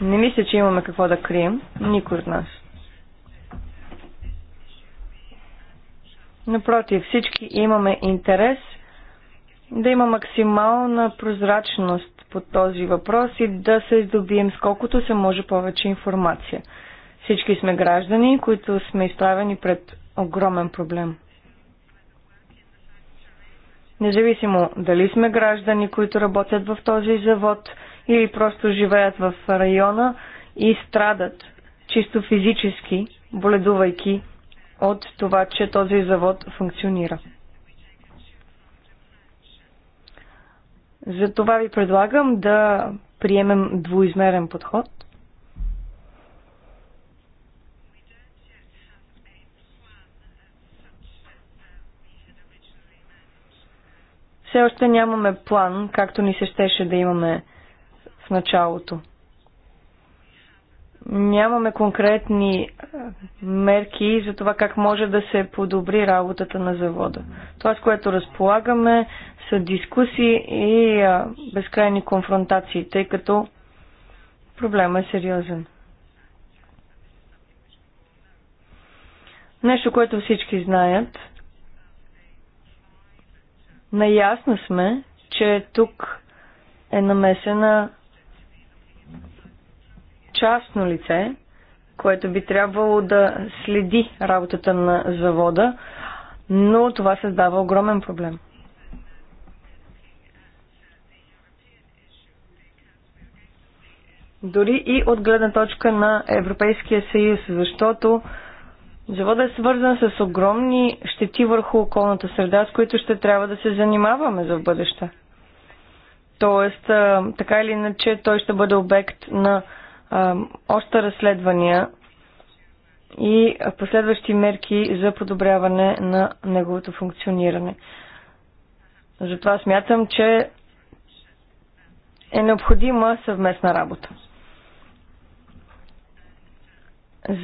Не мисля, че имаме какво да крием, никой от нас. Напротив, всички имаме интерес да има максимална прозрачност по този въпрос и да се издобием с колкото се може повече информация. Всички сме граждани, които сме изправени пред огромен проблем. Независимо дали сме граждани, които работят в този завод или просто живеят в района и страдат чисто физически, боледувайки от това, че този завод функционира. Затова ви предлагам да приемем двуизмерен подход. Все още нямаме план, както ни се щеше да имаме в началото. Нямаме конкретни е, мерки за това как може да се подобри работата на завода. Това, с което разполагаме, са дискусии и е, безкрайни конфронтации, тъй като проблема е сериозен. Нещо, което всички знаят. Наясно сме, че тук е намесена частно лице, което би трябвало да следи работата на завода, но това създава огромен проблем. Дори и от гледна точка на Европейския съюз, защото заводът е свързан с огромни щети върху околната среда, с които ще трябва да се занимаваме за бъдеще. Тоест, така или иначе, той ще бъде обект на още разследвания и последващи мерки за подобряване на неговото функциониране. Затова смятам, че е необходима съвместна работа.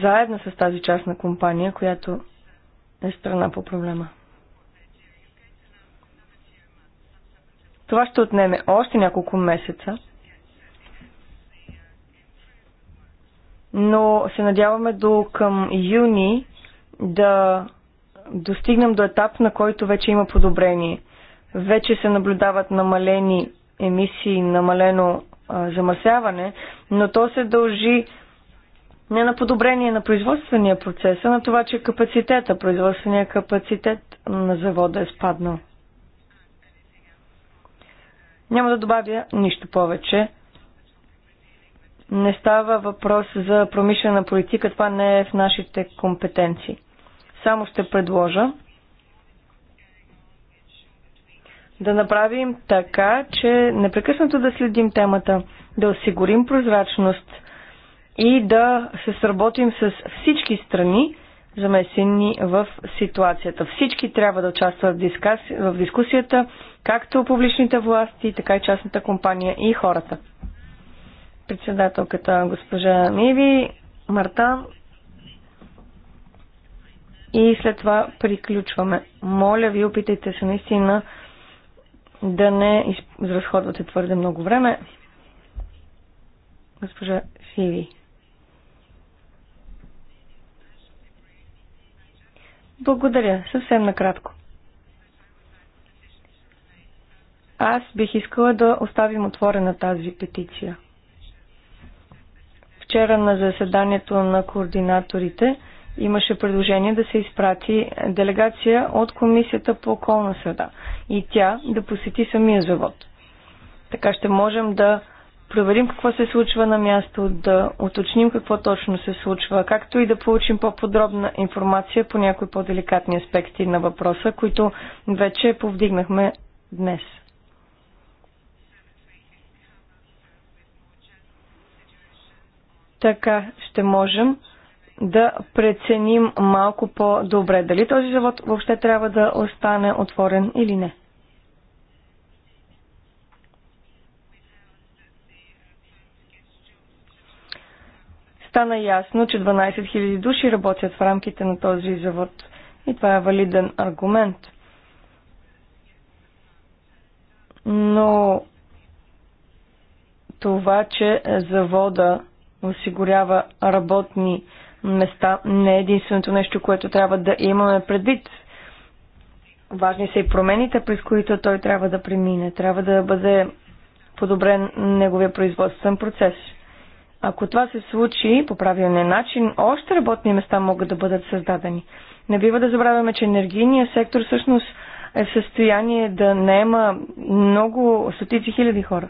Заедно с тази частна компания, която е страна по проблема. Това ще отнеме още няколко месеца. но се надяваме до към юни да достигнем до етап, на който вече има подобрение. Вече се наблюдават намалени емисии, намалено а, замърсяване, но то се дължи не на подобрение на производствения процес, а на това, че капацитета, производствения капацитет на завода е спаднал. Няма да добавя нищо повече. Не става въпрос за промишлена политика, това не е в нашите компетенции. Само ще предложа да направим така, че непрекъснато да следим темата, да осигурим прозрачност и да се сработим с всички страни, замесени в ситуацията. Всички трябва да участват в, дискусията, както публичните власти, така и частната компания и хората председателката госпожа Миви, Мартан. И след това приключваме. Моля ви, опитайте се наистина да не изразходвате твърде много време. Госпожа Сиви. Благодаря. Съвсем накратко. Аз бих искала да оставим отворена тази петиция. Вчера на заседанието на координаторите имаше предложение да се изпрати делегация от Комисията по околна среда и тя да посети самия завод. Така ще можем да проверим какво се случва на място, да уточним какво точно се случва, както и да получим по-подробна информация по някои по-деликатни аспекти на въпроса, които вече повдигнахме днес. Така ще можем да преценим малко по-добре дали този завод въобще трябва да остане отворен или не. Стана ясно, че 12 000 души работят в рамките на този завод и това е валиден аргумент. Но това, че завода осигурява работни места не е единственото нещо, което трябва да имаме предвид. Важни са и промените, през които той трябва да премине. Трябва да бъде подобрен неговия производствен процес. Ако това се случи по правилния начин, още работни места могат да бъдат създадени. Не бива да забравяме, че енергийният сектор всъщност е в състояние да наема много стотици хиляди хора.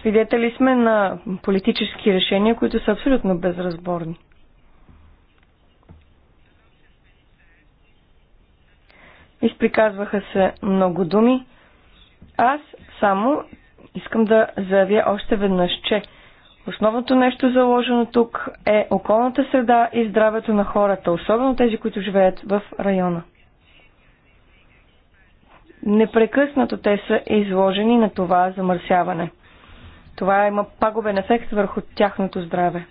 Свидетели сме на политически решения, които са абсолютно безразборни. Изприказваха се много думи. Аз само искам да заявя още веднъж, че основното нещо заложено тук е околната среда и здравето на хората, особено тези, които живеят в района. Непрекъснато те са изложени на това замърсяване – това има пагубен ефект върху тяхното здраве.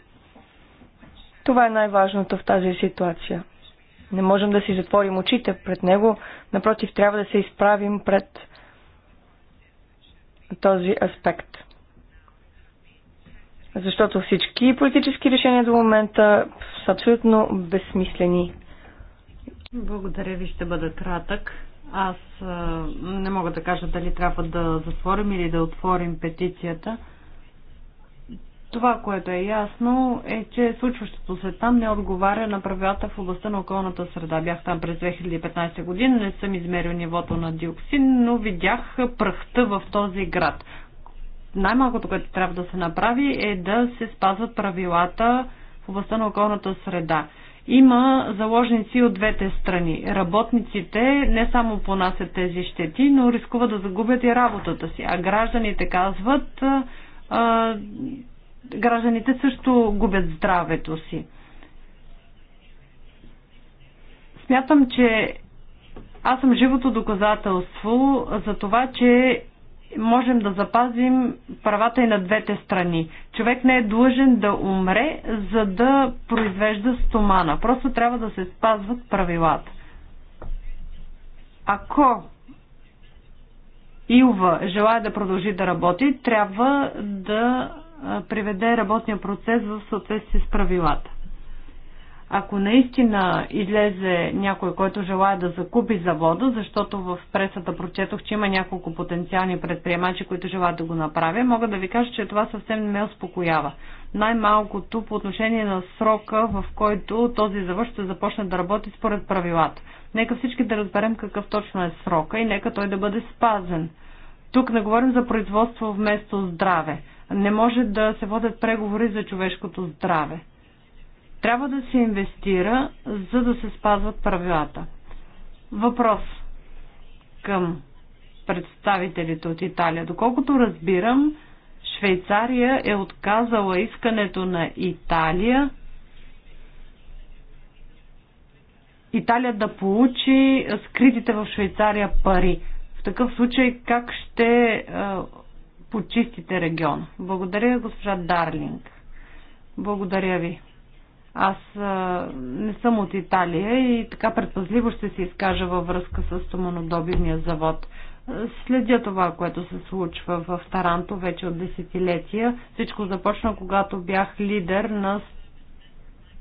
Това е най-важното в тази ситуация. Не можем да си затворим очите пред него, напротив, трябва да се изправим пред този аспект. Защото всички политически решения до момента са абсолютно безсмислени. Благодаря ви, ще бъда кратък. Аз не мога да кажа дали трябва да затворим или да отворим петицията. Това, което е ясно, е, че случващото се там не отговаря на правилата в областта на околната среда. Бях там през 2015 година, не съм измерил нивото на диоксин, но видях пръхта в този град. Най-малкото, което трябва да се направи, е да се спазват правилата в областта на околната среда има заложници от двете страни. Работниците не само понасят тези щети, но рискуват да загубят и работата си. А гражданите казват, гражданите също губят здравето си. Смятам, че аз съм живото доказателство за това, че можем да запазим правата и на двете страни. Човек не е длъжен да умре, за да произвежда стомана. Просто трябва да се спазват правилата. Ако Илва желая да продължи да работи, трябва да приведе работния процес в съответствие с правилата. Ако наистина излезе някой, който желая да закупи завода, защото в пресата прочетох, че има няколко потенциални предприемачи, които желаят да го направя, мога да ви кажа, че това съвсем не ме успокоява. Най-малкото по отношение на срока, в който този завод ще започне да работи според правилата. Нека всички да разберем какъв точно е срока и нека той да бъде спазен. Тук не говорим за производство вместо здраве не може да се водят преговори за човешкото здраве. Трябва да се инвестира, за да се спазват правилата. Въпрос към представителите от Италия. Доколкото разбирам, Швейцария е отказала искането на Италия Италия да получи скритите в Швейцария пари. В такъв случай как ще почистите региона. Благодаря, госпожа Дарлинг. Благодаря ви. Аз а, не съм от Италия и така предпазливо ще се изкажа във връзка с туманодобивния завод. Следя това, което се случва в Таранто вече от десетилетия. Всичко започна, когато бях лидер на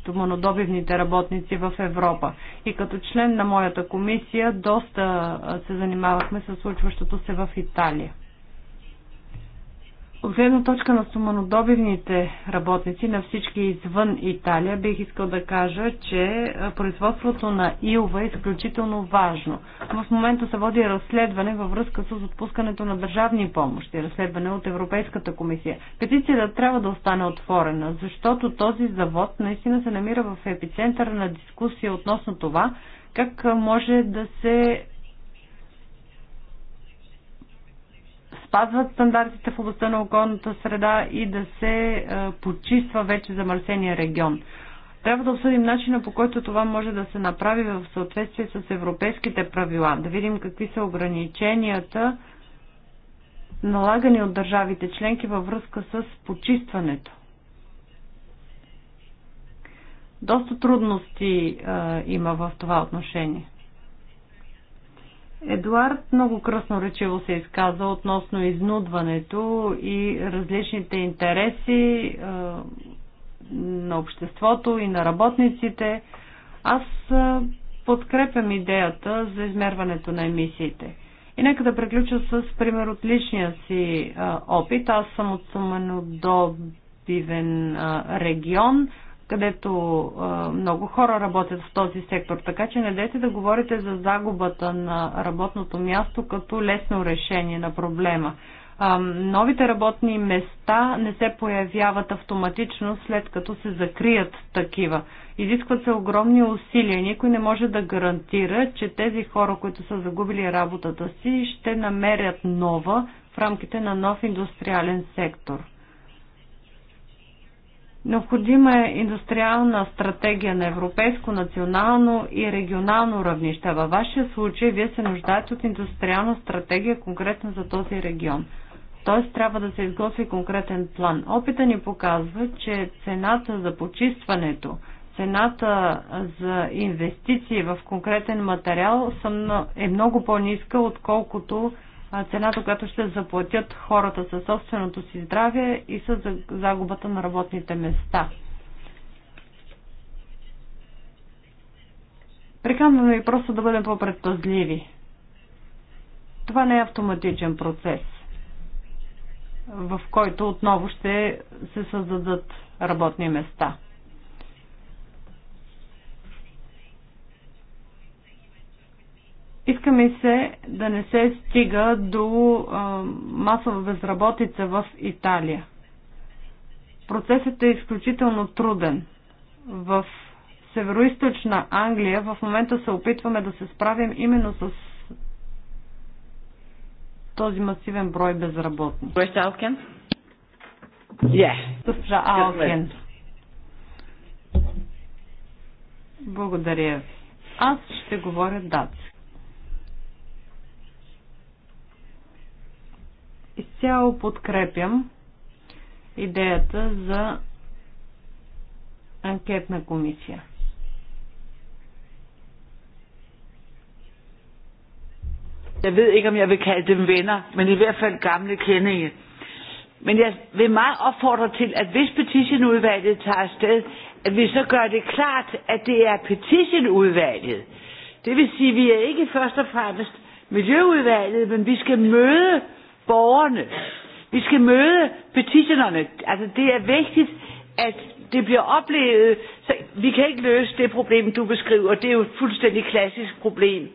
туманодобивните работници в Европа. И като член на моята комисия доста се занимавахме с случващото се в Италия. От гледна точка на суманодобивните работници на всички извън Италия, бих искал да кажа, че производството на Илва е изключително важно. В момента се води разследване във връзка с отпускането на държавни помощи, разследване от Европейската комисия. Петицията трябва да остане отворена, защото този завод наистина се намира в епицентъра на дискусия относно това, как може да се спазват стандартите в областта на околната среда и да се е, почиства вече замърсения регион. Трябва да обсъдим начина по който това може да се направи в съответствие с европейските правила, да видим какви са ограниченията, налагани от държавите членки във връзка с почистването. Доста трудности а, е, има в това отношение. Едуард много речево се изказа относно изнудването и различните интереси на обществото и на работниците. Аз подкрепям идеята за измерването на емисиите. И нека да приключа с пример от личния си опит. Аз съм от суменодобивен регион където а, много хора работят в този сектор. Така че не дайте да говорите за загубата на работното място като лесно решение на проблема. А, новите работни места не се появяват автоматично след като се закрият такива. Изискват се огромни усилия. Никой не може да гарантира, че тези хора, които са загубили работата си, ще намерят нова в рамките на нов индустриален сектор. Необходима е индустриална стратегия на европейско, национално и регионално равнище. Във вашия случай вие се нуждаете от индустриална стратегия конкретно за този регион. Т.е. трябва да се изготви конкретен план. Опита ни показва, че цената за почистването, цената за инвестиции в конкретен материал е много по-ниска, отколкото цената, която ще заплатят хората със собственото си здраве и с загубата на работните места. Приканваме ви просто да бъдем по-предпазливи. Това не е автоматичен процес, в който отново ще се създадат работни места. Иска ми се да не се стига до а, масова безработица в Италия. Процесът е изключително труден. В Североизточна Англия в момента се опитваме да се справим именно с този масивен брой безработни. Госпожа Алкен? Госпожа Алкен. Благодаря ви. Аз ще говоря датски. Изцяло подкрепям идеята за анкетна комисия. Jeg ved ikke, om jeg vil kalde dem venner, men i hvert fald gamle kendinge. Men jeg vil meget opfordre til, at hvis petitionudvalget tager afsted, at vi så gør det klart, at det er petitionudvalget. Det vil sige, at vi er ikke først og fremmest miljøudvalget, men vi skal møde borgerne. Vi skal møde petitionerne. Altså, det er vigtigt, at det bliver oplevet. Så vi kan ikke løse det problem, du beskriver. og Det er jo et fuldstændig klassisk problem.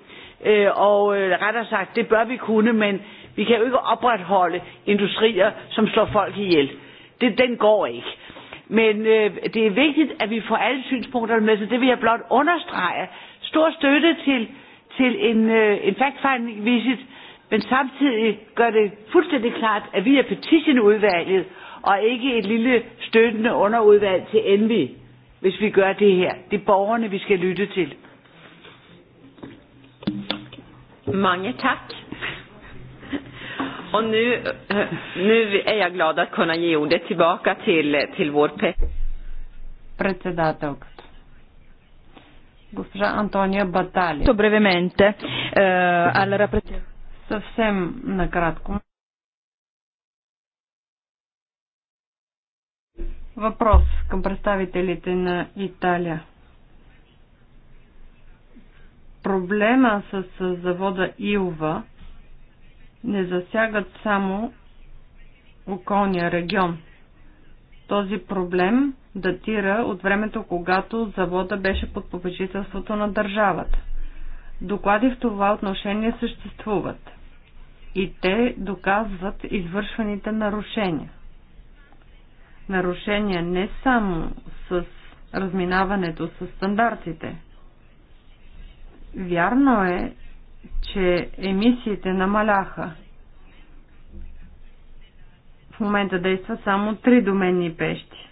Øh, og øh, rettere sagt, det bør vi kunne, men vi kan jo ikke opretholde industrier, som slår folk ihjel. Det, den går ikke. Men øh, det er vigtigt, at vi får alle synspunkterne med, så det vil jeg blot understrege. Stor støtte til, til en, øh, en fact-finding visit men samtidig gør det fuldstændig klart, at vi er petitionudvalget, og ikke et lille støttende underudvalg til Envi, hvis vi gør det her. Det er borgerne, vi skal lytte til. Mange tak. Og nu, nu er jeg glad at kunne give ordet til, til vores vår председателка. Госпожа Антония Батали. Brevemente, uh, alla rappresentante. Съвсем накратко. Въпрос към представителите на Италия. Проблема с завода Илва не засягат само околния регион. Този проблем датира от времето, когато завода беше под попечителството на държавата. Доклади в това отношение съществуват и те доказват извършваните нарушения. Нарушения не само с разминаването с стандартите. Вярно е, че емисиите намаляха. В момента действа само три доменни пещи.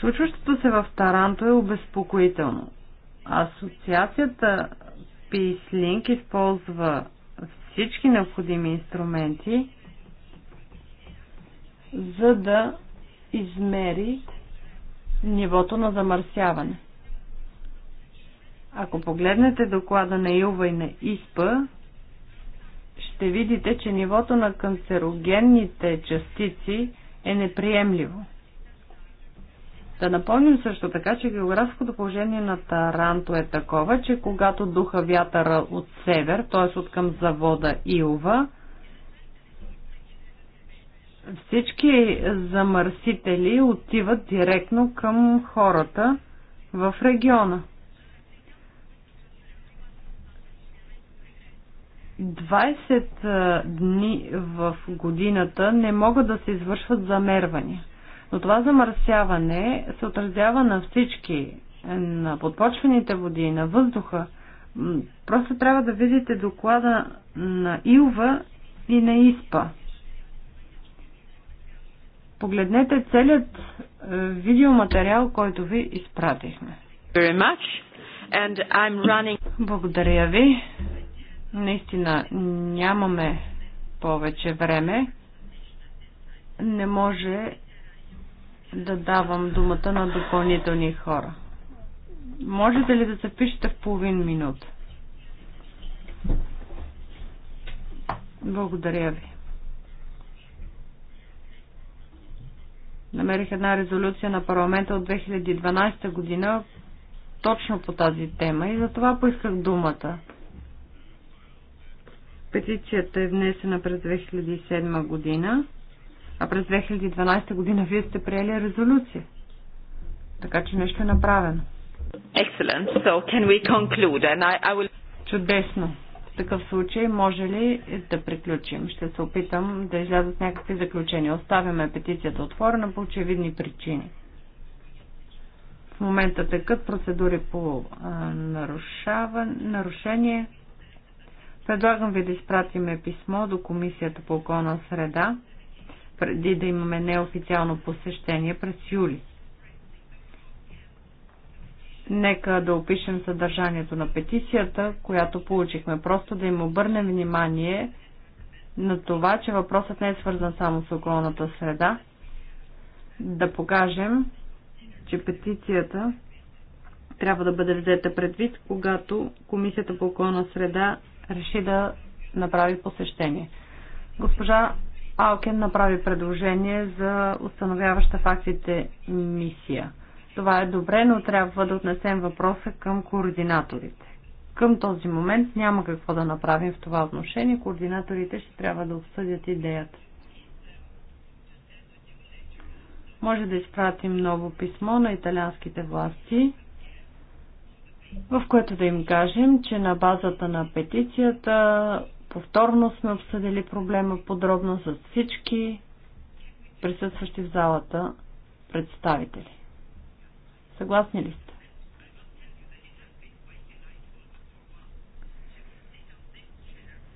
Случващото се в Таранто е обезпокоително. Асоциацията Пислинг използва всички необходими инструменти, за да измери нивото на замърсяване. Ако погледнете доклада на Илва и на ИСПА, ще видите, че нивото на канцерогенните частици е неприемливо. Да напомним също така, че географското положение на Таранто е такова, че когато духа вятъра от север, т.е. от към завода Илва, всички замърсители отиват директно към хората в региона. 20 дни в годината не могат да се извършват замервания. Но това замърсяване се отразява на всички, на подпочвените води, на въздуха. Просто трябва да видите доклада на Илва и на ИСПА. Погледнете целият е, видеоматериал, който ви изпратихме. Благодаря ви. Наистина нямаме повече време. Не може да давам думата на допълнителни хора. Можете ли да се пишете в половин минута? Благодаря ви. Намерих една резолюция на парламента от 2012 година точно по тази тема и затова поисках думата. Петицията е внесена през 2007 година. А през 2012 година вие сте приели резолюция. Така че нещо е направено. Excellent. So can we conclude? And I, I will... Чудесно. В такъв случай може ли да приключим? Ще се опитам да излязат някакви заключения. Оставяме петицията отворена по очевидни причини. В момента тъкат процедури по а, нарушава, нарушение. Предлагам ви да изпратиме писмо до Комисията по околна среда преди да имаме неофициално посещение през юли. Нека да опишем съдържанието на петицията, която получихме. Просто да им обърнем внимание на това, че въпросът не е свързан само с околната среда. Да покажем, че петицията трябва да бъде взета предвид, когато Комисията по околна среда реши да направи посещение. Госпожа Алкен направи предложение за установяваща фактите мисия. Това е добре, но трябва да отнесем въпроса към координаторите. Към този момент няма какво да направим в това отношение. Координаторите ще трябва да обсъдят идеята. Може да изпратим ново писмо на италианските власти, в което да им кажем, че на базата на петицията Повторно сме обсъдили проблема подробно с всички присъстващи в залата представители. Съгласни ли сте?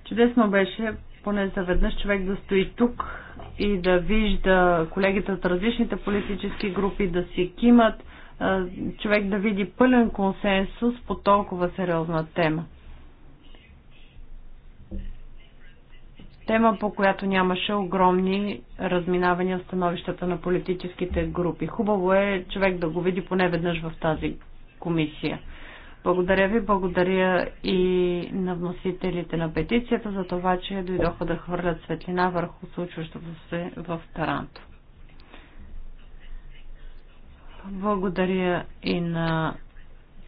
Чудесно беше поне заведнъж човек да стои тук и да вижда колегите от различните политически групи да си кимат, човек да види пълен консенсус по толкова сериозна тема. Тема, по която нямаше огромни разминавания в становищата на политическите групи. Хубаво е човек да го види поне веднъж в тази комисия. Благодаря ви, благодаря и на вносителите на петицията за това, че дойдоха да хвърлят светлина върху случващото се в Таранто. Благодаря и на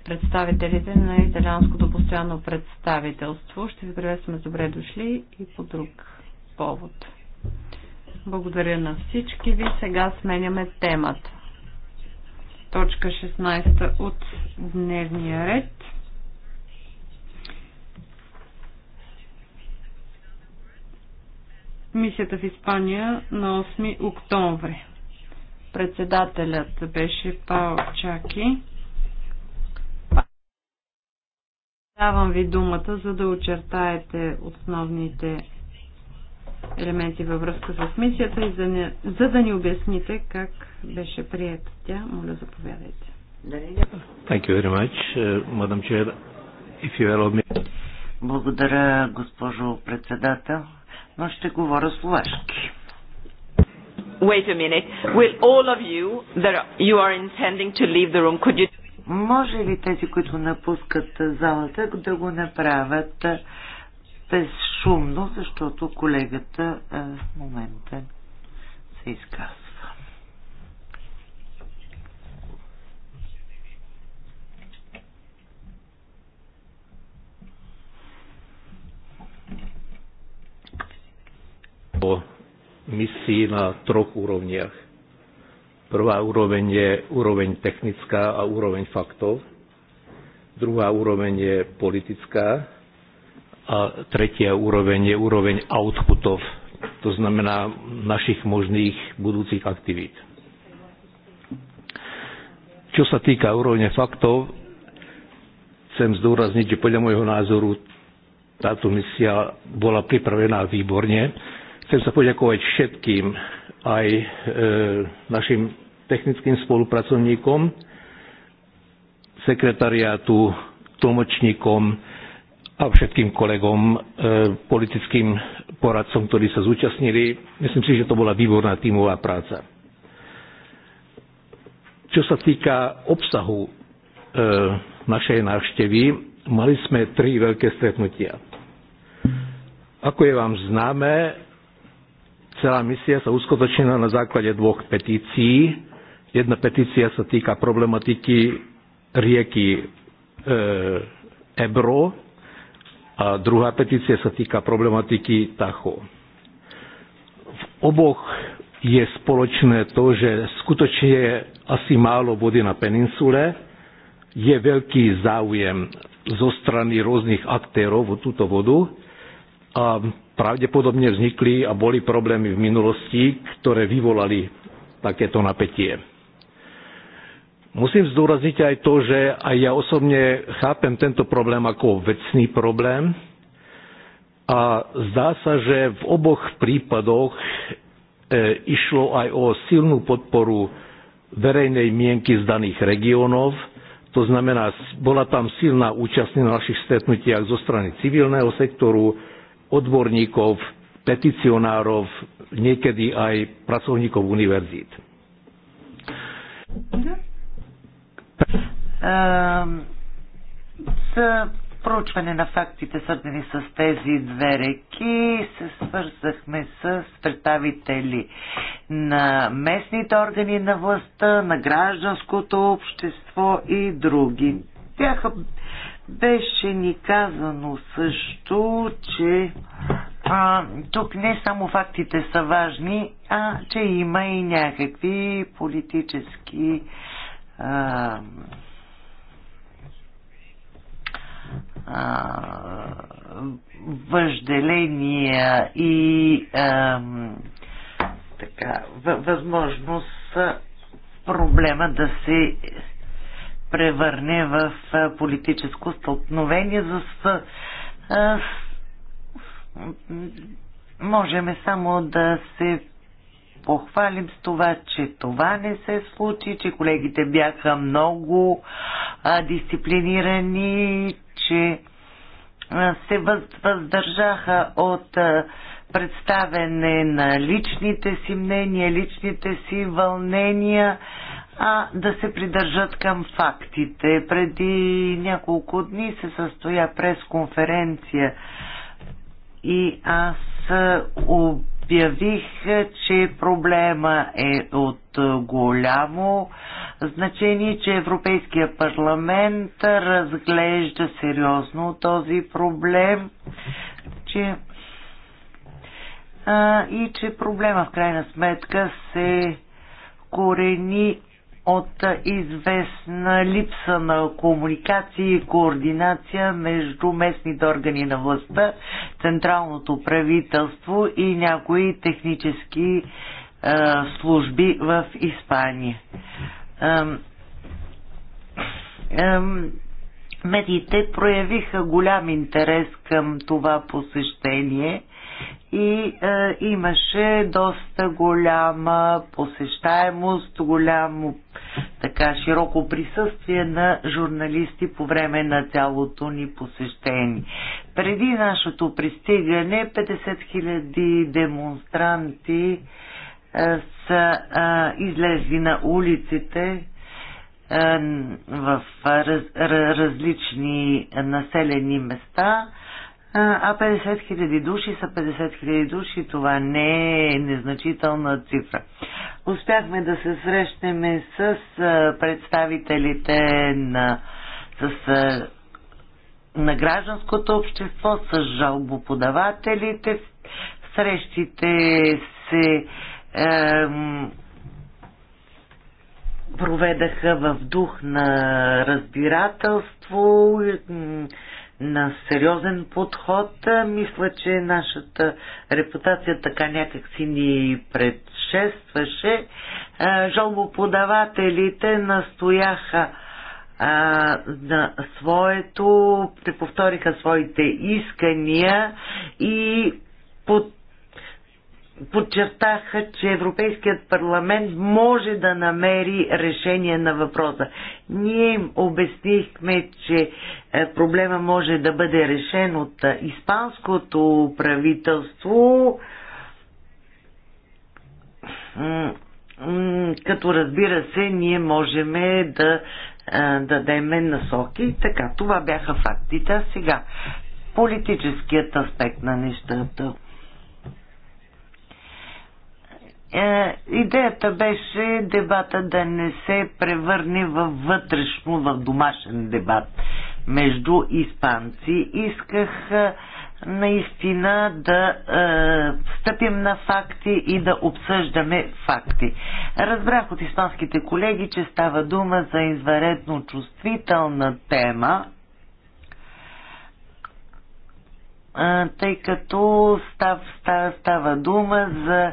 представителите на Италианското постоянно представителство. Ще ви приветстваме добре дошли и по друг повод. Благодаря на всички ви. Сега сменяме темата. Точка 16 от дневния ред. Мисията в Испания на 8 октомври. Председателят беше Пао Чаки Давам ви думата, за да очертаете основните елементи във връзка с мисията и за, не, за да ни обясните как беше приета тя. Моля, заповядайте. Thank you very much, uh, Madam Chair. If you allow me... Благодаря, госпожо председател, но ще говоря словашки. Wait a minute. Will all of you that you are intending to leave the room, could you... Може ли тези, които напускат залата, да го направят безшумно, защото колегата в момента се изказва? мисии на трох уровнях Prvá úroveň je úroveň technická a úroveň faktov. Druhá úroveň je politická. A tretia úroveň je úroveň outputov, to znamená našich možných budúcich aktivít. Čo sa týka úrovne faktov, chcem zdôrazniť, že podľa môjho názoru táto misia bola pripravená výborne Chcem sa poďakovať všetkým, aj e, našim technickým spolupracovníkom, sekretariátu, tlmočníkom a všetkým kolegom, e, politickým poradcom, ktorí sa zúčastnili. Myslím si, že to bola výborná tímová práca. Čo sa týka obsahu e, našej návštevy, mali sme tri veľké stretnutia. Ako je vám známe, Celá misia sa uskutočnila na základe dvoch petícií. Jedna petícia sa týka problematiky rieky Ebro a druhá petícia sa týka problematiky Tacho. V oboch je spoločné to, že skutočne je asi málo vody na peninsule, je veľký záujem zo strany rôznych aktérov o túto vodu a pravdepodobne vznikli a boli problémy v minulosti, ktoré vyvolali takéto napätie. Musím zdôrazniť aj to, že aj ja osobne chápem tento problém ako vecný problém a zdá sa, že v oboch prípadoch išlo aj o silnú podporu verejnej mienky z daných regiónov, to znamená, bola tam silná účasť na našich stretnutiach zo strany civilného sektoru, odborníkov, peticionárov, niekedy aj pracovníkov univerzít. За проучване на фактите, свързани с тези две реки, се свързахме с представители на местните органи на властта, на гражданското общество и други. Бяха беше ни казано също, че а, тук не само фактите са важни, а че има и някакви политически а, а, въжделения и а, така, възможност проблема да се превърне в политическо столкновение, за с, можем само да се похвалим с това, че това не се случи, че колегите бяха много а, дисциплинирани, че а, се въздържаха от а, представене на личните си мнения, личните си вълнения а да се придържат към фактите. Преди няколко дни се състоя пресконференция и аз обявих, че проблема е от голямо значение, че Европейския парламент разглежда сериозно този проблем, че и че проблема в крайна сметка се корени от известна липса на комуникация и координация между местните органи на властта, централното правителство и някои технически е, служби в Испания. Е, е, медиите проявиха голям интерес към това посещение – и е, имаше доста голяма посещаемост, голямо така широко присъствие на журналисти по време на цялото ни посещение. Преди нашето пристигане 50 000 демонстранти е, са е, излезли на улиците е, в раз, различни населени места а 50 хиляди души са 50 хиляди души. Това не е незначителна цифра. Успяхме да се срещнем с представителите на, с, на гражданското общество, с жалбоподавателите. Срещите се е, проведаха в дух на разбирателство на сериозен подход. Мисля, че нашата репутация така някак си ни предшестваше. Жалбоподавателите настояха на своето, повториха своите искания и под подчертаха, че Европейският парламент може да намери решение на въпроса. Ние им обяснихме, че е, проблема може да бъде решен от е, испанското правителство, като разбира се, ние можем да е, дадем насоки. така, това бяха фактите. А сега, политическият аспект на нещата. Е, идеята беше дебата да не се превърне във вътрешно, в домашен дебат между испанци. Исках е, наистина да е, стъпим на факти и да обсъждаме факти. Разбрах от испанските колеги, че става дума за изваредно чувствителна тема, е, тъй като став, става, става дума за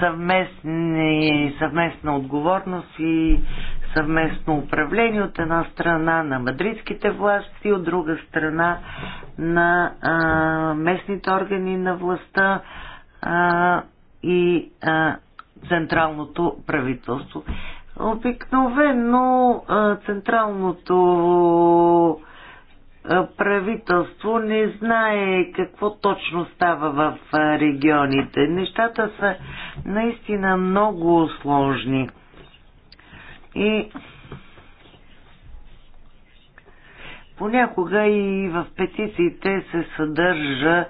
съвместни, съвместна отговорност и съвместно управление от една страна на мадридските власти, от друга страна на а, местните органи на властта а, и а, централното правителство. Обикновено централното правителство не знае какво точно става в регионите. Нещата са наистина много сложни. И понякога и в петициите се съдържа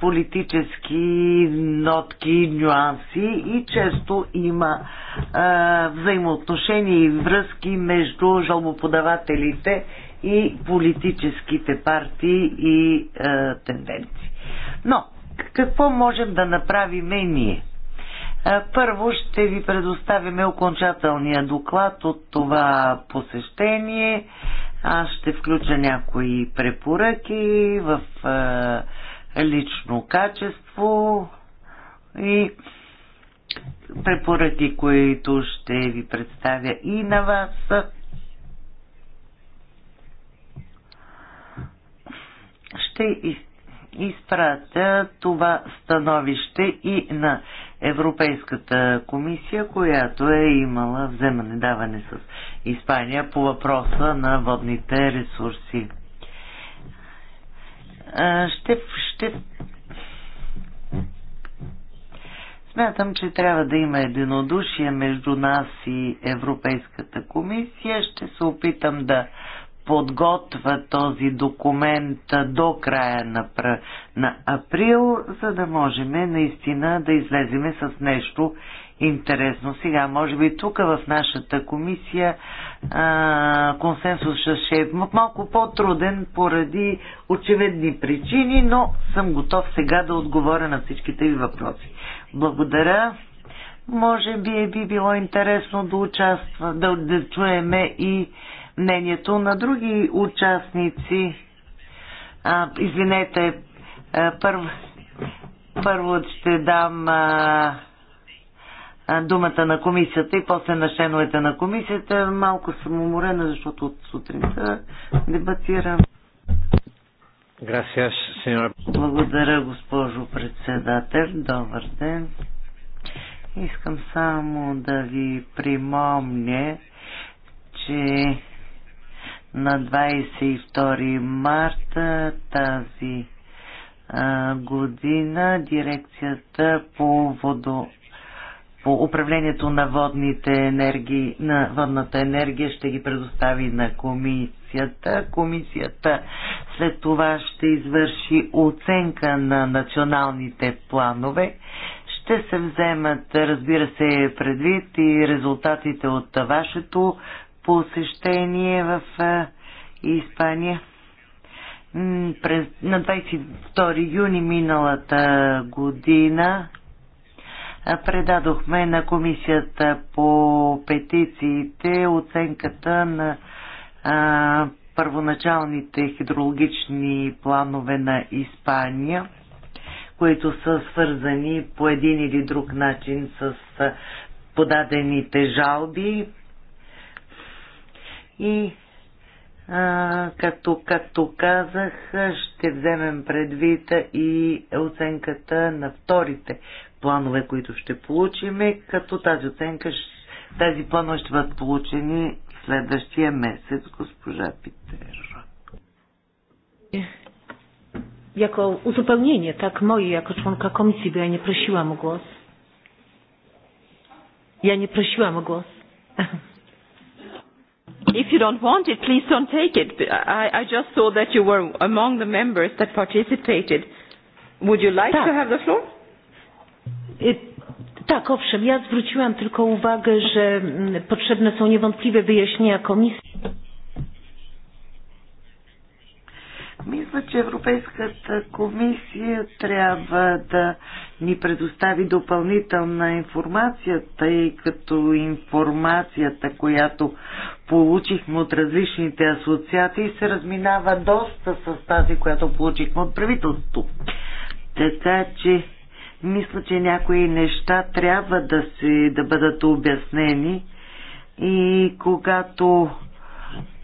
политически нотки, нюанси и често има а, взаимоотношения и връзки между жалбоподавателите и политическите партии и а, тенденции. Но, какво можем да направим ние? първо ще ви предоставяме окончателния доклад от това посещение. Аз ще включа някои препоръки в лично качество и препоръки, които ще ви представя и на вас. Ще изпратя това становище и на Европейската комисия, която е имала вземане даване с Испания по въпроса на водните ресурси. Ще, ще... Смятам, че трябва да има единодушие между нас и Европейската комисия. Ще се опитам да подготвя този документ до края на, на април, за да можем наистина да излеземе с нещо интересно. Сега, може би тук в нашата комисия а, консенсус ще е малко по-труден поради очевидни причини, но съм готов сега да отговоря на всичките ви въпроси. Благодаря. Може би е би било интересно да участва, да, да чуеме и мнението на други участници. А, извинете, първо, първо ще дам а, думата на комисията и после на членовете на комисията. Малко съм уморена, защото от сутринта дебатирам. Gracias, Благодаря, госпожо председател. Добър ден. Искам само да ви примомня, че на 22 марта тази година дирекцията по водо по управлението на водните енергии, на водната енергия ще ги предостави на комисията. Комисията след това ще извърши оценка на националните планове. Ще се вземат, разбира се, предвид и резултатите от вашето посещение в Испания. През, на 22 юни миналата година предадохме на комисията по петициите оценката на а, първоначалните хидрологични планове на Испания, които са свързани по един или друг начин с подадените жалби и а, както, както казах, ще вземем предвид и оценката на вторите планове, които ще получим, като тази оценка, тази планове ще бъдат получени следващия месец, госпожа Питер. Jako uzupełnienie, tak, moje jako członka komisji, bo ja nie prosiłam o głos. Ja nie prosiłam o głos. If you don't want it, please don't take it. I, I just saw that you were among the members that participated. Would you like tak. to have the floor? It, tak, owszem, ja zwróciłam tylko uwagę, że potrzebne są niewątpliwe wyjaśnienia komisji. Мисля, че Европейската комисия трябва да ни предостави допълнителна информация, тъй като информацията, която получихме от различните асоциации се разминава доста с тази, която получихме от правителството. Така че мисля, че някои неща трябва да, си, да бъдат обяснени и когато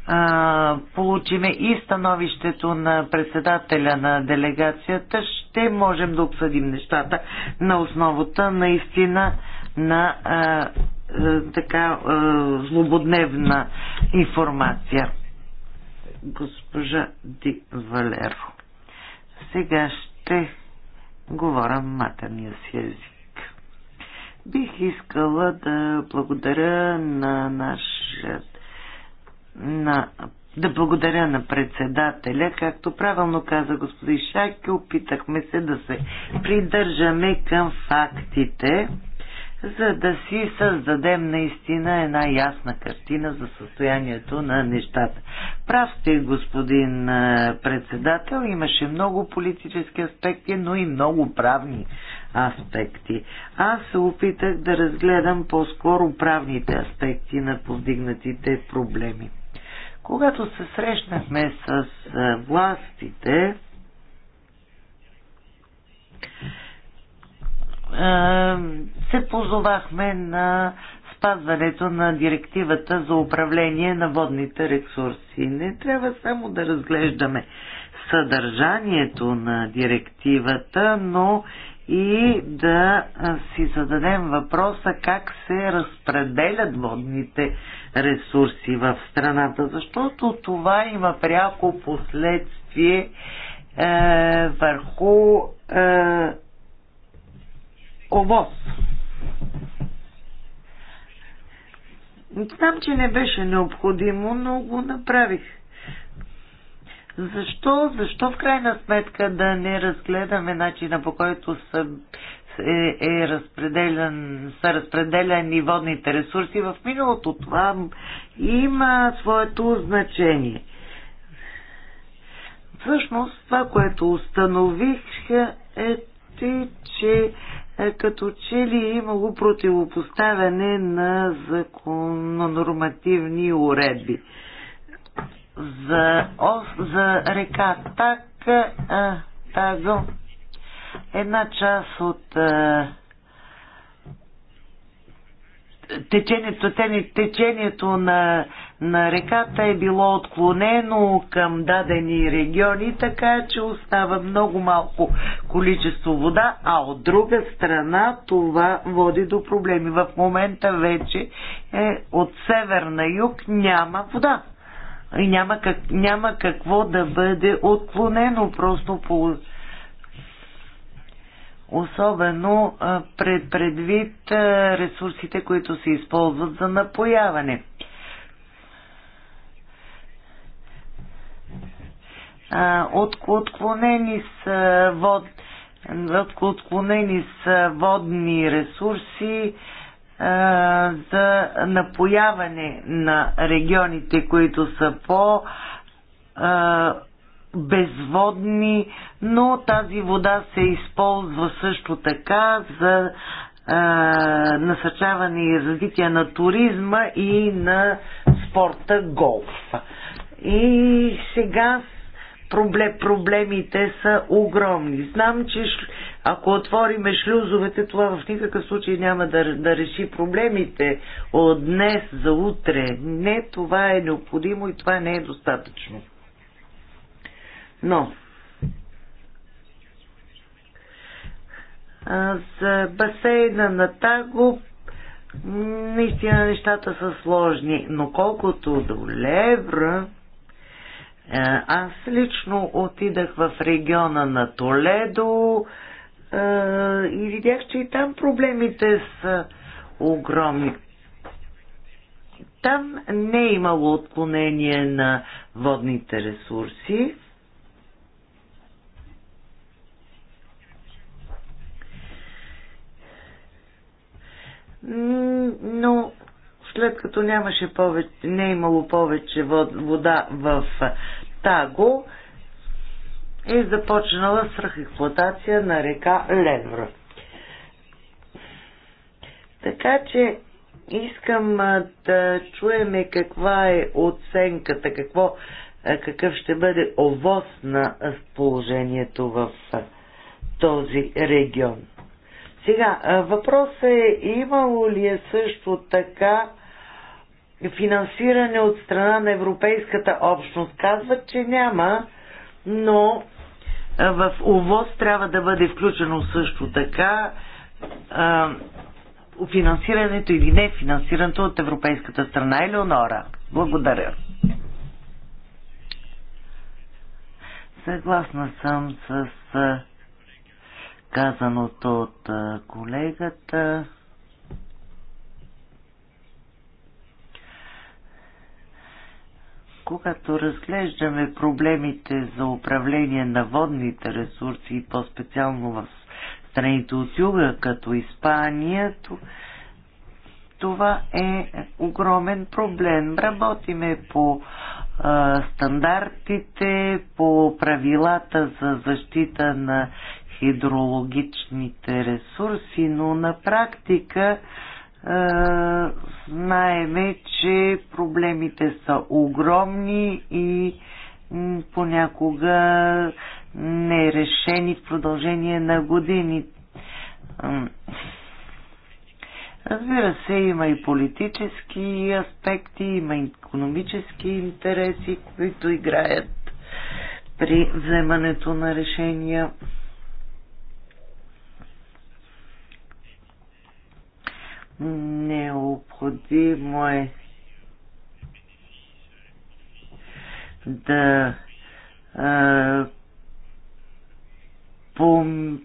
а, получиме и становището на председателя на делегацията, ще можем да обсъдим нещата на основата наистина на а, е, така е, злободневна информация. Госпожа Ди Валеро. Сега ще говоря матерния си език. Бих искала да благодаря на нашия на, да благодаря на председателя. Както правилно каза господин Шаки, опитахме се да се придържаме към фактите за да си създадем наистина една ясна картина за състоянието на нещата. Прав сте, господин председател, имаше много политически аспекти, но и много правни аспекти. Аз се опитах да разгледам по-скоро правните аспекти на повдигнатите проблеми. Когато се срещнахме с властите, е, се позовахме на спазването на директивата за управление на водните ресурси. Не трябва само да разглеждаме съдържанието на директивата, но и да си зададем въпроса как се разпределят водните ресурси в страната, защото това има пряко последствие е, върху е, овоз. Знам, че не беше необходимо, но го направих. Защо, защо в крайна сметка да не разгледаме начина по който са, е, е разпределен, са разпределени водните ресурси в миналото? Това има своето значение. Всъщност това, което установих е, е че е, като че ли е имало противопоставяне на закононормативни уредби. За, ос, за река Так, а, е, Таго, една част от а, е, течението, течението на на реката е било отклонено към дадени региони, така че остава много малко количество вода, а от друга страна това води до проблеми. В момента вече е, от север на юг няма вода. И няма, как, няма какво да бъде отклонено просто по особено пред, предвид ресурсите, които се използват за напояване. от, отклонени са вод, отклонени са водни ресурси а, за напояване на регионите, които са по а, безводни, но тази вода се използва също така за а, насърчаване и развитие на туризма и на спорта голф. И сега проблем, проблемите са огромни. Знам, че ако отвориме шлюзовете, това в никакъв случай няма да, да реши проблемите от днес за утре. Не, това е необходимо и това не е достатъчно. Но за басейна на Таго наистина нещата са сложни, но колкото до левра, е, аз лично отидах в региона на Толедо е, и видях, че и там проблемите са огромни. Там не е имало отклонение на водните ресурси. Но след като нямаше повече, не е имало повече вода в Таго е започнала свръхексплуатация на река Левра. Така че искам да чуеме каква е оценката, какво, какъв ще бъде овоз на положението в този регион. Сега, въпросът е имало ли е също така финансиране от страна на Европейската общност. Казват, че няма, но в ОВОз трябва да бъде включено също така а, финансирането или не финансирането от Европейската страна. Елеонора, благодаря. Съгласна съм с казаното от колегата. когато разглеждаме проблемите за управление на водните ресурси по-специално в страните от юга, като Испания, това е огромен проблем. Работиме по а, стандартите, по правилата за защита на хидрологичните ресурси, но на практика а, знаеме, че проблемите са огромни и понякога нерешени в продължение на години. Разбира се, има и политически аспекти, има и економически интереси, които играят при вземането на решения. Необходимо е да а,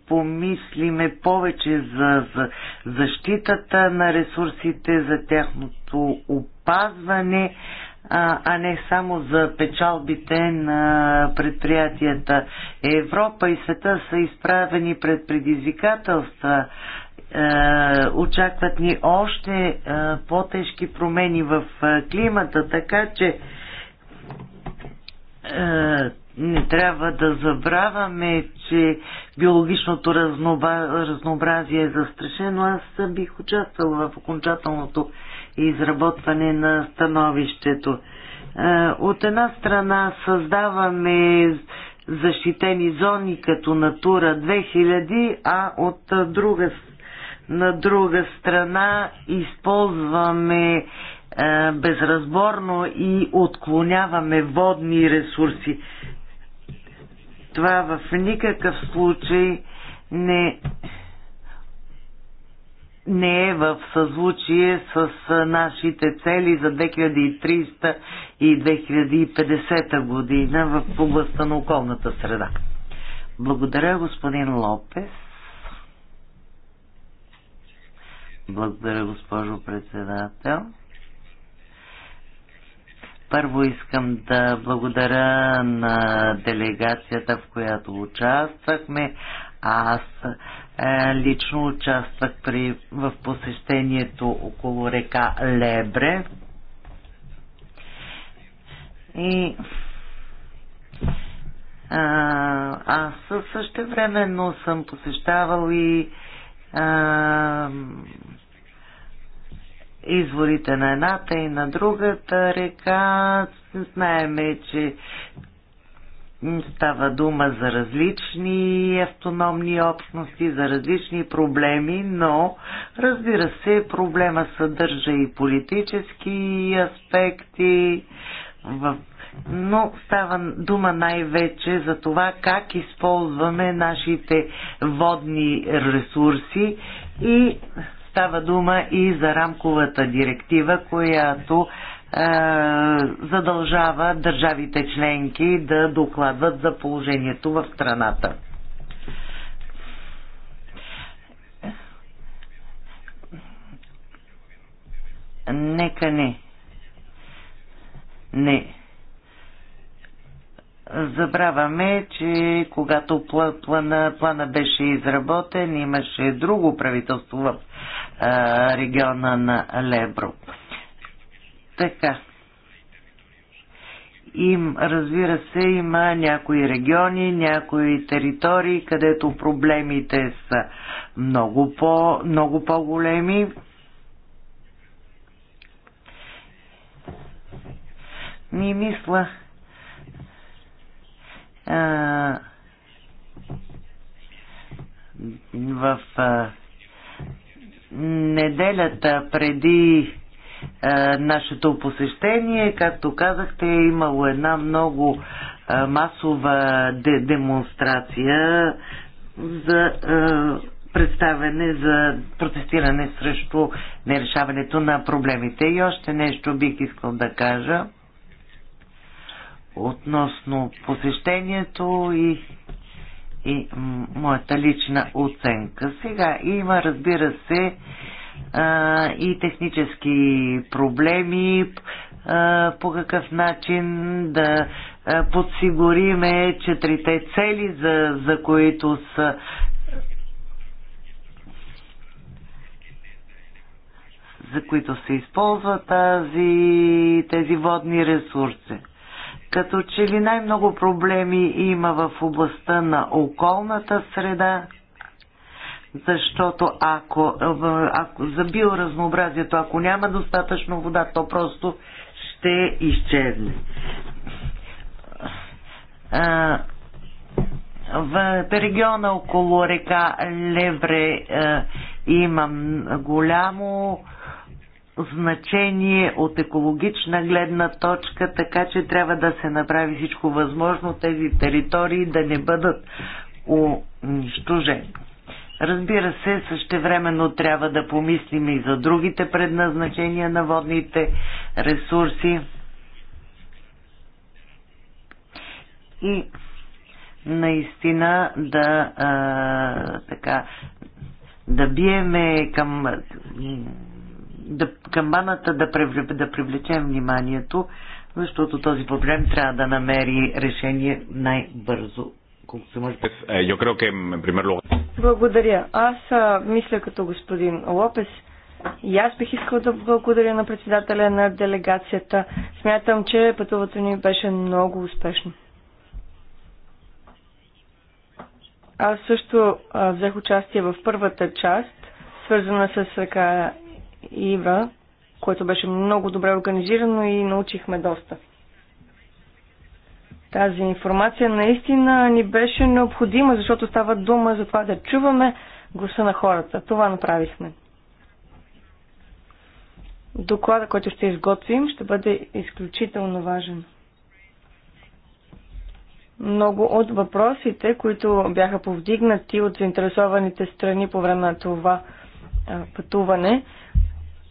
помислиме повече за, за защитата на ресурсите, за тяхното опазване, а, а не само за печалбите на предприятията. Европа и света са изправени пред предизвикателства е, очакват ни още е, по-тежки промени в е, климата, така че не трябва да забравяме, че биологичното разнообразие е застрашено. Аз бих участвала в окончателното изработване на становището. От една страна създаваме защитени зони като Натура 2000, а от друга на друга страна използваме е, безразборно и отклоняваме водни ресурси. Това в никакъв случай не, не е в съзвучие с е, нашите цели за 2300 и 2050 година в областта на околната среда. Благодаря, господин Лопес. Благодаря, госпожо председател. Първо искам да благодаря на делегацията, в която участвахме. Аз е, лично участвах при, в посещението около река Лебре. И а, аз времено съм посещавал и а, изворите на едната и на другата река. Знаеме, че става дума за различни автономни общности, за различни проблеми, но разбира се, проблема съдържа и политически аспекти, но става дума най-вече за това как използваме нашите водни ресурси и Става дума и за рамковата директива, която е, задължава държавите членки да докладват за положението в страната. Нека не. Не. Забравяме, че когато плана, плана беше изработен, имаше друго правителство в региона на Лебро. Така. Им, разбира се, има някои региони, някои територии, където проблемите са много, по, много по-големи. Ми мисля, а, в а, неделята преди а, е, нашето посещение, както казахте, е имало една много а, е, масова де- демонстрация за а, е, представяне за протестиране срещу нерешаването на проблемите. И още нещо бих искал да кажа относно посещението и и моята лична оценка. Сега има, разбира се, а, и технически проблеми, а, по какъв начин да подсигуриме четирите цели, за, за които са за които се използва тази, тези водни ресурси. Като че ли най-много проблеми има в областта на околната среда, защото ако, ако за биоразнообразието, ако няма достатъчно вода, то просто ще изчезне. в региона около река Левре има имам голямо значение от екологична гледна точка, така че трябва да се направи всичко възможно тези територии да не бъдат унищожени. Разбира се, същевременно трябва да помислим и за другите предназначения на водните ресурси. И наистина да а, така да биеме към да, камбаната да, привлече, да привлечем вниманието, защото този проблем трябва да намери решение най-бързо. Е, е, благодаря. Аз а, мисля като господин Лопес. И аз бих искал да благодаря на председателя на делегацията. Смятам, че пътуването ни беше много успешно. Аз също а, взех участие в първата част, свързана с Ива, което беше много добре организирано и научихме доста. Тази информация наистина ни беше необходима, защото става дума за това да чуваме гласа на хората. Това направихме. Доклада, който ще изготвим, ще бъде изключително важен. Много от въпросите, които бяха повдигнати от заинтересованите страни по време на това пътуване,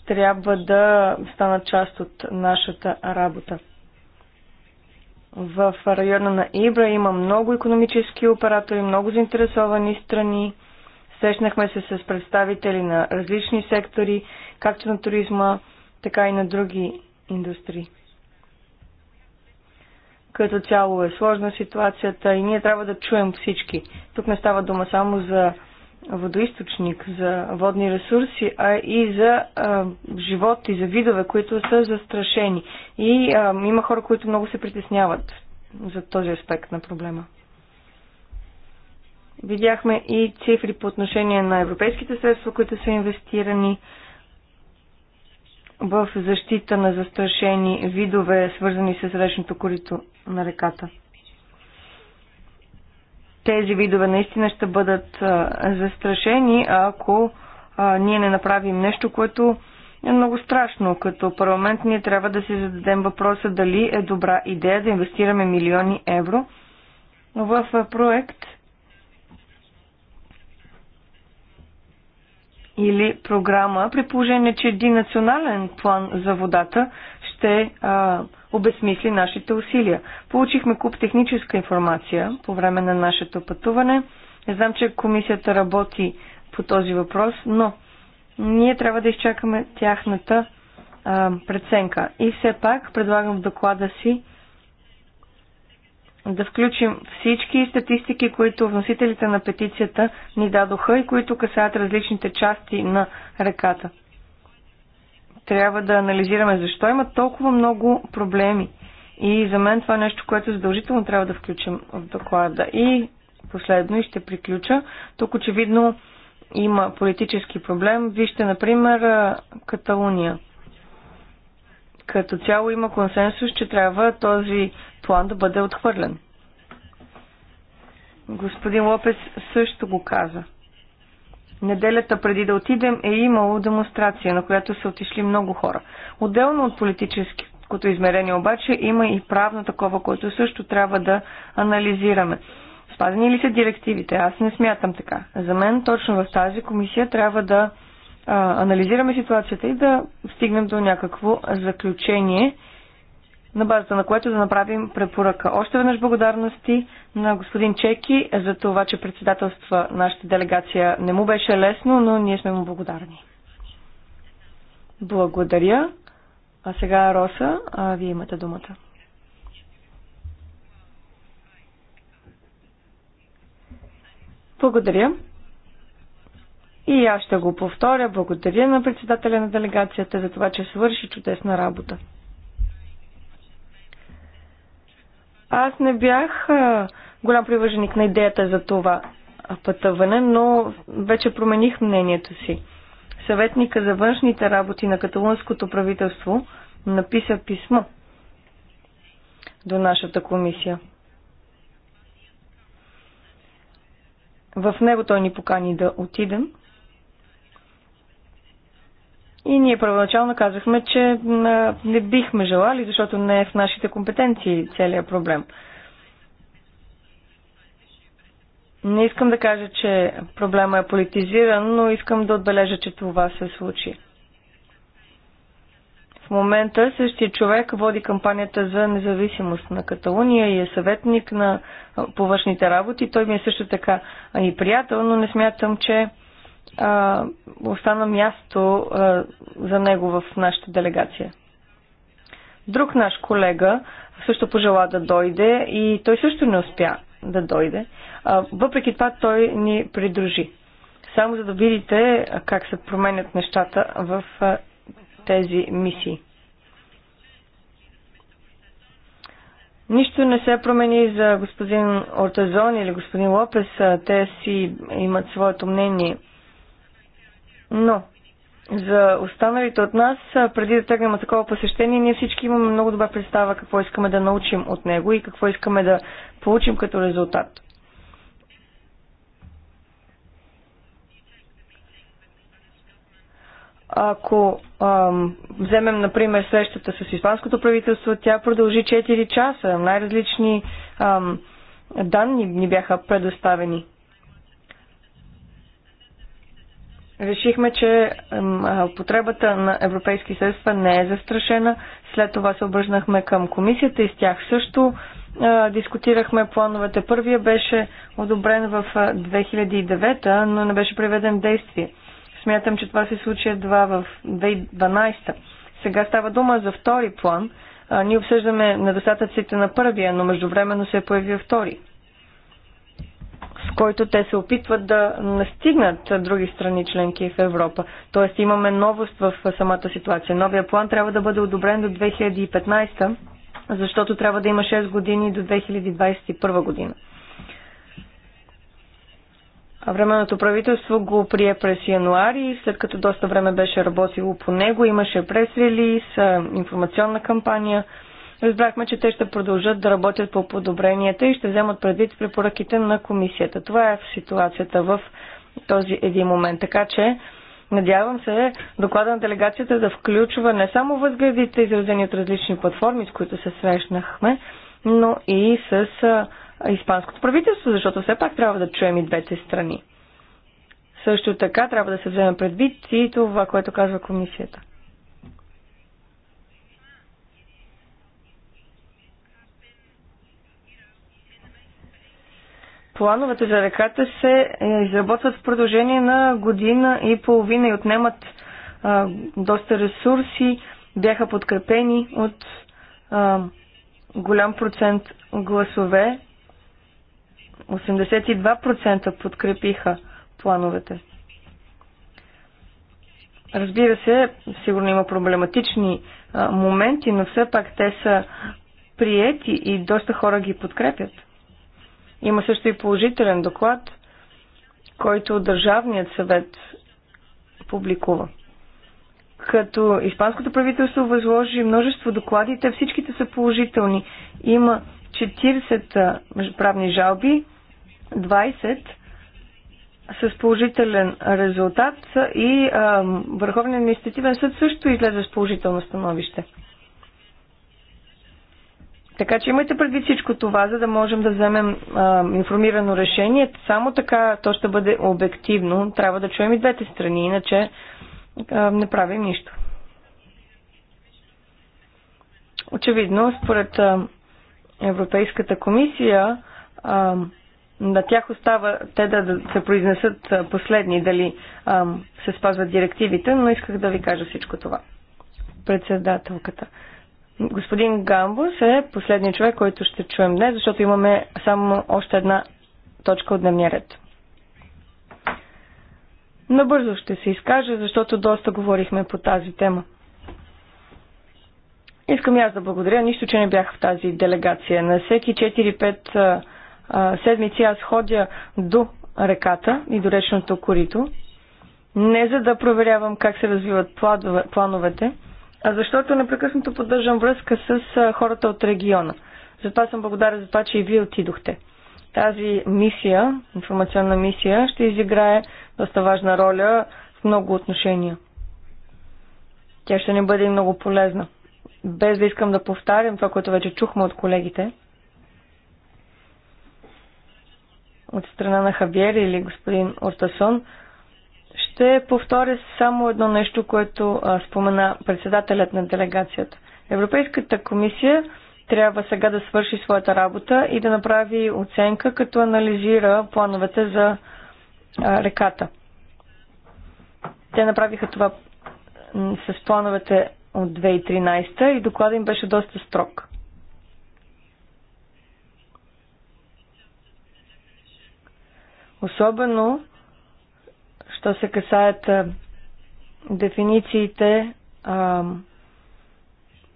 трябва да станат част от нашата работа. В района на Ибра има много економически оператори, много заинтересовани страни. Срещнахме се с представители на различни сектори, както на туризма, така и на други индустрии. Като цяло е сложна ситуацията и ние трябва да чуем всички. Тук не става дума само за водоисточник за водни ресурси, а и за а, живот и за видове, които са застрашени. И а, има хора, които много се притесняват за този аспект на проблема. Видяхме и цифри по отношение на европейските средства, които са инвестирани в защита на застрашени видове, свързани с речното корито на реката тези видове наистина ще бъдат застрашени, ако ние не направим нещо, което е много страшно. Като парламент ние трябва да си зададем въпроса дали е добра идея да инвестираме милиони евро в проект или програма, при положение, че един национален план за водата ще а, обесмисли нашите усилия. Получихме куп техническа информация по време на нашето пътуване. Не знам, че комисията работи по този въпрос, но ние трябва да изчакаме тяхната а, преценка. И все пак предлагам в доклада си да включим всички статистики, които вносителите на петицията ни дадоха и които касаят различните части на реката трябва да анализираме защо има толкова много проблеми. И за мен това е нещо, което задължително трябва да включим в доклада. И последно, и ще приключа, тук очевидно има политически проблем. Вижте, например, Каталуния. Като цяло има консенсус, че трябва този план да бъде отхвърлен. Господин Лопес също го каза. Неделята преди да отидем е имало демонстрация, на която са отишли много хора. Отделно от политическото измерение обаче има и правно такова, което също трябва да анализираме. Спазени ли са директивите? Аз не смятам така. За мен точно в тази комисия трябва да а, анализираме ситуацията и да стигнем до някакво заключение, на базата на което да направим препоръка. Още веднъж благодарности на господин Чеки за това, че председателства нашата делегация. Не му беше лесно, но ние сме му благодарни. Благодаря. А сега, Роса, а вие имате думата. Благодаря. И аз ще го повторя. Благодаря на председателя на делегацията за това, че свърши чудесна работа. Аз не бях голям привърженик на идеята за това пътъване, но вече промених мнението си. Съветника за външните работи на каталунското правителство написа писмо до нашата комисия. В него той ни покани да отидем. И ние първоначално казахме, че не бихме желали, защото не е в нашите компетенции целият проблем. Не искам да кажа, че проблема е политизиран, но искам да отбележа, че това се случи. В момента същия човек води кампанията за независимост на Каталуния и е съветник на повършните работи. Той ми е също така и приятел, но не смятам, че а, остана място а, за него в нашата делегация. Друг наш колега също пожела да дойде и той също не успя да дойде. Въпреки това той ни придружи. Само за да видите как се променят нещата в тези мисии. Нищо не се промени за господин Ортезон или господин Лопес. Те си имат своето мнение. Но за останалите от нас, преди да тръгнем от такова посещение, ние всички имаме много добра представа какво искаме да научим от него и какво искаме да получим като резултат. Ако ам, вземем, например, срещата с испанското правителство, тя продължи 4 часа. Най-различни ам, данни ни бяха предоставени. Решихме, че потребата на европейски средства не е застрашена. След това се обръщахме към комисията и с тях също дискутирахме плановете. Първия беше одобрен в 2009, но не беше приведен в действие. Смятам, че това се случи едва в 2012. Сега става дума за втори план. А, ние обсъждаме недостатъците на първия, но междувременно се е появил втори, с който те се опитват да настигнат други страни членки в Европа. Тоест имаме новост в самата ситуация. Новия план трябва да бъде одобрен до 2015, защото трябва да има 6 години до 2021 година. Временното правителство го прие през януари, след като доста време беше работило по него, имаше прес-релиз, информационна кампания. Разбрахме, че те ще продължат да работят по подобренията и ще вземат предвид препоръките на комисията. Това е ситуацията в този един момент. Така че, надявам се, доклада на делегацията да включва не само възгледите, изразени от различни платформи, с които се срещнахме, но и с испанското правителство, защото все пак трябва да чуем и двете страни. Също така трябва да се вземе предвид и това, което казва комисията. Плановете за реката се е, изработват в продължение на година и половина и отнемат а, доста ресурси, бяха подкрепени от а, голям процент гласове 82% подкрепиха плановете. Разбира се, сигурно има проблематични а, моменти, но все пак те са приети и доста хора ги подкрепят. Има също и положителен доклад, който Държавният съвет публикува. Като Испанското правителство възложи множество доклади, те всичките са положителни. Има 40 правни жалби, 20 с положителен резултат и Върховният административен съд също излезе с положително становище. Така че имайте преди всичко това, за да можем да вземем а, информирано решение. Само така то ще бъде обективно. Трябва да чуем и двете страни, иначе а, не правим нищо. Очевидно, според а, Европейската комисия, на тях остава те да се произнесат последни, дали се спазват директивите, но исках да ви кажа всичко това. Председателката. Господин Гамбус е последният човек, който ще чуем днес, защото имаме само още една точка от дневния ред. Набързо ще се изкаже, защото доста говорихме по тази тема. Искам и аз да благодаря, нищо, че не бях в тази делегация. На всеки 4-5 седмици аз ходя до реката и до речното корито, не за да проверявам как се развиват плановете, а защото непрекъснато поддържам връзка с хората от региона. Затова съм благодарен за това, че и вие отидохте. Тази мисия, информационна мисия, ще изиграе доста важна роля в много отношения. Тя ще ни бъде и много полезна без да искам да повтарям това, което вече чухме от колегите, от страна на Хабиер или господин Ортасон, ще повторя само едно нещо, което а, спомена председателят на делегацията. Европейската комисия трябва сега да свърши своята работа и да направи оценка, като анализира плановете за а, реката. Те направиха това с плановете от 2013 и доклада им беше доста строг. Особено, що се касаят дефинициите а,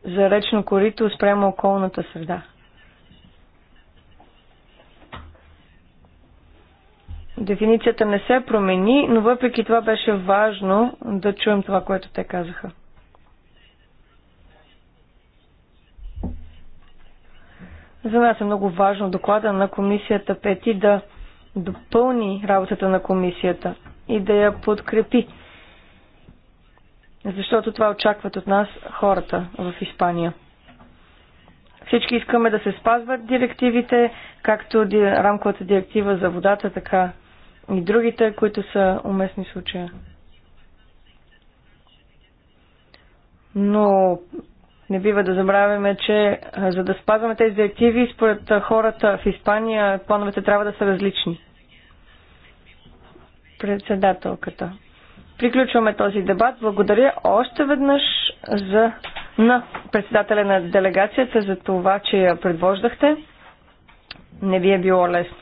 за речно корито спрямо околната среда. Дефиницията не се промени, но въпреки това беше важно да чуем това, което те казаха. За нас е много важно доклада на комисията Пети да допълни работата на комисията и да я подкрепи. Защото това очакват от нас хората в Испания. Всички искаме да се спазват директивите, както рамковата директива за водата, така и другите, които са уместни случая. Но не бива да забравяме, че за да спазваме тези директиви, според хората в Испания, плановете трябва да са различни. Председателката. Приключваме този дебат. Благодаря още веднъж за, на председателя на делегацията за това, че я предвождахте. Не ви е било лесно.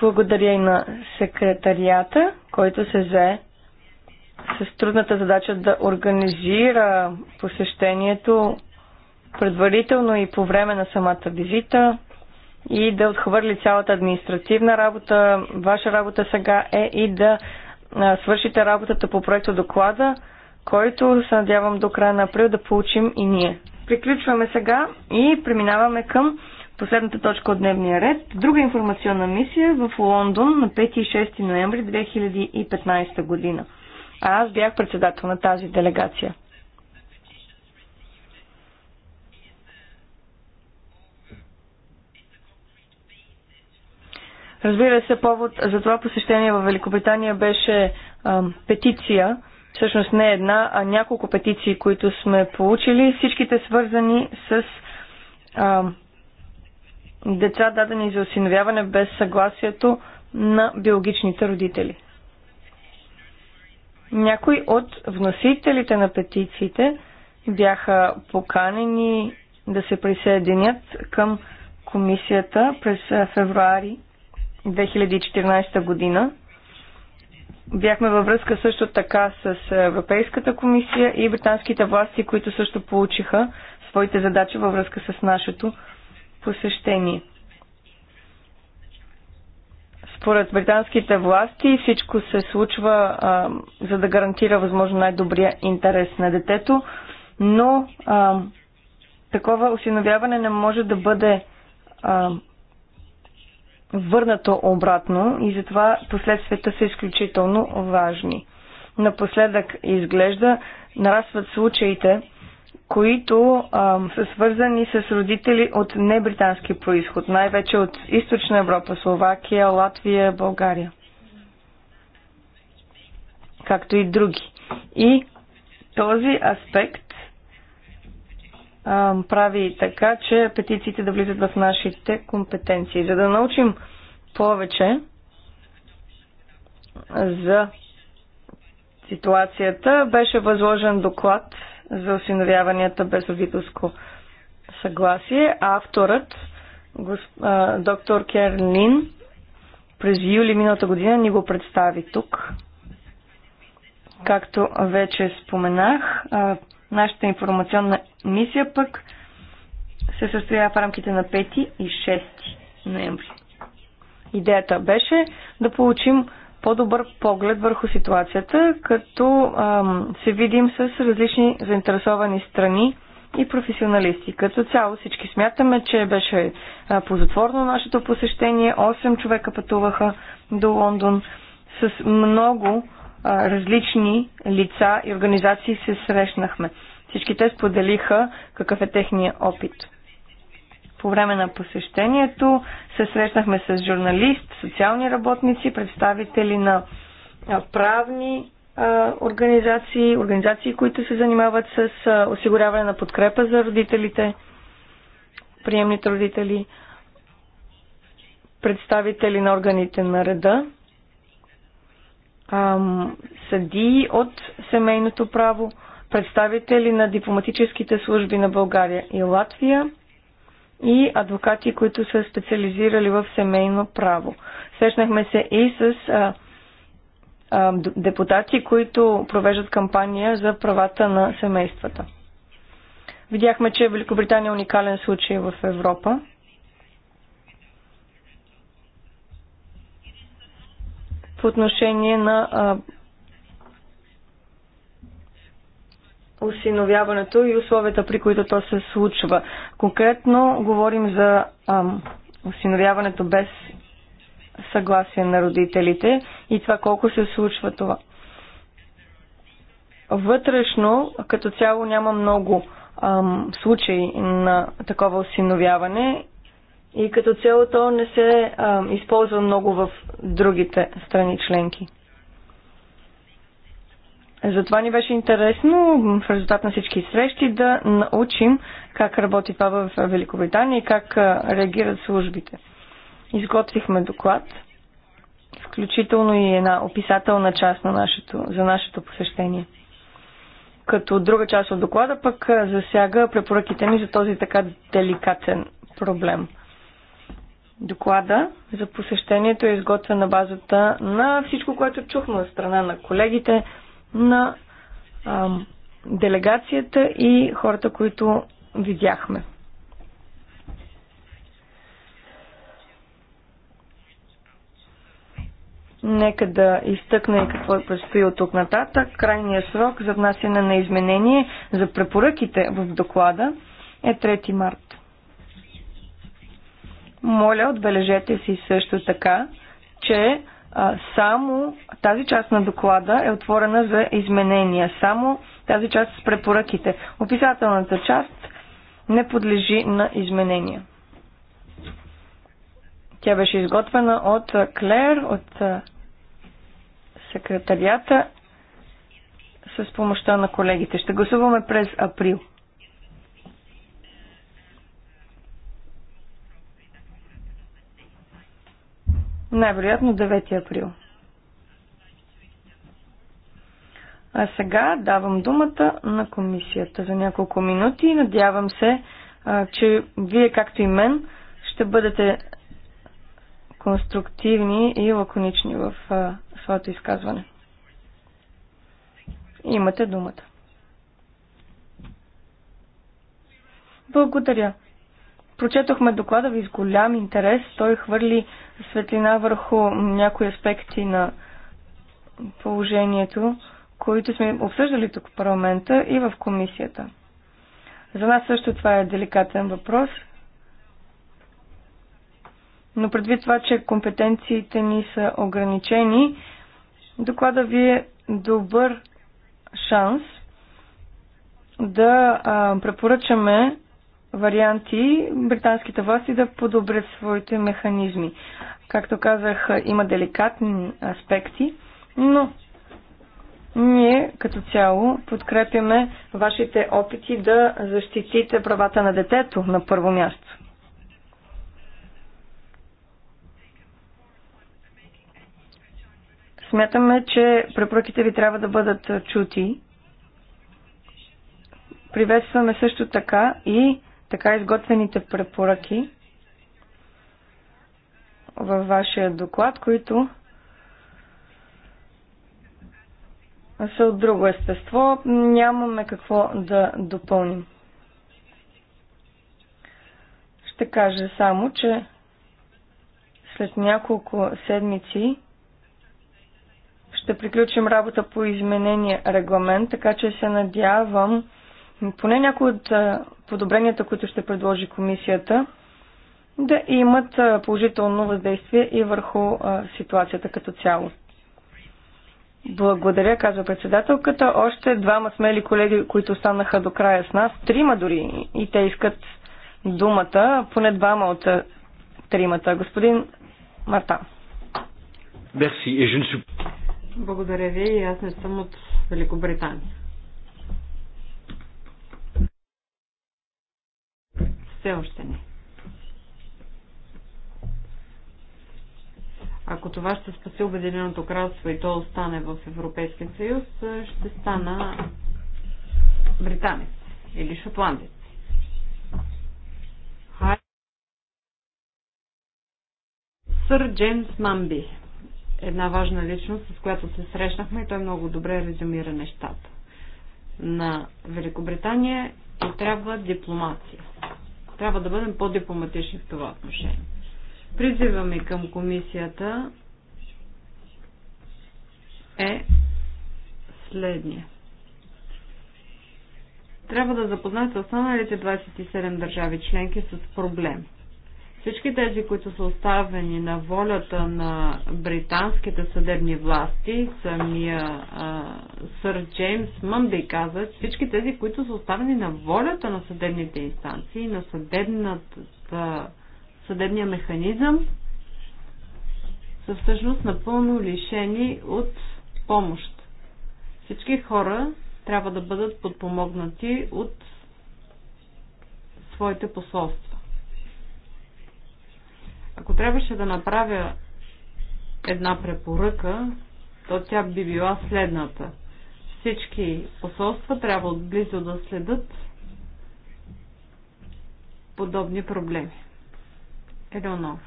Благодаря и на секретарията, който се зае с трудната задача да организира посещението предварително и по време на самата визита и да отхвърли цялата административна работа. Ваша работа сега е и да свършите работата по проекто доклада, който се надявам до края на април да получим и ние. Приключваме сега и преминаваме към последната точка от дневния ред. Друга информационна мисия в Лондон на 5 и 6 ноември 2015 година а аз бях председател на тази делегация. Разбира се, повод за това посещение в Великобритания беше ам, петиция, всъщност не една, а няколко петиции, които сме получили, всичките свързани с ам, деца дадени за осиновяване без съгласието на биологичните родители. Някои от вносителите на петициите бяха поканени да се присъединят към комисията през февруари 2014 година. Бяхме във връзка също така с Европейската комисия и британските власти, които също получиха своите задачи във връзка с нашето посещение. Според британските власти всичко се случва а, за да гарантира възможно най-добрия интерес на детето, но а, такова осиновяване не може да бъде а, върнато обратно и затова последствията са изключително важни. Напоследък изглежда нарастват случаите които а, са свързани с родители от небритански происход, най-вече от Източна Европа, Словакия, Латвия, България, както и други. И този аспект а, прави така, че петициите да влизат в нашите компетенции. За да научим повече за ситуацията, беше възложен доклад за осиновяванията без родителско съгласие. Авторът, госп... а, доктор Керлин, през юли миналата година ни го представи тук. Както вече споменах, а, нашата информационна мисия пък се състоя в рамките на 5 и 6 ноември. Идеята беше да получим по-добър поглед върху ситуацията, като а, се видим с различни заинтересовани страни и професионалисти. Като цяло всички смятаме, че беше а, позатворно нашето посещение. 8 човека пътуваха до Лондон с много а, различни лица и организации се срещнахме. Всички те споделиха какъв е техния опит. По време на посещението се срещнахме с журналист, социални работници, представители на правни организации, организации, които се занимават с осигуряване на подкрепа за родителите, приемните родители, представители на органите на реда, съдии от семейното право, представители на дипломатическите служби на България и Латвия, и адвокати, които са специализирали в семейно право. Срещнахме се и с а, а, депутати, които провеждат кампания за правата на семействата. Видяхме, че Великобритания е уникален случай в Европа. По отношение на а, осиновяването и условията, при които то се случва. Конкретно говорим за ам, осиновяването без съгласие на родителите и това колко се случва това. Вътрешно, като цяло, няма много ам, случаи на такова осиновяване и като цяло то не се ам, използва много в другите страни членки. Затова ни беше интересно в резултат на всички срещи да научим как работи това в Великобритания и как реагират службите. Изготвихме доклад, включително и една описателна част на нашето, за нашето посещение. Като друга част от доклада пък засяга препоръките ми за този така деликатен проблем. Доклада за посещението е изготвен на базата на всичко, което чухме от страна на колегите, на а, делегацията и хората, които видяхме. Нека да изтъкна и какво предстои от тук нататък. Крайният срок за внасяне на изменение за препоръките в доклада е 3 март. Моля, отбележете си също така, че само тази част на доклада е отворена за изменения. Само тази част с препоръките. Описателната част не подлежи на изменения. Тя беше изготвена от Клер, от секретарията с помощта на колегите. Ще гласуваме през април. най-вероятно 9 април. А сега давам думата на комисията за няколко минути и надявам се, че вие, както и мен, ще бъдете конструктивни и лаконични в своето изказване. Имате думата. Благодаря. Прочетохме доклада ви с голям интерес. Той хвърли светлина върху някои аспекти на положението, които сме обсъждали тук в парламента и в комисията. За нас също това е деликатен въпрос, но предвид това, че компетенциите ни са ограничени, доклада ви е добър шанс да а, препоръчаме варианти британските власти да подобрят своите механизми. Както казах, има деликатни аспекти, но ние като цяло подкрепяме вашите опити да защитите правата на детето на първо място. Смятаме, че препоръките ви трябва да бъдат чути. Приветстваме също така и така изготвените препоръки във вашия доклад, които са от друго естество. Нямаме какво да допълним. Ще кажа само, че след няколко седмици ще приключим работа по изменения регламент, така че се надявам поне някои от подобренията, които ще предложи комисията, да имат положително въздействие и върху ситуацията като цяло. Благодаря, казва председателката. Още двама смели колеги, които останаха до края с нас, трима дори, и те искат думата, поне двама от тримата. Господин Марта. Благодаря ви. Аз не съм от Великобритания. Все още не. Ако това ще спаси Обединеното кралство и то остане в Европейския съюз, ще стана британец или шотландец. Сър Джеймс Мамби. Една важна личност, с която се срещнахме и той много добре резюмира нещата. На Великобритания и трябва дипломация. Трябва да бъдем по-дипломатични в това отношение. Призиваме към комисията е следния. Трябва да запознаете останалите 27 държави членки с проблем. Всички тези, които са оставени на волята на британските съдебни власти, самия сър Джеймс Мъмби каза, всички тези, които са оставени на волята на съдебните инстанции, на съдебната, съдебния механизъм, са всъщност напълно лишени от помощ. Всички хора трябва да бъдат подпомогнати от своите посолства. Ако трябваше да направя една препоръка, то тя би била следната. Всички посолства трябва отблизо да следят подобни проблеми. Елеонор.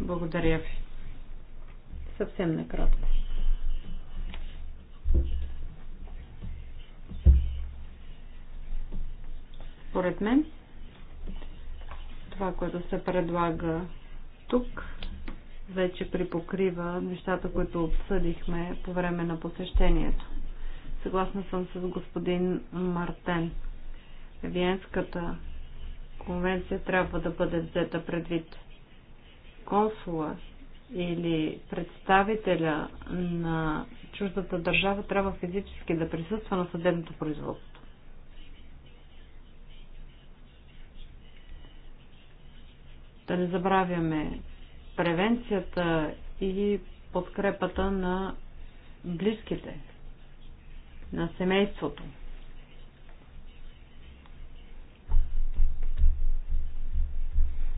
Благодаря ви. Съвсем накратко. Според мен, това, което се предлага тук, вече припокрива нещата, които обсъдихме по време на посещението. Съгласна съм с господин Мартен. Виенската конвенция трябва да бъде взета предвид. Консула или представителя на чуждата държава трябва физически да присъства на съдебното производство. Да не забравяме превенцията и подкрепата на близките, на семейството.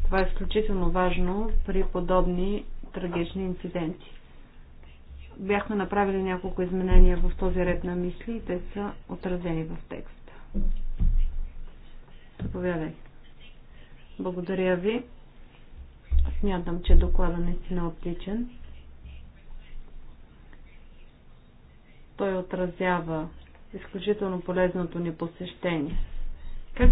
Това е изключително важно при подобни трагични инциденти. Бяхме направили няколко изменения в този ред на мисли и те са отразени в текста. Заповядай. Благодаря ви. Смятам, че доклада наистина е отличен. Той отразява изключително полезното ни посещение. Как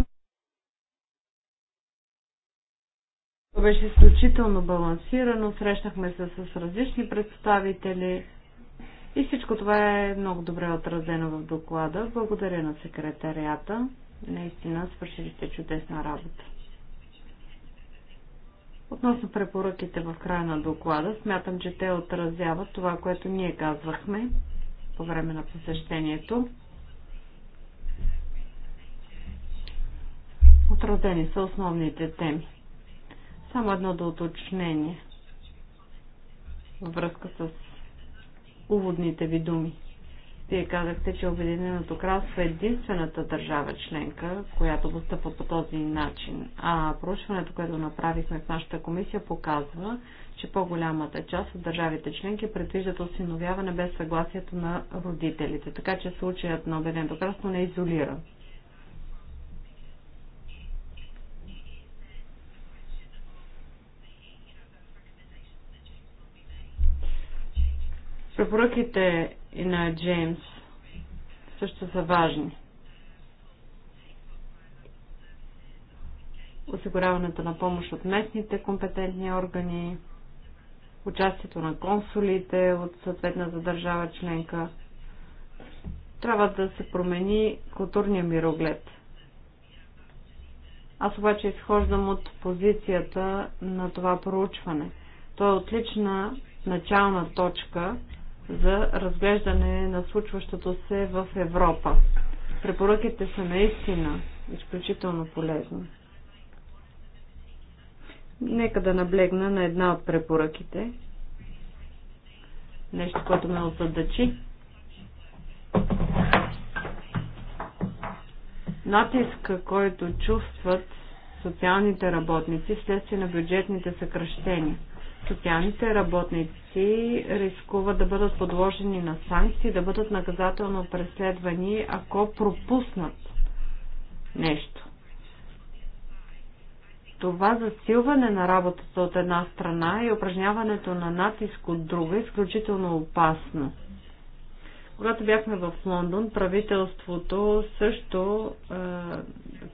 беше изключително балансирано, срещнахме се с различни представители и всичко това е много добре отразено в доклада. Благодаря на секретарията. Наистина свършили сте чудесна работа. Относно препоръките в края на доклада, смятам, че те отразяват това, което ние казвахме по време на посещението. Отразени са основните теми. Само едно до уточнение във връзка с уводните ви думи. Вие казахте, че Обединеното кралство е единствената държава членка, която постъпва по този начин. А проучването, което направихме в нашата комисия, показва, че по-голямата част от държавите членки предвиждат осиновяване без съгласието на родителите. Така че случаят на Обединеното кралство не изолира. Препоръките и на Джеймс също са важни. Осигуряването на помощ от местните компетентни органи, участието на консулите от съответната държава членка. Трябва да се промени културния мироглед. Аз обаче изхождам от позицията на това проучване. То е отлична начална точка, за разглеждане на случващото се в Европа. Препоръките са наистина изключително полезни. Нека да наблегна на една от препоръките. Нещо, което ме озадачи. Натиска, който чувстват социалните работници вследствие на бюджетните съкръщения – социалните работници рискуват да бъдат подложени на санкции, да бъдат наказателно преследвани, ако пропуснат нещо. Това засилване на работата от една страна и упражняването на натиск от друга е изключително опасно. Когато бяхме в Лондон, правителството също е,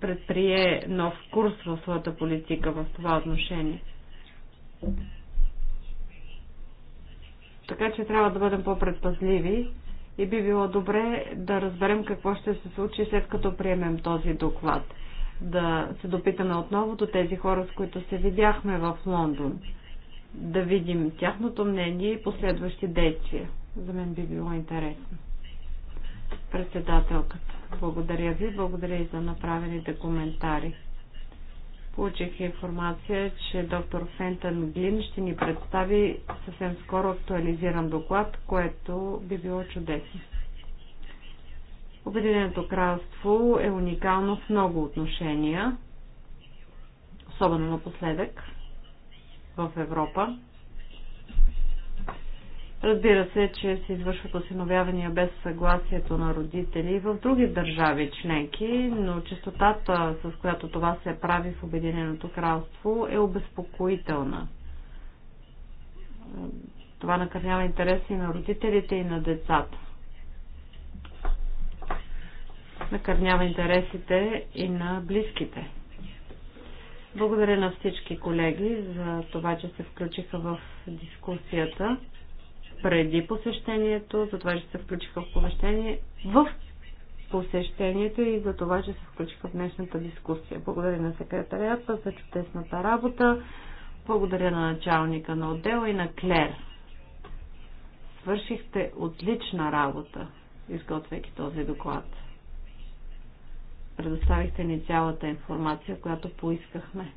предприе нов курс в своята политика в това отношение. Така че трябва да бъдем по-предпазливи и би било добре да разберем какво ще се случи след като приемем този доклад. Да се допитаме отново до тези хора, с които се видяхме в Лондон. Да видим тяхното мнение и последващи действия. За мен би било интересно. Председателката, благодаря ви, благодаря и за направените коментари. Получих информация, че доктор Фентън Глин ще ни представи съвсем скоро актуализиран доклад, което би било чудесно. Обединеното кралство е уникално в много отношения, особено напоследък в Европа. Разбира се, че се извършват осиновявания без съгласието на родители в други държави членки, но частотата, с която това се прави в Обединеното кралство, е обезпокоителна. Това накърнява интереси на родителите и на децата. Накърнява интересите и на близките. Благодаря на всички колеги за това, че се включиха в дискусията преди посещението, за това, че се включиха в помещение, в посещението и за това, че се включиха в днешната дискусия. Благодаря на секретарията за чудесната работа. Благодаря на началника на отдела и на Клер. Свършихте отлична работа, изготвяйки този доклад. Предоставихте ни цялата информация, която поискахме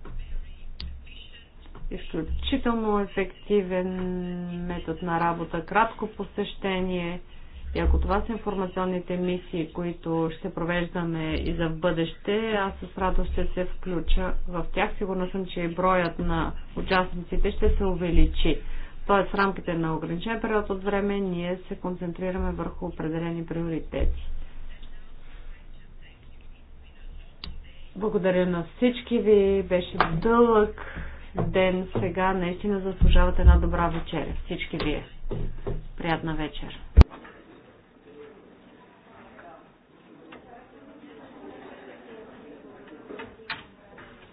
изключително ефективен метод на работа, кратко посещение. И ако това са информационните мисии, които ще провеждаме и за в бъдеще, аз с радост ще се включа в тях. Сигурна съм, че и броят на участниците ще се увеличи. Тоест, в рамките на ограничен период от време ние се концентрираме върху определени приоритети. Благодаря на всички ви. Беше дълъг ден сега наистина заслужават една добра вечеря. Всички вие. Приятна вечер.